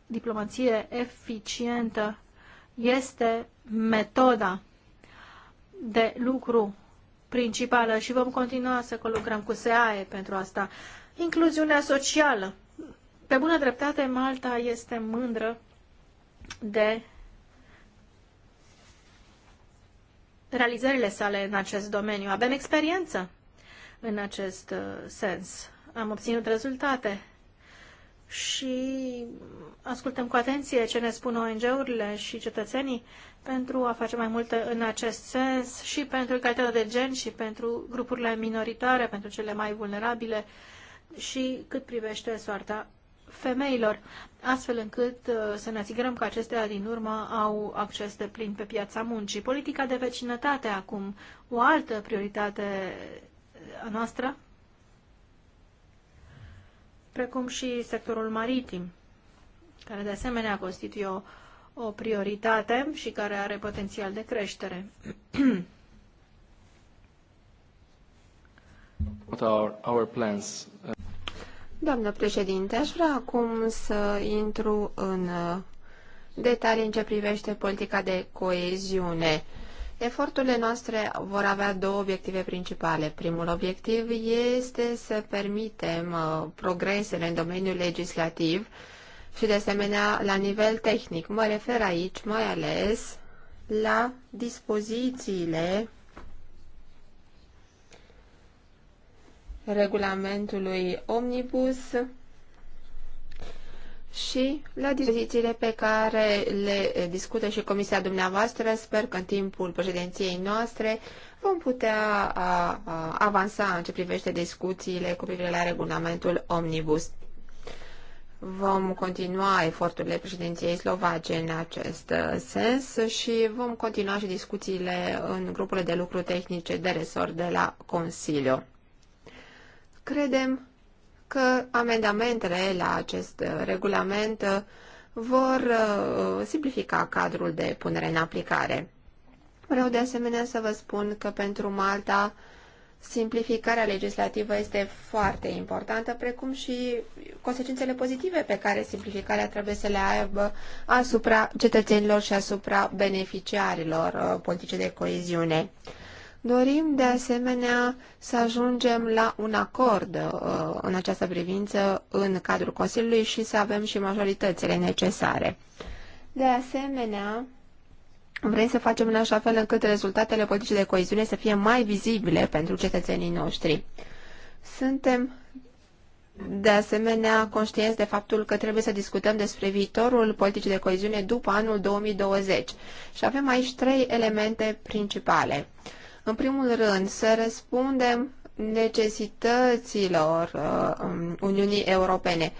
diplomație eficientă este metoda de lucru principală și vom continua să colucrăm cu SEAE pentru asta. Incluziunea socială. Pe bună dreptate, Malta este mândră de realizările sale în acest domeniu. Avem experiență în acest uh, sens. Am obținut rezultate și ascultăm cu atenție ce ne spun ONG-urile și cetățenii pentru a face mai multe în acest sens și pentru egalitatea de gen și pentru grupurile minoritare, pentru cele mai vulnerabile și cât privește soarta femeilor, astfel încât uh, să ne asigurăm că acestea din urmă au acces de plin pe piața muncii. Politica de vecinătate acum, o altă prioritate uh, a noastră, precum și sectorul maritim, care de asemenea constituie o, o prioritate și care are potențial de creștere. What are our plans? Doamnă președinte, aș vrea acum să intru în uh, detalii în ce privește politica de coeziune. Eforturile noastre vor avea două obiective principale. Primul obiectiv este să permitem uh, progresele în domeniul legislativ și, de asemenea, la nivel tehnic. Mă refer aici mai ales la dispozițiile regulamentului Omnibus și la dispozițiile pe care le discută și comisia dumneavoastră. Sper că în timpul președinției noastre vom putea a, a, avansa în ce privește discuțiile cu privire la regulamentul Omnibus. Vom continua eforturile președinției slovace în acest uh, sens și vom continua și discuțiile în grupurile de lucru tehnice de resort de la Consiliu. Credem că amendamentele la acest uh, regulament uh, vor uh, simplifica cadrul de punere în aplicare. Vreau de asemenea să vă spun că pentru Malta simplificarea legislativă este foarte importantă, precum și consecințele pozitive pe care simplificarea trebuie să le aibă asupra cetățenilor și asupra beneficiarilor politicii de coeziune. Dorim de asemenea să ajungem la un acord uh, în această privință în cadrul Consiliului și să avem și majoritățile necesare. De asemenea, vrem să facem în așa fel încât rezultatele politicii de coeziune să fie mai vizibile pentru cetățenii noștri. Suntem de asemenea conștienți de faptul că trebuie să discutăm despre viitorul politicii de coeziune după anul 2020 și avem aici trei elemente principale. În primul rând, să răspundem necesităților uh, um, Uniunii Europene.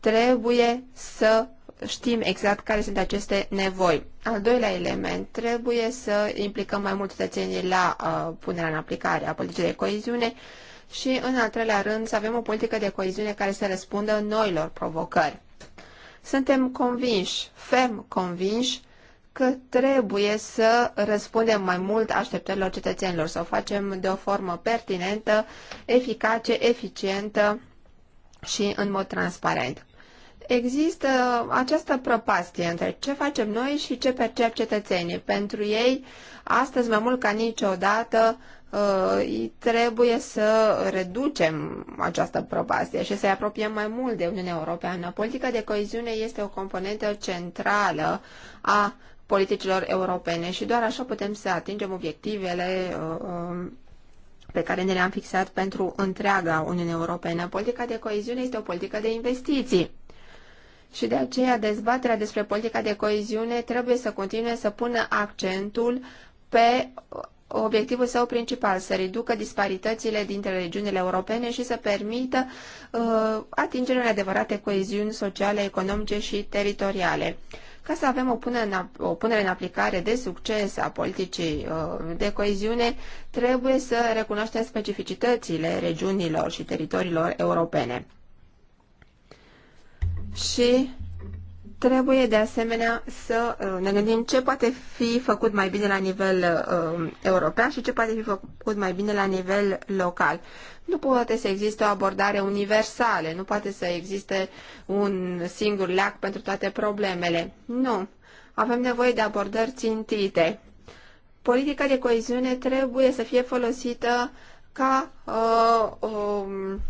Trebuie să știm exact care sunt aceste nevoi. Al doilea element, trebuie să implicăm mai mulți cetățenii la uh, punerea în aplicare a politicii de coeziune și, în al treilea rând, să avem o politică de coeziune care să răspundă noilor provocări. Suntem convinși, ferm convinși, că trebuie să răspundem mai mult așteptărilor cetățenilor, să o facem de o formă pertinentă, eficace, eficientă și în mod transparent. Există această prăpastie între ce facem noi și ce percep cetățenii. Pentru ei, astăzi mai mult ca niciodată, uh, trebuie să reducem această propastie și să-i apropiem mai mult de Uniunea Europeană. Politica de coeziune este o componentă centrală a politicilor europene și doar așa putem să atingem obiectivele uh, um, pe care ne le-am fixat pentru întreaga Uniune Europeană. Politica de coeziune este o politică de investiții. Și de aceea dezbaterea despre politica de coeziune trebuie să continue să pună accentul pe obiectivul său principal, să reducă disparitățile dintre regiunile europene și să permită uh, atingerea unei adevărate coeziuni sociale, economice și teritoriale ca să avem o punere în, o punere în aplicare de succes a politicii uh, de coeziune, trebuie să recunoaștem specificitățile regiunilor și teritoriilor europene. Și trebuie de asemenea să uh, ne gândim ce poate fi făcut mai bine la nivel uh, european și ce poate fi făcut mai bine la nivel local. Nu poate să existe o abordare universală, nu poate să existe un singur leac pentru toate problemele. Nu. Avem nevoie de abordări țintite. Politica de coeziune trebuie să fie folosită ca uh, um,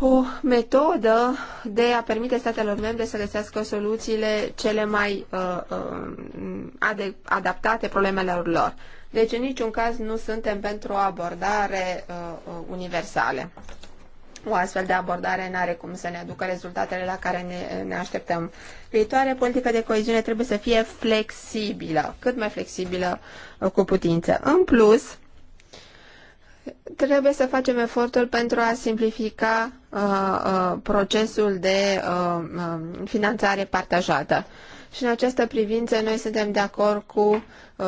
o metodă de a permite statelor membre să găsească soluțiile cele mai uh, uh, adaptate problemelor lor. Deci, în niciun caz, nu suntem pentru o abordare uh, uh universală. O astfel de abordare nu are cum să ne aducă rezultatele la care ne, ne așteptăm. Viitoare politică de coeziune trebuie să fie flexibilă, cât mai flexibilă uh, cu putință. În plus, trebuie să facem efortul pentru a simplifica uh, uh, procesul de uh, uh, finanțare partajată. Uh, și în această privință noi suntem de acord cu uh,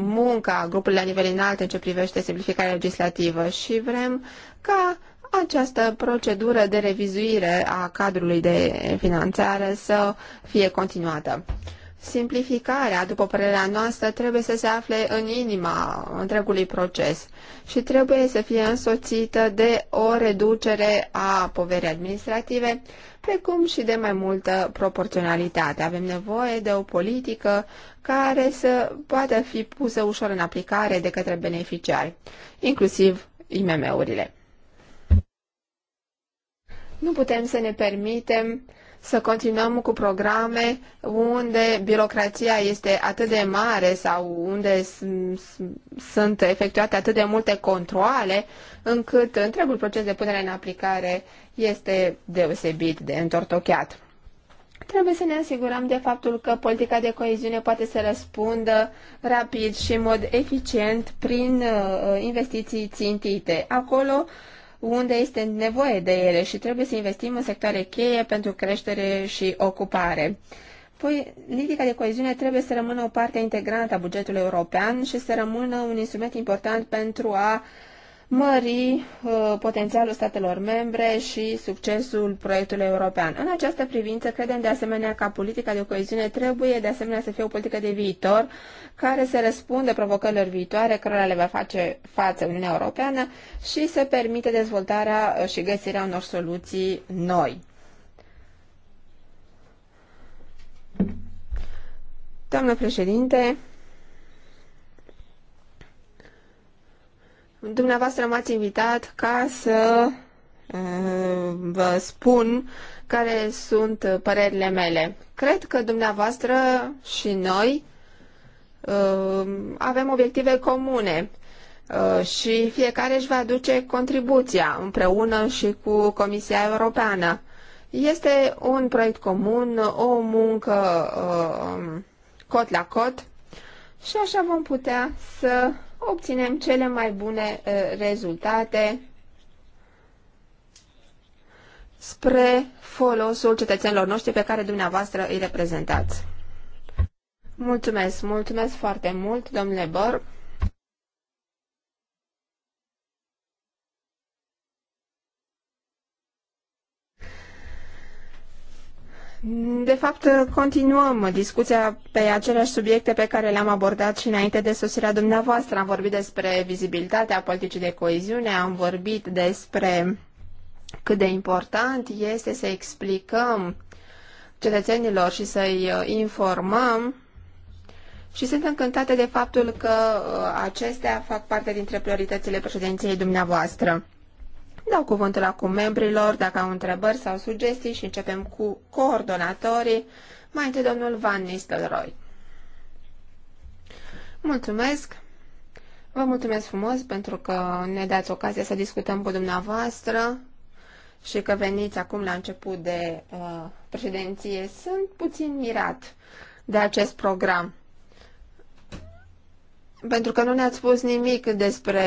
munca grupului la nivel înalt în ce privește simplificarea legislativă și vrem ca această procedură de revizuire a cadrului de finanțare să fie continuată. Simplificarea, după părerea noastră, trebuie să se afle în inima întregului proces și trebuie să fie însoțită de o reducere a poverii administrative, precum și de mai multă proporționalitate. Avem nevoie de o politică care să poată fi pusă ușor în aplicare de către beneficiari, inclusiv IMM-urile. Nu putem să ne permitem să continuăm cu programe unde birocrația este atât de mare sau unde sunt efectuate atât de multe controle, încât întregul proces de punere în aplicare este deosebit de întortocheat. Trebuie să ne asigurăm de faptul că politica de coeziune poate să răspundă rapid și în mod eficient prin uh, investiții țintite. Acolo unde este nevoie de ele și trebuie să investim în sectoare cheie pentru creștere și ocupare. Păi, politica de coeziune trebuie să rămână o parte integrantă a bugetului european și să rămână un instrument important pentru a uh, mări uh, potențialul statelor membre și succesul proiectului european. În această privință, credem de asemenea că politica de coeziune trebuie de asemenea să fie o politică de viitor care să răspundă provocărilor viitoare cărora le va face față Uniunea Europeană și să permite dezvoltarea uh, și găsirea unor soluții noi. Doamnă președinte, Dumneavoastră m-ați invitat ca să vă spun care sunt părerile mele. Cred că dumneavoastră și noi avem obiective comune și fiecare își va aduce contribuția împreună și cu Comisia Europeană. Este un proiect comun, o muncă cot la cot și așa vom putea să obținem cele mai bune uh, rezultate spre folosul cetățenilor noștri pe care dumneavoastră îi reprezentați. Mulțumesc, mulțumesc foarte mult, domnule Borg. De fapt, continuăm discuția pe aceleași subiecte pe care le-am abordat și înainte de sosirea dumneavoastră. Am vorbit despre vizibilitatea politicii de coeziune, am vorbit despre cât de important este să explicăm cetățenilor și să-i uh, informăm și sunt încântate de faptul că uh, acestea fac parte dintre prioritățile președinției dumneavoastră. Dau cuvântul acum membrilor dacă au întrebări sau sugestii și începem cu coordonatorii. Mai întâi domnul Van Nistelrooy. Mulțumesc! Vă mulțumesc frumos pentru că ne dați ocazia să discutăm cu dumneavoastră și că veniți acum la început de uh, președinție. Sunt puțin mirat de acest program pentru că nu ne-ați spus nimic despre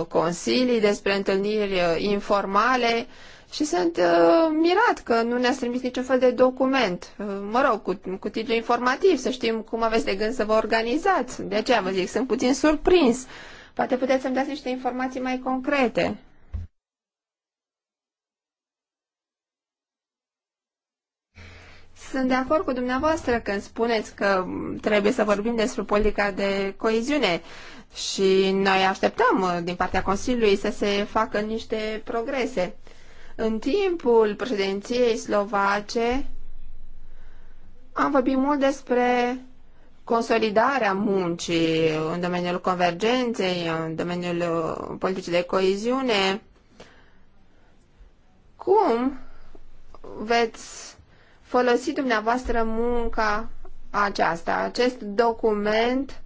uh, consilii, despre întâlniri uh, informale și sunt uh, mirat că nu ne-ați trimis niciun fel de document, mă rog, cu, cu titlu informativ, să știm cum aveți de gând să vă organizați. De aceea vă zic, sunt puțin surprins. Poate puteți să-mi dați niște informații mai concrete. Sunt de acord cu dumneavoastră când spuneți că trebuie să vorbim despre politica de coeziune și noi așteptăm uh, din partea Consiliului să se facă niște progrese. În timpul președinției slovace am vorbit mult despre consolidarea muncii în domeniul convergenței, în domeniul uh, politicii de coeziune. Cum veți folosi dumneavoastră munca aceasta, acest document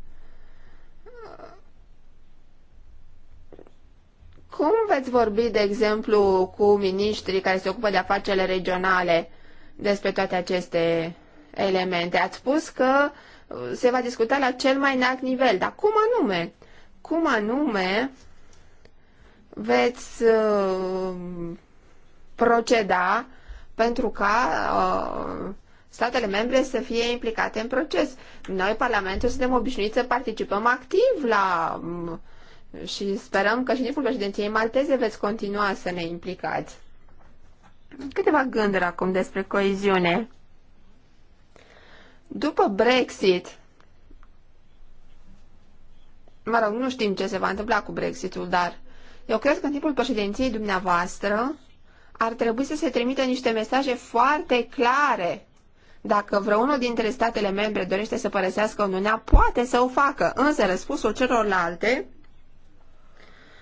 Cum veți vorbi, de exemplu, cu miniștrii care se ocupă de afacerile regionale despre toate aceste elemente? Ați spus că se va discuta la cel mai înalt nivel, dar cum anume? Cum anume veți uh, proceda pentru ca uh, statele membre să fie implicate în proces. Noi, Parlamentul, suntem obișnuiți să participăm activ la um, și sperăm că și timpul președinției malteze veți continua să ne implicați. Câteva gânduri acum despre coeziune. După Brexit, mă rog, nu știm ce se va întâmpla cu Brexitul, dar eu cred că în timpul președinției dumneavoastră ar trebui să se trimită niște mesaje foarte clare. Dacă vreunul dintre statele membre dorește să părăsească Uniunea, poate să o facă, însă răspunsul celorlalte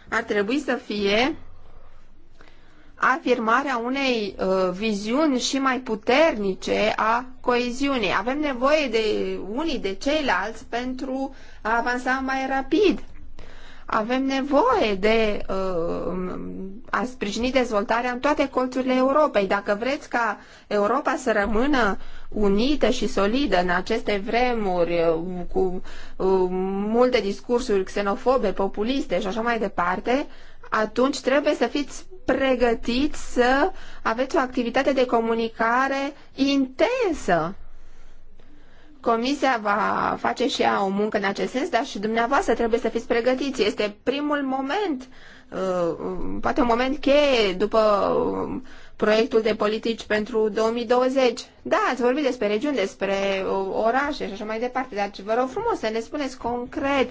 ar trebui să fie afirmarea unei uh, viziuni și mai puternice a coeziunii. Avem nevoie de unii de ceilalți pentru a avansa mai rapid avem nevoie de uh, a sprijini dezvoltarea în toate colțurile Europei. Dacă vreți ca Europa să rămână unită și solidă în aceste vremuri uh, cu uh, multe discursuri xenofobe, populiste și așa mai departe, atunci trebuie să fiți pregătiți să aveți o activitate de comunicare intensă Comisia va face și ea o muncă în acest sens, dar și dumneavoastră trebuie să fiți pregătiți. Este primul moment, uh, poate un moment cheie după uh, proiectul de politici pentru 2020. Da, ați vorbit despre regiuni, despre uh, orașe și așa mai departe, dar vă rog frumos să ne spuneți concret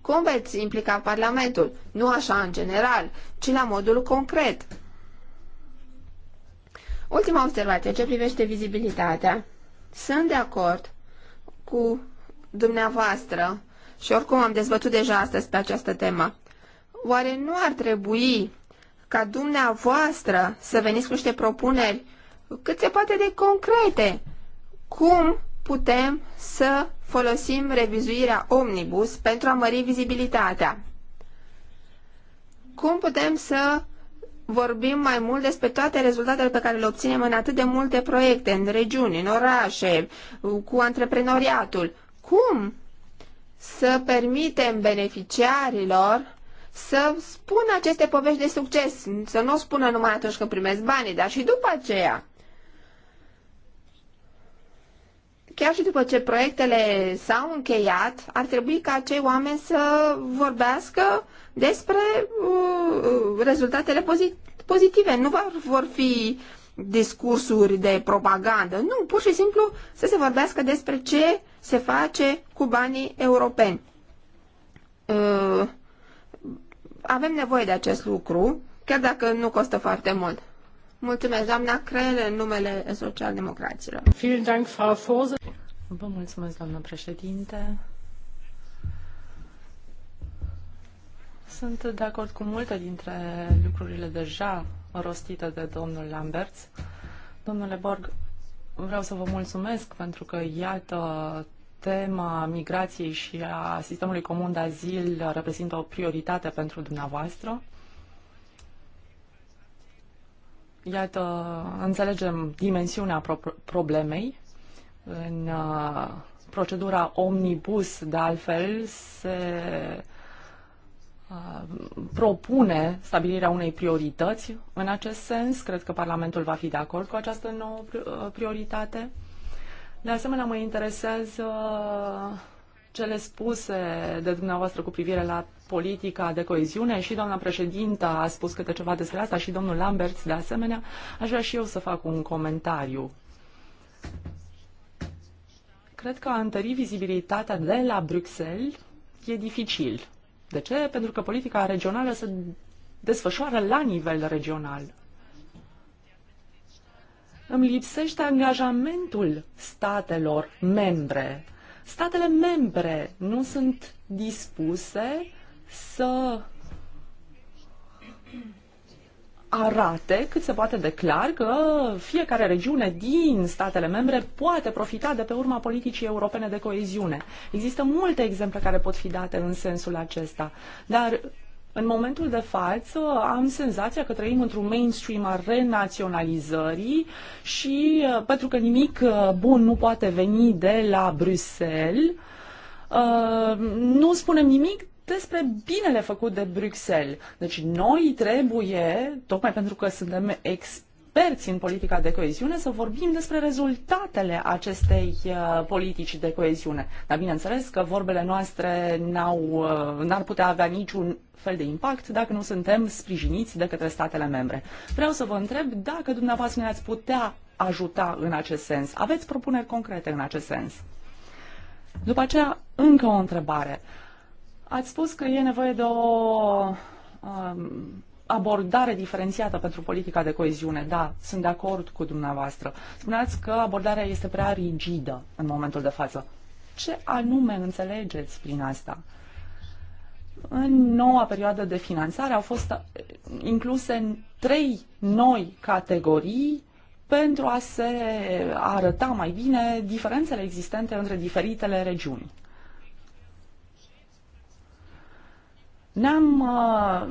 cum veți implica Parlamentul, nu așa în general, ci la modul concret. Ultima observație ce privește vizibilitatea. Sunt de acord cu dumneavoastră și oricum am dezbătut deja astăzi pe această temă. Oare nu ar trebui ca dumneavoastră să veniți cu niște propuneri cât se poate de concrete? Cum putem să folosim revizuirea omnibus pentru a mări vizibilitatea? Cum putem să vorbim mai mult despre toate rezultatele pe care le obținem în atât de multe proiecte, în regiuni, în orașe, cu antreprenoriatul. Cum să permitem beneficiarilor să spună aceste povești de succes, să nu o spună numai atunci când primesc banii, dar și după aceea. Chiar și după ce proiectele s-au încheiat, ar trebui ca acei oameni să vorbească despre uh, rezultatele pozitive. Nu vor fi discursuri de propagandă. Nu, pur și simplu să se vorbească despre ce se face cu banii europeni. Uh, avem nevoie de acest lucru, chiar dacă nu costă foarte mult. Mulțumesc, doamna Crele, în numele socialdemocraților. Vă mulțumesc, doamnă președinte. Sunt de acord cu multe dintre lucrurile deja rostite de domnul Lamberts. Domnule Borg, vreau să vă mulțumesc pentru că, iată, tema migrației și a sistemului comun de azil reprezintă o prioritate pentru dumneavoastră. Iată, înțelegem dimensiunea pro- problemei. În uh, procedura omnibus, de altfel, se Uh, propune stabilirea unei priorități în acest sens. Cred că Parlamentul va fi de acord cu această nouă uh, prioritate. De asemenea, mă interesează cele spuse de dumneavoastră cu privire la politica de coeziune și doamna președintă a spus câte ceva despre asta și domnul Lambert de asemenea. Aș vrea și eu să fac un comentariu. Cred că a întări vizibilitatea de la Bruxelles e dificil de ce? Pentru că politica regională se desfășoară la nivel regional. Îmi lipsește angajamentul statelor membre. Statele membre nu sunt dispuse să arate cât se poate de clar că fiecare regiune din statele membre poate profita de pe urma politicii europene de coeziune. Există multe exemple care pot fi date în sensul acesta, dar în momentul de față am senzația că trăim într-un mainstream al renaționalizării și uh, pentru că nimic uh, bun nu poate veni de la Bruxelles, uh, nu spunem nimic despre binele făcut de Bruxelles. Deci noi trebuie, tocmai pentru că suntem experți în politica de coeziune, să vorbim despre rezultatele acestei uh, politici de coeziune. Dar bineînțeles că vorbele noastre n-au, uh, n-ar putea avea niciun fel de impact dacă nu suntem sprijiniți de către statele membre. Vreau să vă întreb dacă dumneavoastră ne-ați putea ajuta în acest sens. Aveți propuneri concrete în acest sens? După aceea, încă o întrebare. Ați spus că e nevoie de o um, abordare diferențiată pentru politica de coeziune. Da, sunt de acord cu dumneavoastră. Spuneați că abordarea este prea rigidă în momentul de față. Ce anume înțelegeți prin asta? În noua perioadă de finanțare au fost incluse trei noi categorii pentru a se arăta mai bine diferențele existente între diferitele regiuni. ne-am uh,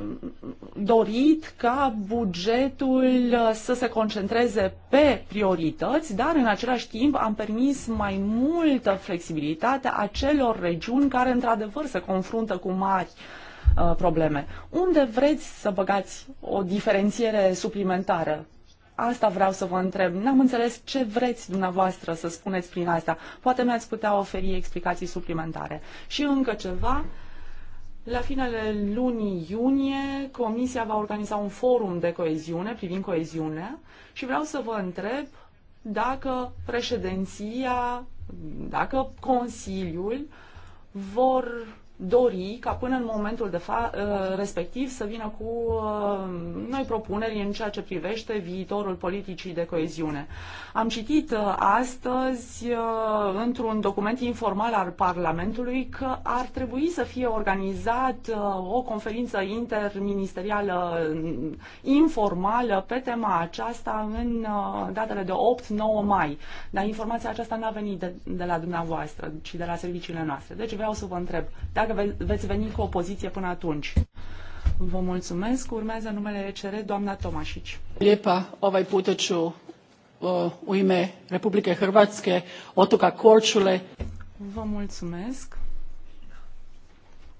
dorit ca bugetul uh, să se concentreze pe priorități, dar în același timp am permis mai multă flexibilitate acelor regiuni care într-adevăr se confruntă cu mari uh, probleme. Unde vreți să băgați o diferențiere suplimentară? Asta vreau să vă întreb. N-am înțeles ce vreți dumneavoastră să spuneți prin asta. Poate mi-ați putea oferi explicații suplimentare. Și încă ceva, la finele lunii iunie, Comisia va organiza un forum de coeziune privind coeziunea și vreau să vă întreb dacă președinția, dacă Consiliul vor dori ca până în momentul de fa- uh, respectiv să vină cu uh, noi propuneri în ceea ce privește viitorul politicii de coeziune. Am citit uh, astăzi într-un document informal al Parlamentului că ar trebui să fie organizat o conferință interministerială mm, informală pe tema aceasta în datele de 8-9 mai. Dar informația aceasta n-a venit de, de la dumneavoastră, ci de la serviciile noastre. Deci vreau să vă întreb dacă că ve- veți veni cu o poziție până atunci. Vă mulțumesc. Urmează numele ECR, doamna Tomașici. Lepa, ovaj puta ću uh, u ime Republike Hrvatske, otoka Korčule. Vă mulțumesc.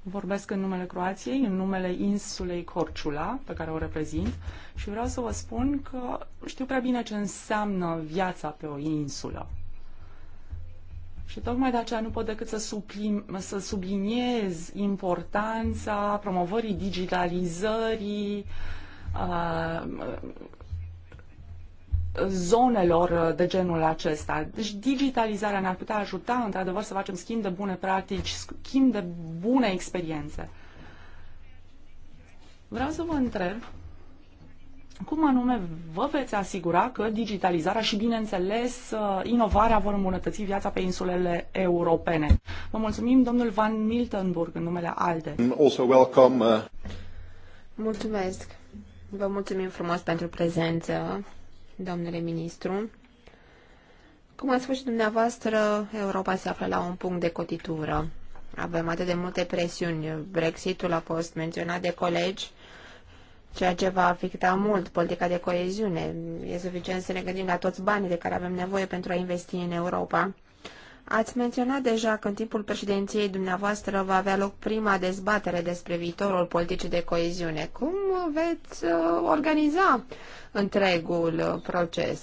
Vorbesc în numele Croației, în numele insulei Corciula, pe care o reprezint, și vreau să vă spun că știu prea bine ce înseamnă viața pe o insulă. Și tocmai de aceea nu pot decât să, sublim, să subliniez importanța promovării digitalizării zonelor de genul acesta. Deci digitalizarea ne-ar putea ajuta, într-adevăr, să facem schimb de bune practici, schimb de bune experiențe. Vreau să vă întreb cum anume vă veți asigura că digitalizarea și, bineînțeles, uh, inovarea vor îmbunătăți viața pe insulele europene? Vă mulțumim, domnul Van Miltenburg, în numele ALDE. Mm, also welcome, uh. Mulțumesc. Vă mulțumim frumos pentru prezență, domnule ministru. Cum a spus și dumneavoastră, Europa se află la un punct de cotitură. Avem atât de multe presiuni. Brexitul a fost menționat de colegi ceea ce va afecta mult politica de coeziune. E suficient să ne gândim la toți banii de care avem nevoie pentru a investi în Europa. Ați menționat deja că în timpul președinției dumneavoastră va avea loc prima dezbatere despre viitorul politicii de coeziune. Cum veți uh, organiza întregul uh, proces?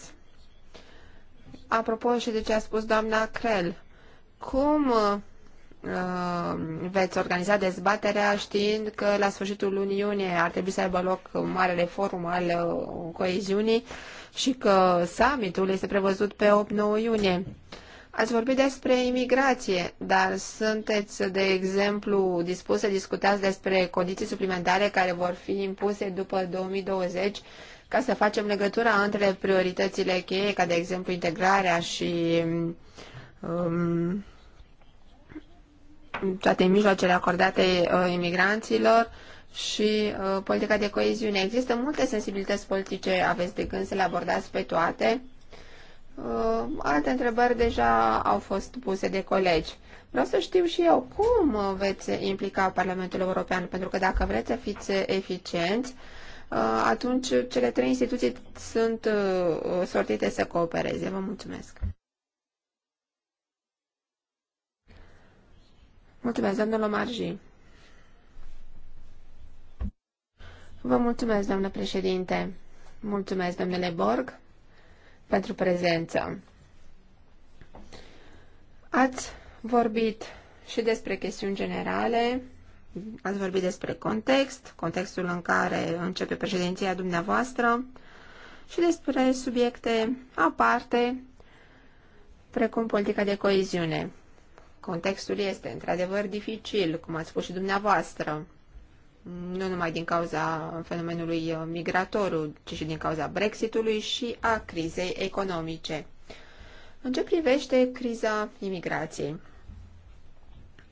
Apropo și de ce a spus doamna Crel, cum uh, Uh, veți organiza dezbaterea știind că la sfârșitul lunii iunie ar trebui să aibă loc marele forum al uh, coeziunii și că summitul este prevăzut pe 8-9 iunie. Ați vorbit despre imigrație, dar sunteți, de exemplu, dispus să discutați despre condiții suplimentare care vor fi impuse după 2020 ca să facem legătura între prioritățile cheie, ca de exemplu integrarea și um, toate mijloacele acordate uh, imigranților și uh, politica de coeziune. Există multe sensibilități politice, aveți de gând să le abordați pe toate. Uh, alte întrebări deja au fost puse de colegi. Vreau să știu și eu cum veți implica Parlamentul European, pentru că dacă vreți să fiți eficienți, uh, atunci cele trei instituții sunt uh, sortite să coopereze. Vă mulțumesc! Mulțumesc, doamnă Lomarji. Vă mulțumesc, doamnă președinte. Mulțumesc, domnule Borg, pentru prezență. Ați vorbit și despre chestiuni generale, ați vorbit despre context, contextul în care începe președinția dumneavoastră și despre subiecte aparte, precum politica de coeziune. Contextul este într-adevăr dificil, cum ați spus și dumneavoastră, nu numai din cauza fenomenului uh, migratoriu, ci și din cauza Brexitului și a crizei economice. În ce privește criza imigrației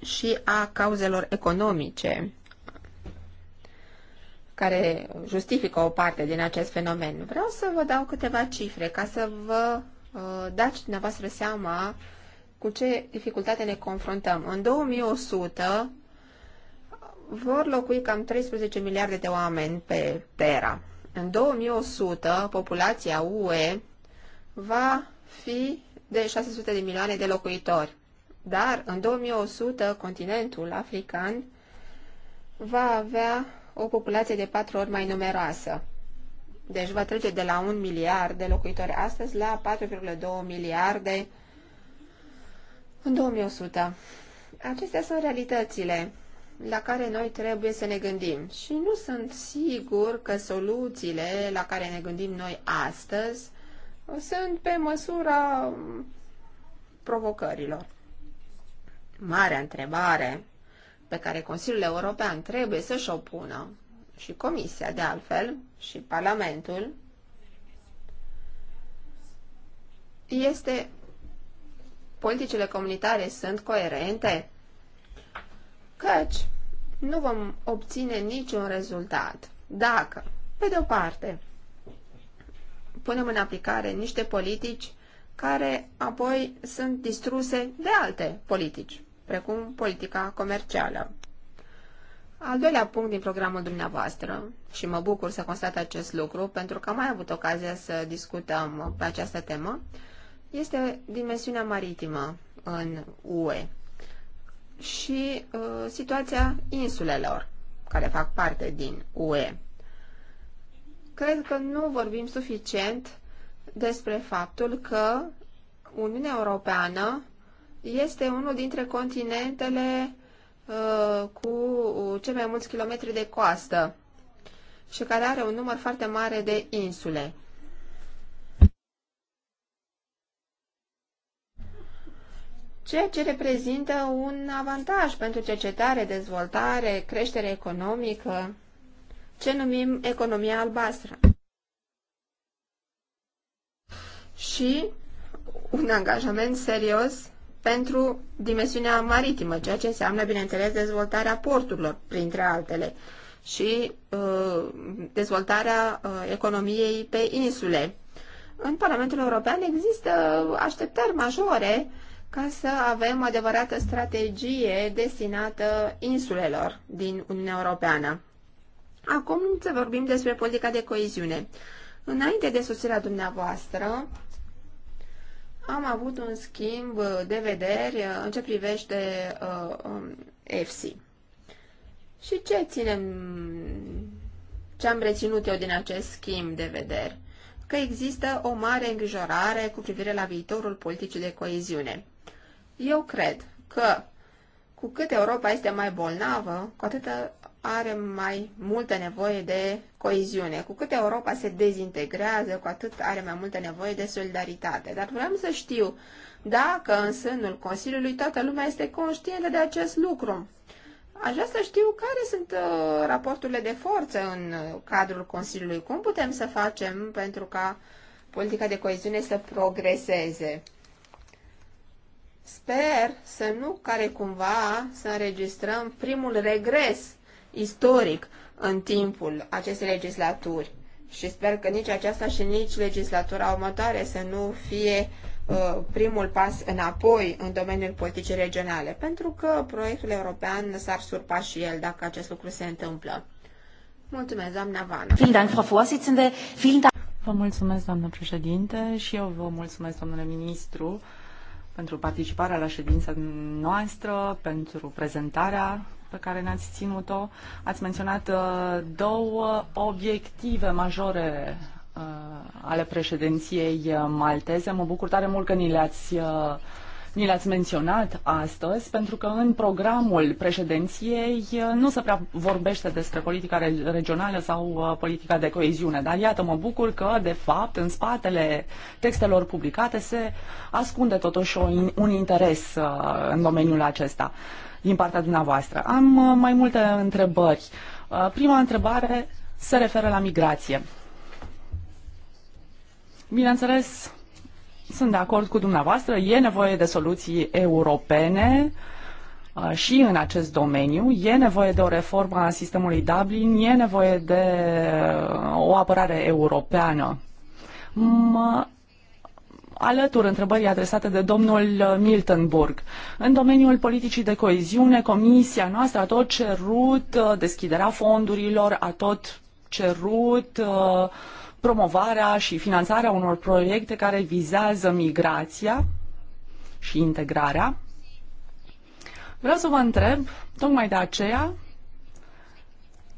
și a cauzelor economice care justifică o parte din acest fenomen, vreau să vă dau câteva cifre ca să vă uh, dați dumneavoastră seama uh, cu ce dificultate ne confruntăm. În 2100 vor locui cam 13 miliarde de oameni pe Terra. În 2100, populația UE va fi de 600 de milioane de locuitori. Dar în 2100, continentul african va avea o populație de patru ori mai numeroasă. Deci va trece de la 1 miliard de locuitori astăzi la 4,2 miliarde în 2100. Acestea sunt realitățile la care noi trebuie să ne gândim și nu sunt sigur că soluțiile la care ne gândim noi astăzi sunt pe măsura provocărilor. Marea întrebare pe care Consiliul European trebuie să-și o pună și Comisia, de altfel, și Parlamentul, este politicile comunitare sunt coerente? Căci nu vom obține niciun rezultat dacă, pe de o parte, punem în aplicare niște politici care apoi sunt distruse de alte politici, precum politica comercială. Al doilea punct din programul dumneavoastră, și mă bucur să constat acest lucru pentru că am mai avut ocazia să discutăm pe această temă, este dimensiunea maritimă în UE și uh, situația insulelor care fac parte din UE. Cred că nu vorbim suficient despre faptul că Uniunea Europeană este unul dintre continentele uh, cu cei mai mulți kilometri de coastă și care are un număr foarte mare de insule. ceea ce reprezintă un avantaj pentru cercetare, dezvoltare, creștere economică, ce numim economia albastră. Și un angajament serios pentru dimensiunea maritimă, ceea ce înseamnă, bineînțeles, dezvoltarea porturilor, printre altele, și uh, dezvoltarea uh, economiei pe insule. În Parlamentul European există așteptări majore uh, ca să avem o adevărată strategie destinată insulelor din Uniunea Europeană. Acum să vorbim despre politica de coeziune. Înainte de susținerea dumneavoastră, am avut un schimb de vederi în ce privește EFSI. Uh, um, Și ce ținem, ce am reținut eu din acest schimb de vederi? Că există o mare îngrijorare cu privire la viitorul politicii de coeziune. Eu cred că cu cât Europa este mai bolnavă, cu atât are mai multă nevoie de coeziune. Cu cât Europa se dezintegrează, cu atât are mai multă nevoie de solidaritate. Dar vreau să știu dacă în sânul Consiliului toată lumea este conștientă de acest lucru. Aș vrea să știu care sunt uh, raporturile de forță în uh, cadrul Consiliului. Cum putem să facem pentru ca politica de coeziune să progreseze? Sper să nu care cumva să înregistrăm primul regres istoric în timpul acestei legislaturi și sper că nici aceasta și nici legislatura următoare să nu fie uh, primul pas înapoi în domeniul politicii regionale, pentru că proiectul european s-ar surpa și el dacă acest lucru se întâmplă. Mulțumesc, doamna Vana. Vă mulțumesc, doamnă președinte, și eu vă mulțumesc, domnule ministru, pentru participarea la ședința noastră, pentru prezentarea pe care ne-ați ținut-o. Ați menționat uh, două obiective majore uh, ale președinției uh, malteze. Mă bucur tare mult că ni le-ați Ni l-ați menționat astăzi pentru că în programul președinției nu se prea vorbește despre politica regională sau uh, politica de coeziune, dar iată, mă bucur că, de fapt, în spatele textelor publicate se ascunde totuși un interes uh, în domeniul acesta din partea dumneavoastră. Am uh, mai multe întrebări. Prima întrebare se referă la migrație. Bineînțeles, sunt de acord cu dumneavoastră, e nevoie de soluții europene uh, și în acest domeniu. E nevoie de o reformă a sistemului Dublin, e nevoie de uh, o apărare europeană. Mă alătur întrebării adresate de domnul uh, Miltenburg. În domeniul politicii de coeziune, comisia noastră a tot cerut deschiderea fondurilor, a tot cerut uh, promovarea și finanțarea unor proiecte care vizează migrația și integrarea. Vreau să vă întreb, tocmai de aceea,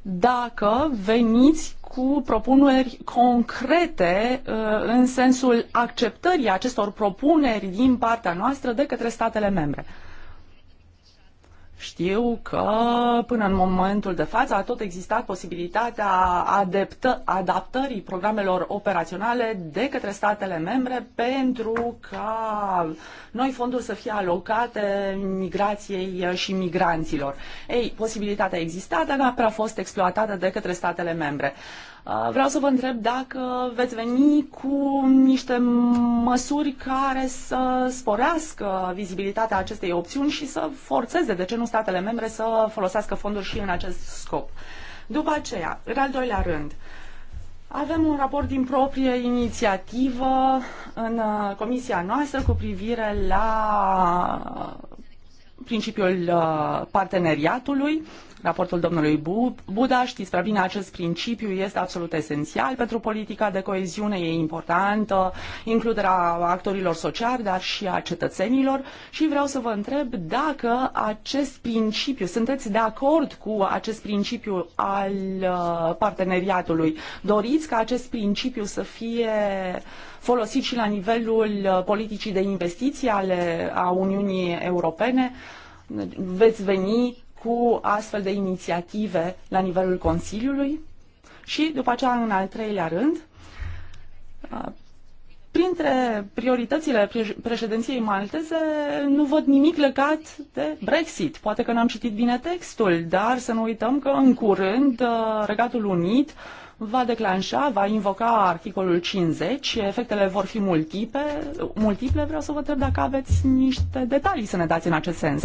dacă veniți cu propuneri concrete uh, în sensul acceptării acestor propuneri din partea noastră de către statele membre. Știu că până în momentul de față a tot existat posibilitatea adeptă, adaptării programelor operaționale de către statele membre pentru ca noi fonduri să fie alocate migrației și migranților. Ei, posibilitatea exista, dar n-a prea fost exploatată de către statele membre. Uh, vreau să vă întreb dacă veți veni cu niște măsuri care să sporească vizibilitatea acestei opțiuni și să forțeze, de ce nu, statele membre să folosească fonduri și în acest scop. După aceea, în al doilea rând, avem un raport din proprie inițiativă în uh, comisia noastră cu privire la principiul uh, parteneriatului, raportul domnului Buda, știți prea bine, acest principiu este absolut esențial pentru politica de coeziune, e importantă includerea actorilor sociali, dar și a cetățenilor și vreau să vă întreb dacă acest principiu, sunteți de acord cu acest principiu al uh, parteneriatului, doriți ca acest principiu să fie uh, folosit și la nivelul uh, politicii de investiții ale, a Uniunii Europene. Veți veni cu astfel de inițiative la nivelul Consiliului și după aceea în al treilea rând uh, printre prioritățile președinției malteze nu văd nimic legat de Brexit. Poate că n-am citit bine textul, dar să nu uităm că în curând uh, Regatul Unit va declanșa, va invoca articolul 50, efectele vor fi multiple, multiple. Vreau să vă întreb dacă aveți niște detalii să ne dați în acest sens.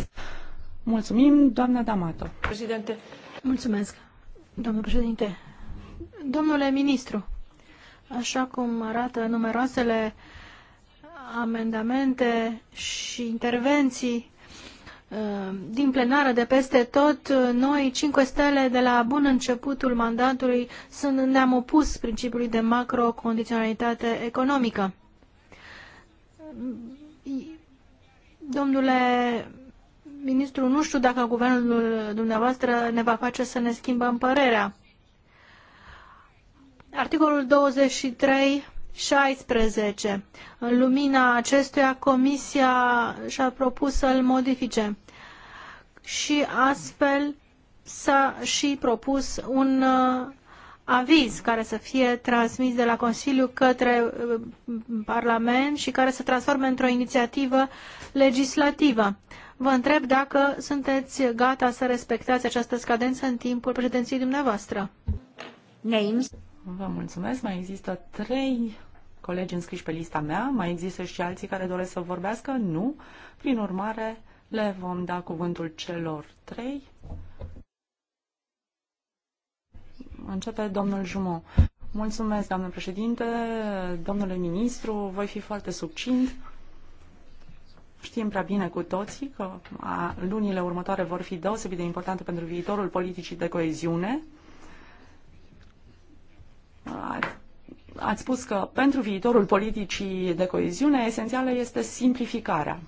Mulțumim, doamna Damato. Președinte. Mulțumesc, domnul președinte. Domnule ministru, așa cum arată numeroasele amendamente și intervenții Uh, din plenară de peste tot, uh, noi, cinci stele, de la bun începutul mandatului, ne-am opus principiului de macrocondiționalitate economică. Domnule ministru, nu știu dacă guvernul dumneavoastră ne va face să ne schimbăm părerea. Articolul 23 16. În lumina acestuia, Comisia și-a propus să-l modifice și astfel s-a și propus un uh, aviz care să fie transmis de la Consiliu către uh, Parlament și care să transforme într-o inițiativă legislativă. Vă întreb dacă sunteți gata să respectați această scadență în timpul președinției dumneavoastră. Names. Vă mulțumesc. Mai există trei colegi înscriși pe lista mea. Mai există și alții care doresc să vorbească? Nu. Prin urmare, le vom da cuvântul celor trei. Începe domnul Jumo. Mulțumesc, doamnă președinte, domnule ministru, voi fi foarte succint. Știm prea bine cu toții că lunile următoare vor fi deosebit de importante pentru viitorul politicii de coeziune. Ați spus că pentru viitorul politicii de coeziune esențială este simplificarea.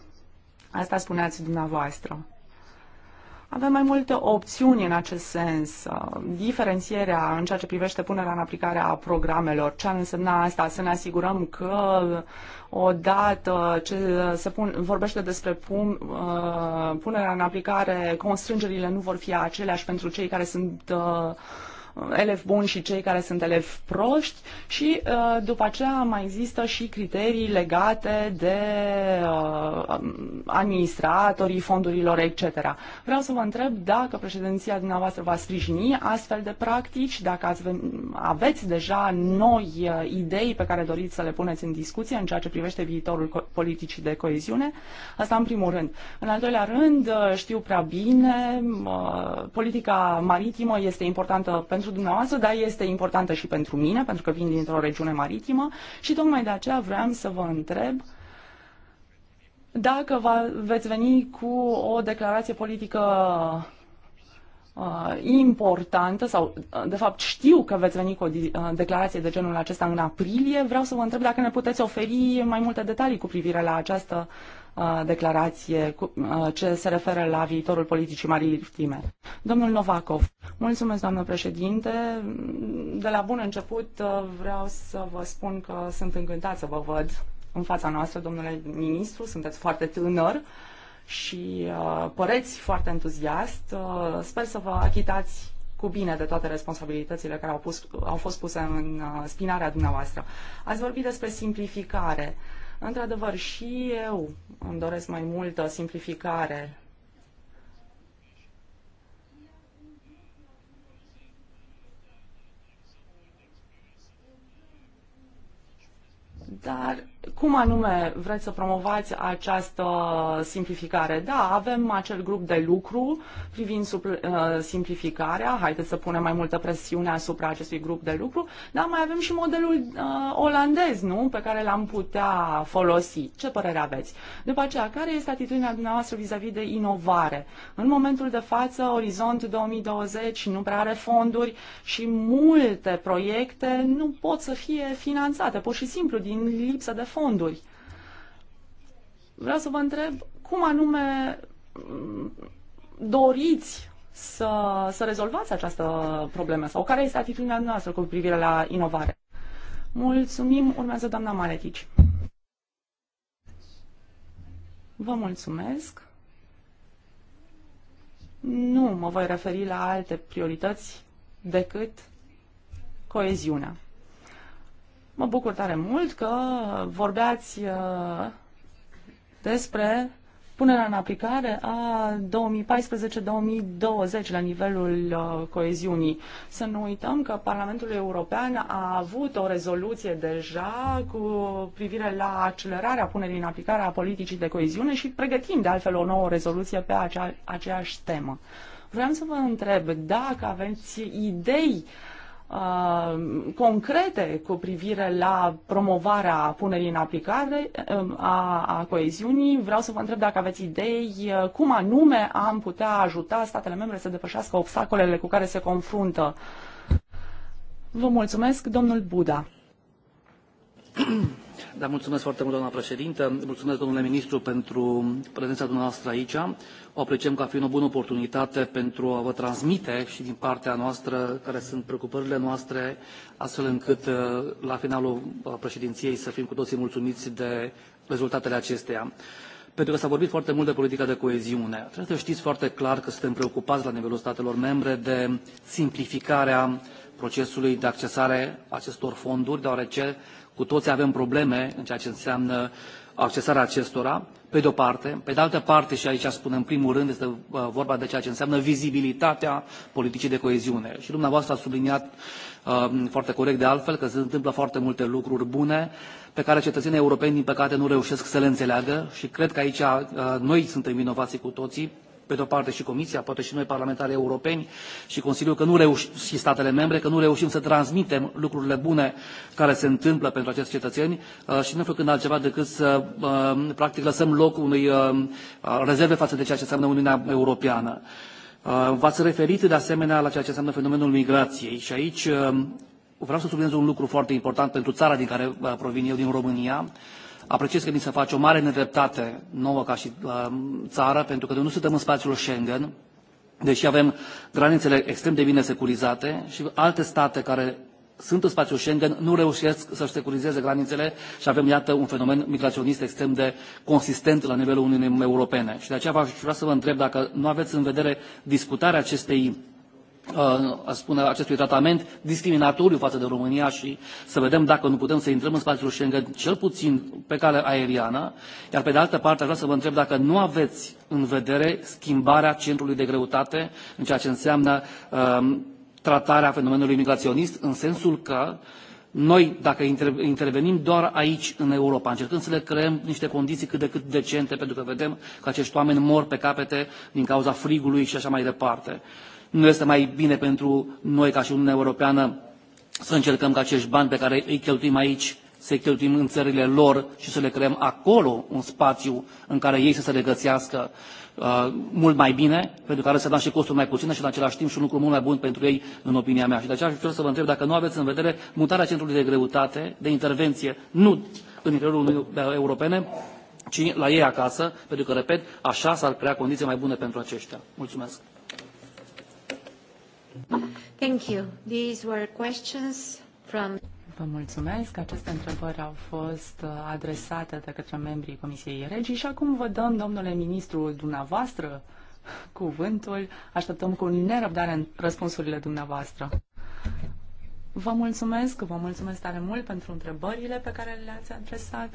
Asta spuneați dumneavoastră. Avem mai multe opțiuni în acest sens. Diferențierea în ceea ce privește punerea în aplicare a programelor. Ce ar însemna asta? Să ne asigurăm că odată ce se pun, vorbește despre pun, uh, punerea în aplicare, constrângerile nu vor fi aceleași pentru cei care sunt uh, elevi buni și cei care sunt elevi proști și uh, după aceea mai există și criterii legate de uh, um, administratorii fondurilor, etc. Vreau să vă întreb dacă președinția dumneavoastră va sprijini astfel de practici, dacă ați, aveți deja noi uh, idei pe care doriți să le puneți în discuție în ceea ce privește viitorul politicii de coeziune. Asta în primul rând. În al doilea rând, știu prea bine, politica maritimă este importantă pentru pentru dumneavoastră, dar este importantă și pentru mine, pentru că vin dintr-o regiune maritimă și tocmai de aceea vreau să vă întreb dacă va, veți veni cu o declarație politică uh, importantă sau, uh, de fapt, știu că veți veni cu o uh, declarație de genul acesta în aprilie. Vreau să vă întreb dacă ne puteți oferi mai multe detalii cu privire la această Uh, declarație uh, ce se referă la viitorul politicii Liftime. Domnul Novakov, mulțumesc, doamnă președinte. De la bun început uh, vreau să vă spun că sunt încântat să vă văd în fața noastră, domnule ministru, sunteți foarte tânăr și păreți foarte entuziast. Sper să vă achitați cu bine de toate responsabilitățile care au, pus, au fost puse în spinarea dumneavoastră. Ați vorbit despre simplificare. Uh, Într-adevăr, și eu îmi doresc mai multă simplificare. Dar cum anume vreți să promovați această simplificare? Da, avem acel grup de lucru privind uh, simplificarea, haideți să punem mai multă presiune asupra acestui grup de lucru, dar mai avem și modelul uh, olandez, nu? Pe care l-am putea folosi. Ce părere aveți? După aceea, care este atitudinea dumneavoastră vis-a-vis -vis de inovare? În momentul de față, Orizont 2020 nu prea are fonduri și multe proiecte nu pot să fie finanțate, pur și simplu, din lipsă de fonduri fonduri. Vreau să vă întreb cum anume doriți să, să rezolvați această problemă sau care este atitudinea noastră cu privire la inovare. Mulțumim, urmează doamna Maletici. Vă mulțumesc. Nu mă voi referi la alte priorități decât coeziunea. Mă bucur tare mult că vorbeați uh, despre punerea în aplicare a 2014-2020 la nivelul uh, coeziunii. Să nu uităm că Parlamentul European a avut o rezoluție deja cu privire la accelerarea punerii în aplicare a politicii de coeziune și pregătim de altfel o nouă rezoluție pe acea, aceeași temă. Vreau să vă întreb dacă aveți idei uh, Uh, concrete cu privire la promovarea punerii în aplicare um, a, a coeziunii. Vreau să vă întreb dacă aveți idei uh, cum anume am putea ajuta statele membre să depășească obstacolele cu care se confruntă. Vă mulțumesc, domnul Buda. Da, mulțumesc foarte mult, doamna președintă. Mulțumesc, domnule ministru, pentru prezența dumneavoastră aici. O apreciem ca fiind o bună oportunitate pentru a vă transmite și din partea noastră care sunt preocupările noastre, astfel încât uh, la finalul uh, președinției să fim cu toții mulțumiți de rezultatele acesteia pentru că s-a vorbit foarte mult de politica de coeziune. Trebuie să știți foarte clar că suntem preocupați la nivelul statelor membre de simplificarea procesului de accesare acestor fonduri, deoarece cu toții avem probleme în ceea ce înseamnă accesarea acestora, pe de o parte. Pe de altă parte, și aici spun în primul rând, este uh, vorba de ceea ce înseamnă vizibilitatea politicii de coeziune. Și dumneavoastră ați subliniat uh, foarte corect de altfel că se întâmplă foarte multe lucruri bune pe care cetățenii europeni, din păcate, nu reușesc să le înțeleagă și cred că aici uh, noi suntem vinovații cu toții pe de o parte și Comisia, poate și noi parlamentarii europeni și Consiliul că nu reuș- și statele membre, că nu reușim să transmitem lucrurile bune care se întâmplă pentru acești cetățeni uh, și nu făcând altceva decât să uh, practic lăsăm loc unei uh, rezerve față de ceea ce înseamnă Uniunea Europeană. V-ați referit de asemenea la ceea ce înseamnă fenomenul migrației și aici vreau să subliniez un lucru foarte important pentru țara din care provin eu, din România, Apreciez că mi se face o mare nedreptate nouă ca și uh, țară, pentru că noi nu suntem în spațiul Schengen, deși avem granițele extrem de bine securizate și alte state care sunt în spațiul Schengen, nu reușesc să-și securizeze granițele și avem, iată, un fenomen migraționist extrem de consistent la nivelul Uniunii Europene. Și de aceea v-aș vrea să vă întreb dacă nu aveți în vedere discutarea acestei Uh, a spune, acestui tratament discriminatoriu față de România și să vedem dacă nu putem să intrăm în spațiul Schengen, cel puțin pe cale aeriană. Iar pe de altă parte, aș vrea să vă întreb dacă nu aveți în vedere schimbarea centrului de greutate în ceea ce înseamnă um, tratarea fenomenului migraționist, în sensul că noi, dacă intervenim doar aici, în Europa, încercând să le creăm niște condiții cât de cât decente, pentru că vedem că acești oameni mor pe capete din cauza frigului și așa mai departe. Uh, nu este mai bine pentru noi ca și Uniunea Europeană să încercăm ca acești bani pe care îi cheltuim aici să-i cheltuim în țările lor și să le creăm acolo un spațiu în care ei să se regăsească uh, mult mai bine, pentru ar să dăm și costuri mai puține și în același timp și un lucru mult mai bun pentru ei, în opinia mea. Și de aceea aș vrea să vă întreb dacă nu aveți în vedere mutarea centrului de greutate, de intervenție, nu în interiorul Uniunii Europene, ci la ei acasă, pentru că, repet, așa s-ar crea condiții mai bune pentru aceștia. Mulțumesc! Thank you. These were questions from... Vă mulțumesc. Aceste întrebări au fost uh, adresate de către membrii Comisiei Regii și acum vă dăm, domnule ministru, dumneavoastră cuvântul. Așteptăm cu nerăbdare răspunsurile dumneavoastră. Vă mulțumesc, vă mulțumesc tare mult pentru întrebările pe care le-ați adresat.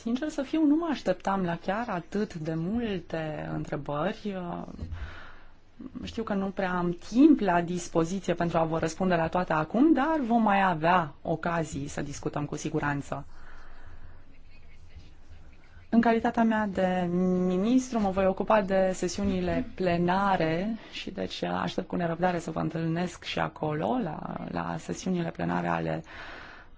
Sincer să fiu, nu mă așteptam la chiar atât de multe întrebări. Știu că nu prea am timp la dispoziție pentru a vă răspunde la toate acum, dar vom mai avea ocazii să discutăm cu siguranță. În calitatea mea de ministru mă voi ocupa de sesiunile plenare și deci aștept cu nerăbdare să vă întâlnesc și acolo, la, la sesiunile plenare ale uh,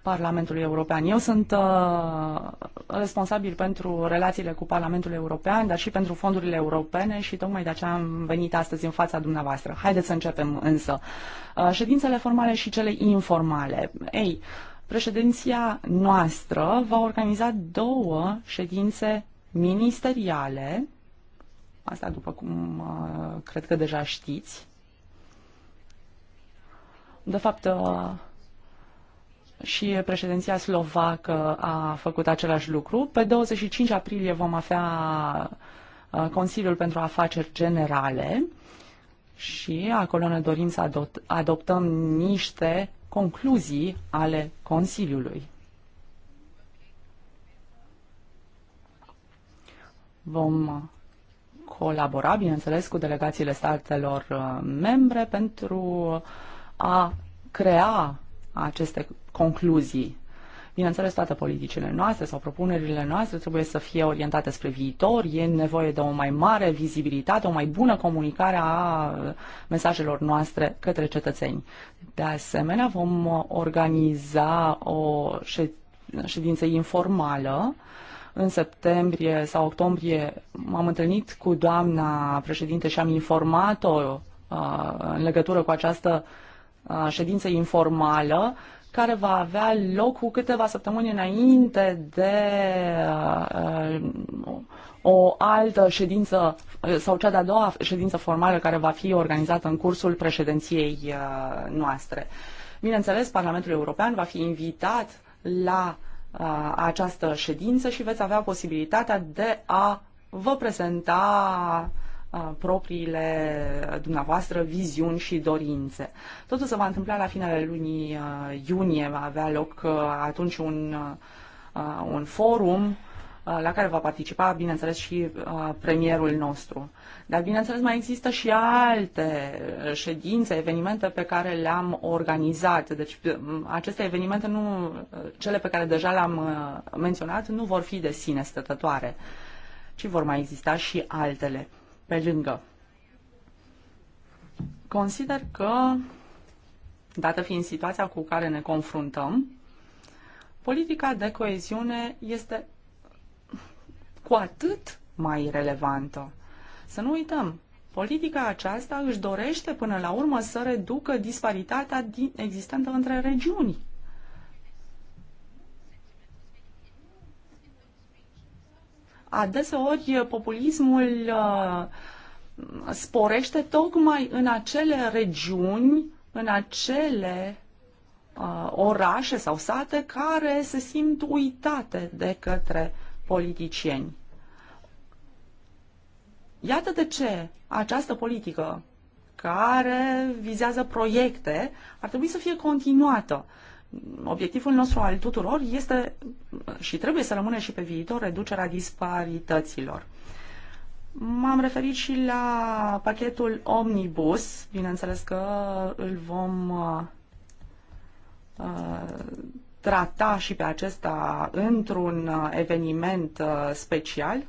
Parlamentului European. Eu sunt uh, responsabil pentru relațiile cu Parlamentul European, dar și pentru fondurile europene și tocmai de aceea am venit astăzi în fața dumneavoastră. Haideți să începem însă. Uh, ședințele formale și cele informale. Ei, președinția noastră va organiza două ședințe ministeriale, asta după cum uh, cred că deja știți. De fapt, uh, și președinția slovacă a făcut același lucru. Pe 25 aprilie vom avea uh, Consiliul pentru Afaceri Generale și acolo ne dorim să adoptăm niște concluzii ale Consiliului. Vom colabora, bineînțeles, cu delegațiile statelor uh, membre pentru a crea aceste concluzii. Bineînțeles, toate politicile noastre sau propunerile noastre trebuie să fie orientate spre viitor. E nevoie de o mai mare vizibilitate, o mai bună comunicare a mesajelor noastre către cetățeni. De asemenea, vom organiza o ședință informală în septembrie sau octombrie m-am întâlnit cu doamna președinte și am informat-o uh, în legătură cu această uh, ședință informală care va avea loc cu câteva săptămâni înainte de o altă ședință sau cea de-a doua ședință formală care va fi organizată în cursul președinției noastre. Bineînțeles, Parlamentul European va fi invitat la această ședință și veți avea posibilitatea de a vă prezenta propriile dumneavoastră viziuni și dorințe. Totul se va întâmpla la finele lunii iunie, va avea loc atunci un, un forum la care va participa, bineînțeles, și premierul nostru. Dar, bineînțeles, mai există și alte ședințe, evenimente pe care le-am organizat. Deci, aceste evenimente, nu, cele pe care deja le-am menționat, nu vor fi de sine stătătoare, ci vor mai exista și altele pe lângă. Consider că, dată fiind situația cu care ne confruntăm, politica de coeziune este cu atât mai relevantă. Să nu uităm, politica aceasta își dorește până la urmă să reducă disparitatea existentă între regiuni. Adeseori eh, populismul eh, sporește tocmai în acele regiuni, în acele eh, orașe sau sate care se simt uitate de către politicieni. Iată de ce această politică care vizează proiecte ar trebui să fie continuată obiectivul nostru al tuturor este și trebuie să rămână și pe viitor reducerea disparităților. M-am referit și la pachetul Omnibus, bineînțeles că îl vom uh, trata și pe acesta într-un uh, eveniment uh, special.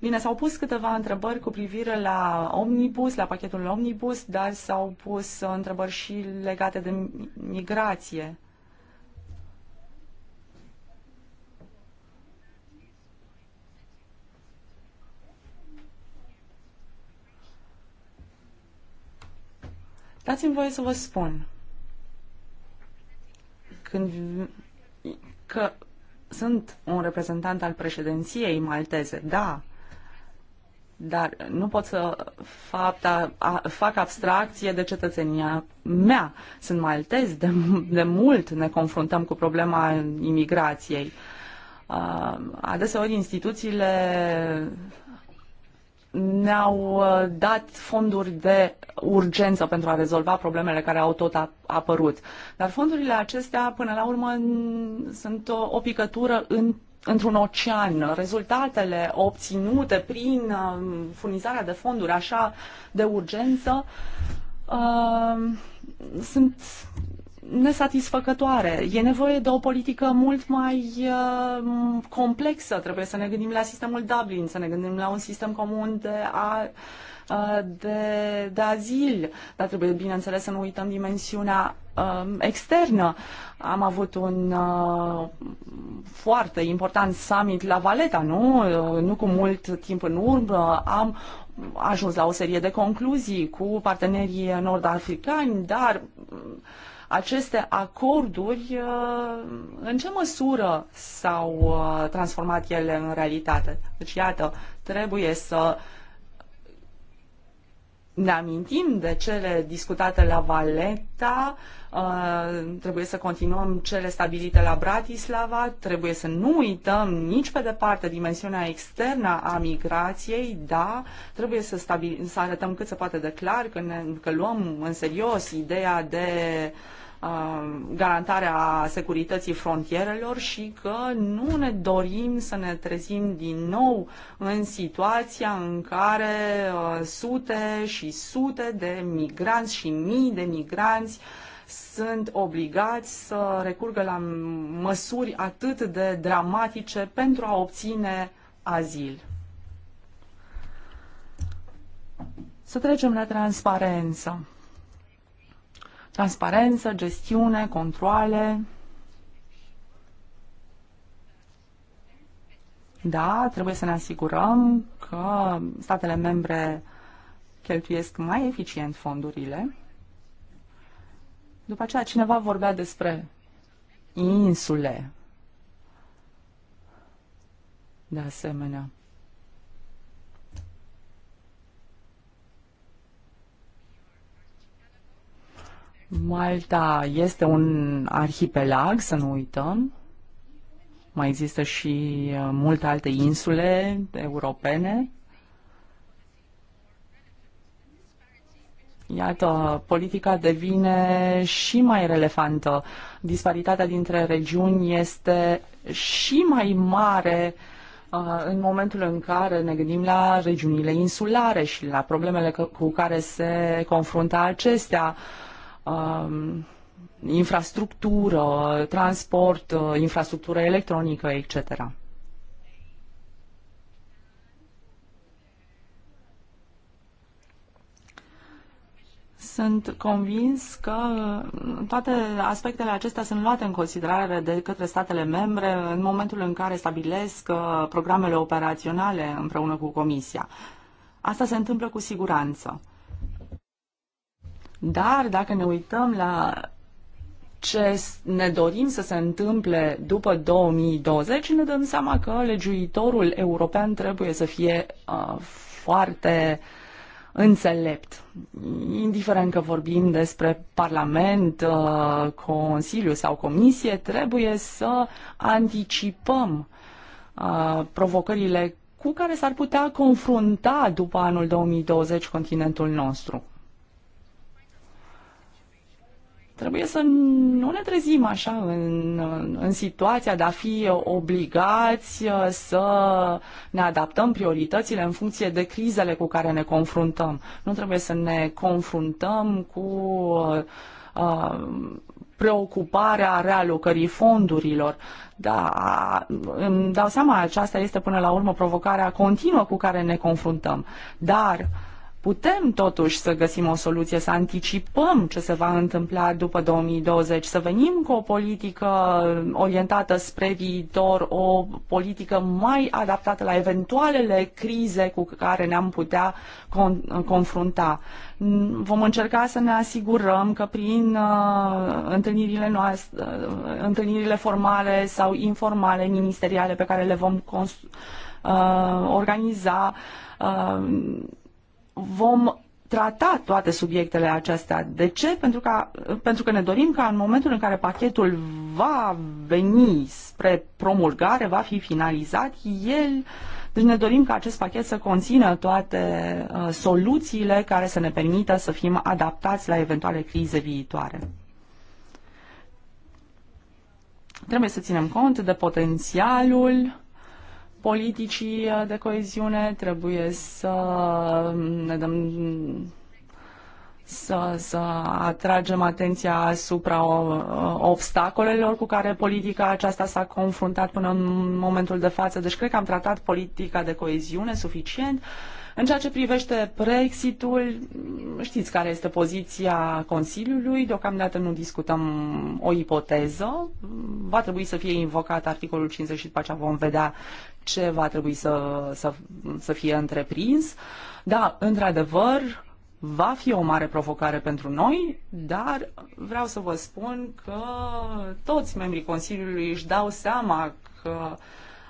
Bine, s-au pus câteva întrebări cu privire la omnibus, la pachetul omnibus, dar s-au pus întrebări și legate de migrație. Dați-mi voie să vă spun când, că sunt un reprezentant al președinției malteze, da, dar nu pot să fapta, a, fac abstracție de cetățenia mea. Sunt maltez, de, de mult ne confruntăm cu problema imigrației. Adeseori instituțiile ne-au dat fonduri de urgență pentru a rezolva problemele care au tot apărut. Dar fondurile acestea, până la urmă, sunt o, o picătură în într-un ocean. Rezultatele obținute prin um, furnizarea de fonduri așa de urgență uh, sunt nesatisfăcătoare. E nevoie de o politică mult mai uh, complexă. Trebuie să ne gândim la sistemul Dublin, să ne gândim la un sistem comun de a Uh, de, de azil, dar trebuie, bineînțeles, să nu uităm dimensiunea um, externă. Am avut un uh, foarte important summit la Valeta, nu? Uh, nu cu mult timp în urmă am ajuns la o serie de concluzii cu partenerii nord-africani, dar uh, aceste acorduri, în ce măsură s-au transformat ele în realitate? Deci, iată, trebuie să uh, ne amintim de cele discutate la Valletta, uh, trebuie să continuăm cele stabilite la Bratislava, trebuie să nu uităm nici pe departe dimensiunea externă a migrației, da, trebuie să, stabil, să arătăm cât se poate de clar că, ne, că luăm în serios ideea de uh, Um, garantarea securității frontierelor și că nu ne dorim să ne trezim din nou în situația în care uh, sute și sute de migranți și mii de migranți sunt obligați să recurgă la măsuri atât de dramatice pentru a obține azil. Să trecem la transparență transparență, gestiune, controle. Da, trebuie să ne asigurăm că statele membre cheltuiesc mai eficient fondurile. După aceea, cineva vorbea despre insule. De asemenea. Malta este un arhipelag, să nu uităm. Mai există și uh, multe alte insule europene. Iată, politica devine și mai relevantă. Disparitatea dintre regiuni este și mai mare uh, în momentul în care ne gândim la regiunile insulare și la problemele cu care se confruntă acestea. Um, infrastructură, transport, uh, infrastructură electronică, etc. Sunt convins că uh, toate aspectele acestea sunt luate în considerare de către statele membre în momentul în care stabilesc uh, programele operaționale împreună cu Comisia. Asta se întâmplă cu siguranță. Dar dacă ne uităm la ce ne dorim să se întâmple după 2020, ne dăm seama că legiuitorul european trebuie să fie uh, foarte înțelept. Indiferent că vorbim despre Parlament, uh, Consiliu sau Comisie, trebuie să anticipăm uh, provocările cu care s-ar putea confrunta după anul 2020 continentul nostru. Trebuie să nu ne trezim așa în, în situația de a fi obligați uh, să ne adaptăm prioritățile în funcție de crizele cu care ne confruntăm. Nu trebuie să ne confruntăm cu uh, uh, preocuparea realocării fondurilor. Da, îmi dau seama, aceasta este până la urmă provocarea continuă cu care ne confruntăm. Dar uh, putem totuși să găsim o soluție, să anticipăm ce se va întâmpla după 2020, să venim cu o politică orientată spre viitor, o politică mai adaptată la eventualele crize cu care ne-am putea con- confrunta. Vom încerca să ne asigurăm că prin uh, întâlnirile noastre, uh, întâlnirile formale sau informale, ministeriale pe care le vom uh, organiza, uh, vom trata toate subiectele acestea. De ce? Pentru, ca, pentru că ne dorim ca în momentul în care pachetul va veni spre promulgare, va fi finalizat, el. Deci ne dorim ca acest pachet să conțină toate uh, soluțiile care să ne permită să fim adaptați la eventuale crize viitoare. Trebuie să ținem cont de potențialul politicii de coeziune, trebuie să ne dăm să, să atragem atenția asupra obstacolelor cu care politica aceasta s-a confruntat până în momentul de față. Deci cred că am tratat politica de coeziune suficient. Uh, în ceea ce privește Brexitul, știți care este poziția Consiliului, deocamdată nu discutăm o ipoteză, va trebui să fie invocat articolul 50 și după aceea vom vedea ce va trebui să, să, să fie întreprins. Da, într-adevăr, va fi o mare provocare pentru noi, dar vreau să vă spun că toți membrii Consiliului își dau seama că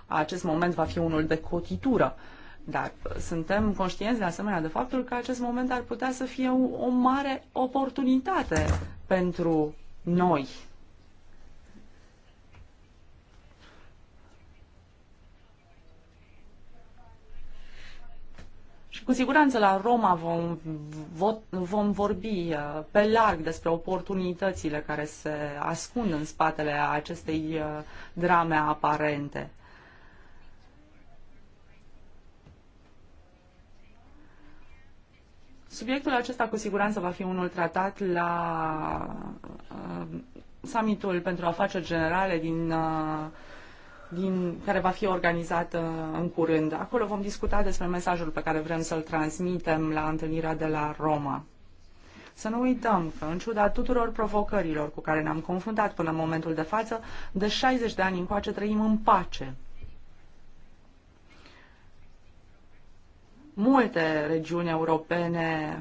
acest moment va fi unul de cotitură. Uh, dar suntem conștienți de asemenea de faptul că acest moment ar putea să fie o, o mare oportunitate pentru noi. Și cu siguranță la Roma vom, vom vorbi uh, pe larg despre oportunitățile care se ascund în spatele acestei uh, drame aparente. Subiectul acesta cu siguranță va fi unul tratat la uh, summitul pentru afaceri generale din, uh, din, care va fi organizat uh, în curând. Acolo vom discuta despre mesajul pe care vrem să-l transmitem la întâlnirea de la Roma. Să nu uităm că, în ciuda tuturor provocărilor cu care ne-am confruntat până în momentul de față, de 60 de ani încoace trăim în pace. Multe regiuni europene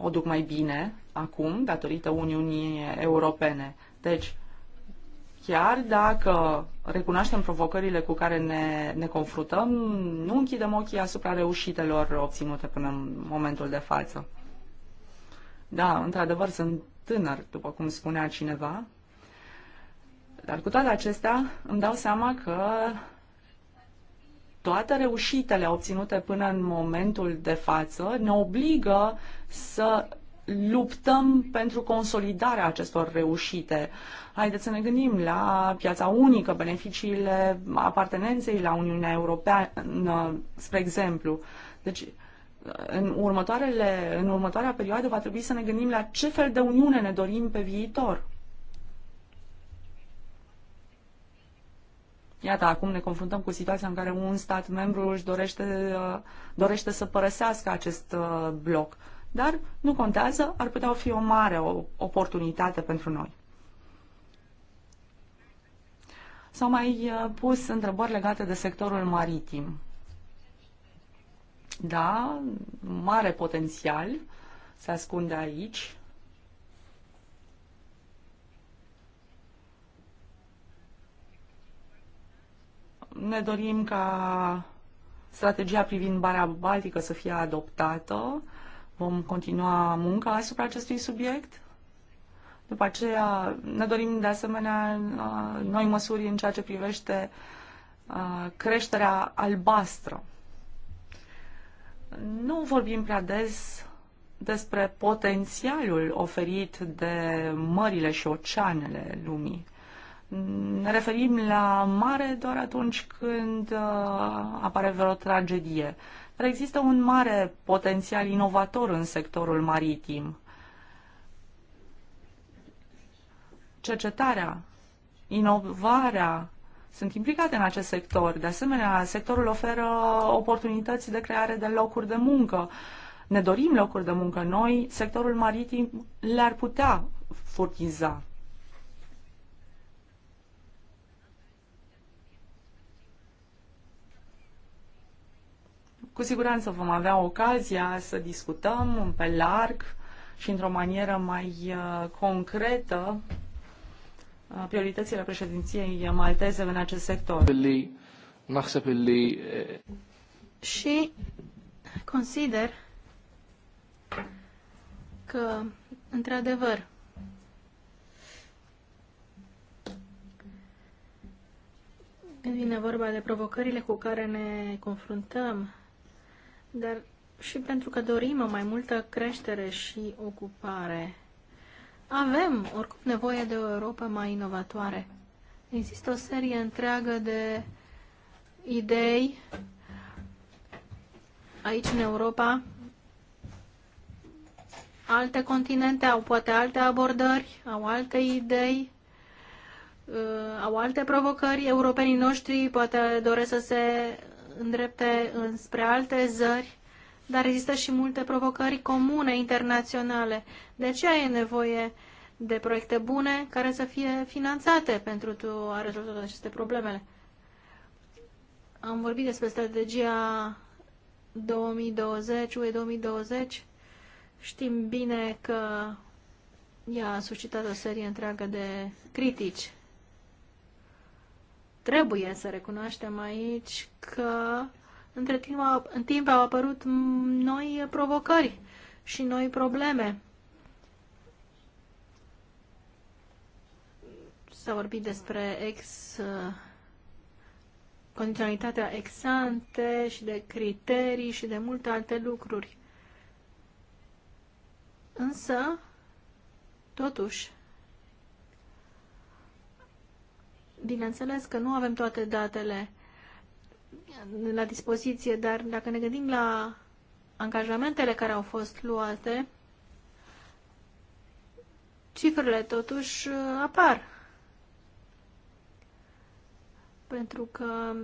o duc mai bine acum, datorită Uniunii Europene. Deci, chiar dacă recunoaștem provocările cu care ne, ne confruntăm, nu închidem ochii asupra reușitelor obținute până în momentul de față. Da, într-adevăr, sunt tânăr, după cum spunea cineva, dar cu toate acestea îmi dau seama că toate reușitele obținute până în momentul de față ne obligă să luptăm pentru consolidarea acestor reușite. Haideți să ne gândim la piața unică, beneficiile apartenenței la Uniunea Europeană, spre exemplu. Deci, în, următoarele, în următoarea perioadă va trebui să ne gândim la ce fel de Uniune ne dorim pe viitor. Iată, acum ne confruntăm cu situația în care un stat membru își dorește, uh, dorește să părăsească acest uh, bloc. Dar nu contează, ar putea fi o mare oportunitate pentru noi. S-au mai uh, pus întrebări legate de sectorul maritim. Da, mare potențial se ascunde aici. ne dorim ca strategia privind Marea Baltică să fie adoptată. Vom continua munca asupra acestui subiect. După aceea ne dorim de asemenea uh, noi măsuri în ceea ce privește uh, creșterea albastră. Nu vorbim prea des despre potențialul oferit de mările și oceanele lumii. Ne referim la mare doar atunci când uh, apare vreo tragedie. Dar există un mare potențial inovator în sectorul maritim. Cercetarea, inovarea sunt implicate în acest sector. De asemenea, sectorul oferă oportunități de creare de locuri de muncă. Ne dorim locuri de muncă noi, sectorul maritim le-ar putea furtiza. Cu siguranță vom avea ocazia să discutăm pe larg și într-o manieră mai uh, concretă uh, prioritățile președinției malteze în acest sector. Eh, și consider că, într-adevăr, când vine vorba de provocările cu care ne confruntăm dar și pentru că dorim o mai multă creștere și ocupare. Avem, oricum, nevoie de o Europa mai inovatoare. Există o serie întreagă de idei aici în Europa. Alte continente au poate alte abordări, au alte idei, uh, au alte provocări. Europenii noștri poate doresc să se îndrepte înspre alte zări, dar există și multe provocări comune internaționale. De aceea e nevoie de proiecte bune care să fie finanțate pentru a rezolva toate aceste problemele. Am vorbit despre strategia 2020, UE 2020. Știm bine că ea a suscitat o serie întreagă de critici Trebuie să recunoaștem aici că între timp, în timp au apărut noi provocări și noi probleme. S-a vorbit despre ex condiționalitatea exante și de criterii și de multe alte lucruri. Însă, totuși, Bineînțeles că nu avem toate datele la dispoziție, dar dacă ne gândim la angajamentele care au fost luate, cifrele totuși uh, apar. Pentru că um,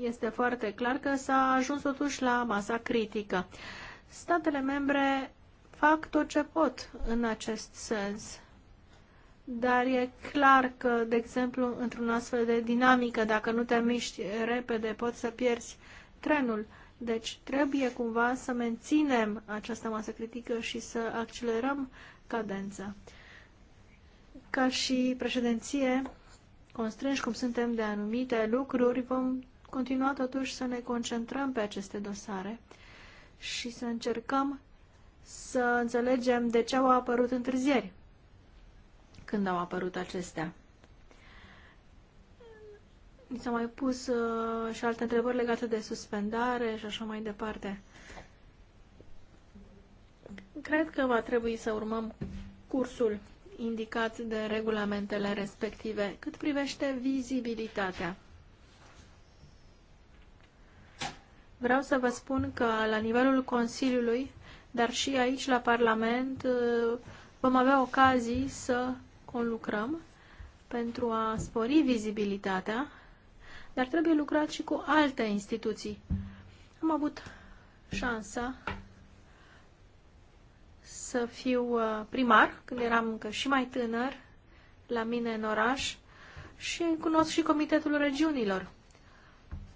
este foarte clar că s-a ajuns totuși la masa critică. Statele membre fac tot ce pot în acest sens dar e clar că, de exemplu, într-un astfel de dinamică, dacă nu te miști repede, poți să pierzi trenul. Deci trebuie cumva să menținem această masă critică și să accelerăm cadența. Ca și președinție, constrânși cum suntem de anumite lucruri, vom continua totuși să ne concentrăm pe aceste dosare și să încercăm să înțelegem de ce au apărut întârzieri când au apărut acestea. Mi s-au mai pus uh, și alte întrebări legate de suspendare și așa mai departe. Cred că va trebui să urmăm cursul indicat de regulamentele respective, cât privește vizibilitatea. Vreau să vă spun că la nivelul Consiliului, dar și aici la Parlament, uh, vom avea ocazii să conlucrăm pentru a spori vizibilitatea, dar trebuie lucrat și cu alte instituții. Am avut șansa să fiu uh, primar, când eram încă și mai tânăr, la mine în oraș, și cunosc și Comitetul Regiunilor.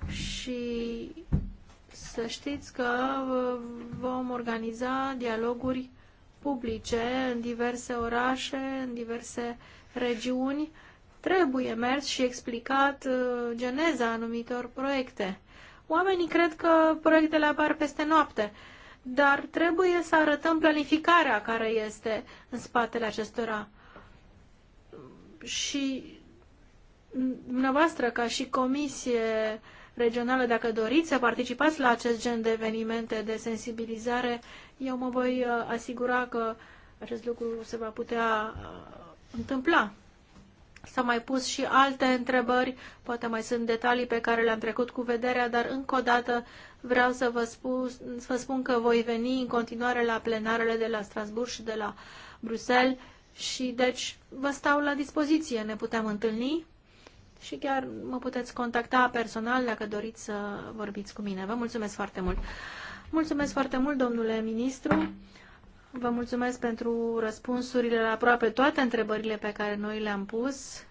Și să știți că uh, vom organiza dialoguri publice în diverse orașe, în diverse regiuni, trebuie mers și explicat uh, geneza anumitor proiecte. Oamenii cred că proiectele apar peste noapte, dar trebuie să arătăm planificarea care este în spatele acestora. Și dumneavoastră, ca și comisie, regională, dacă doriți să participați la acest gen de evenimente de sensibilizare, eu mă voi uh, asigura că acest lucru se va putea uh, întâmpla. S-au mai pus și alte întrebări, poate mai sunt detalii pe care le-am trecut cu vederea, dar încă o dată vreau să vă, spun, să vă spun că voi veni în continuare la plenarele de la Strasburg și de la Bruxelles și deci vă stau la dispoziție, ne putem întâlni și chiar mă puteți contacta personal dacă doriți să vorbiți cu mine. Vă mulțumesc foarte mult! Mulțumesc foarte mult, domnule ministru! Vă mulțumesc pentru răspunsurile la aproape toate întrebările pe care noi le-am pus.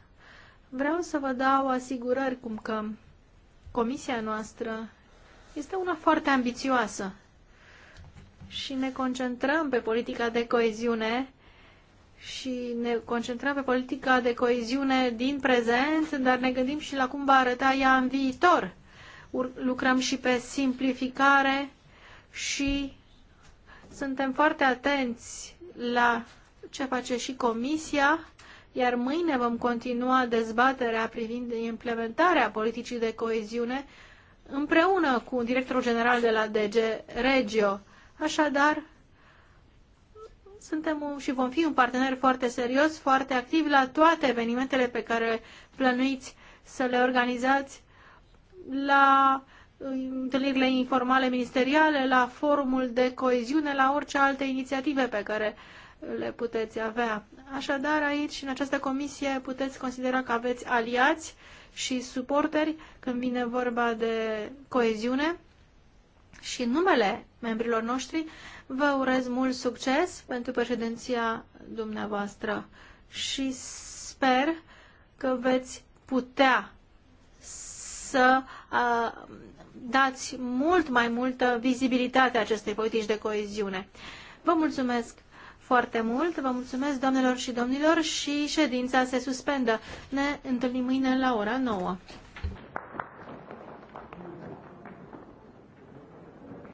Vreau să vă dau asigurări cum că comisia noastră este una foarte ambițioasă și ne concentrăm pe politica de coeziune și ne concentrăm pe politica de coeziune din prezent, dar ne gândim și la cum va arăta ea în viitor. Lucrăm și pe simplificare și suntem foarte atenți la ce face și Comisia, iar mâine vom continua dezbaterea privind implementarea politicii de coeziune împreună cu directorul general de la DG Regio. Așadar, suntem și vom fi un partener foarte serios, foarte activ la toate evenimentele pe care plănuiți să le organizați la uh, întâlnirile informale ministeriale, la forumul de coeziune, la orice alte inițiative pe care le puteți avea. Așadar, aici, în această comisie, puteți considera că aveți aliați și suporteri când vine vorba de coeziune și numele membrilor noștri Vă urez mult succes pentru președinția dumneavoastră și sper că veți putea să uh, dați mult mai multă vizibilitate acestei politici de coeziune. Vă mulțumesc foarte mult, vă mulțumesc doamnelor și domnilor și ședința se suspendă. Ne întâlnim mâine la ora 9.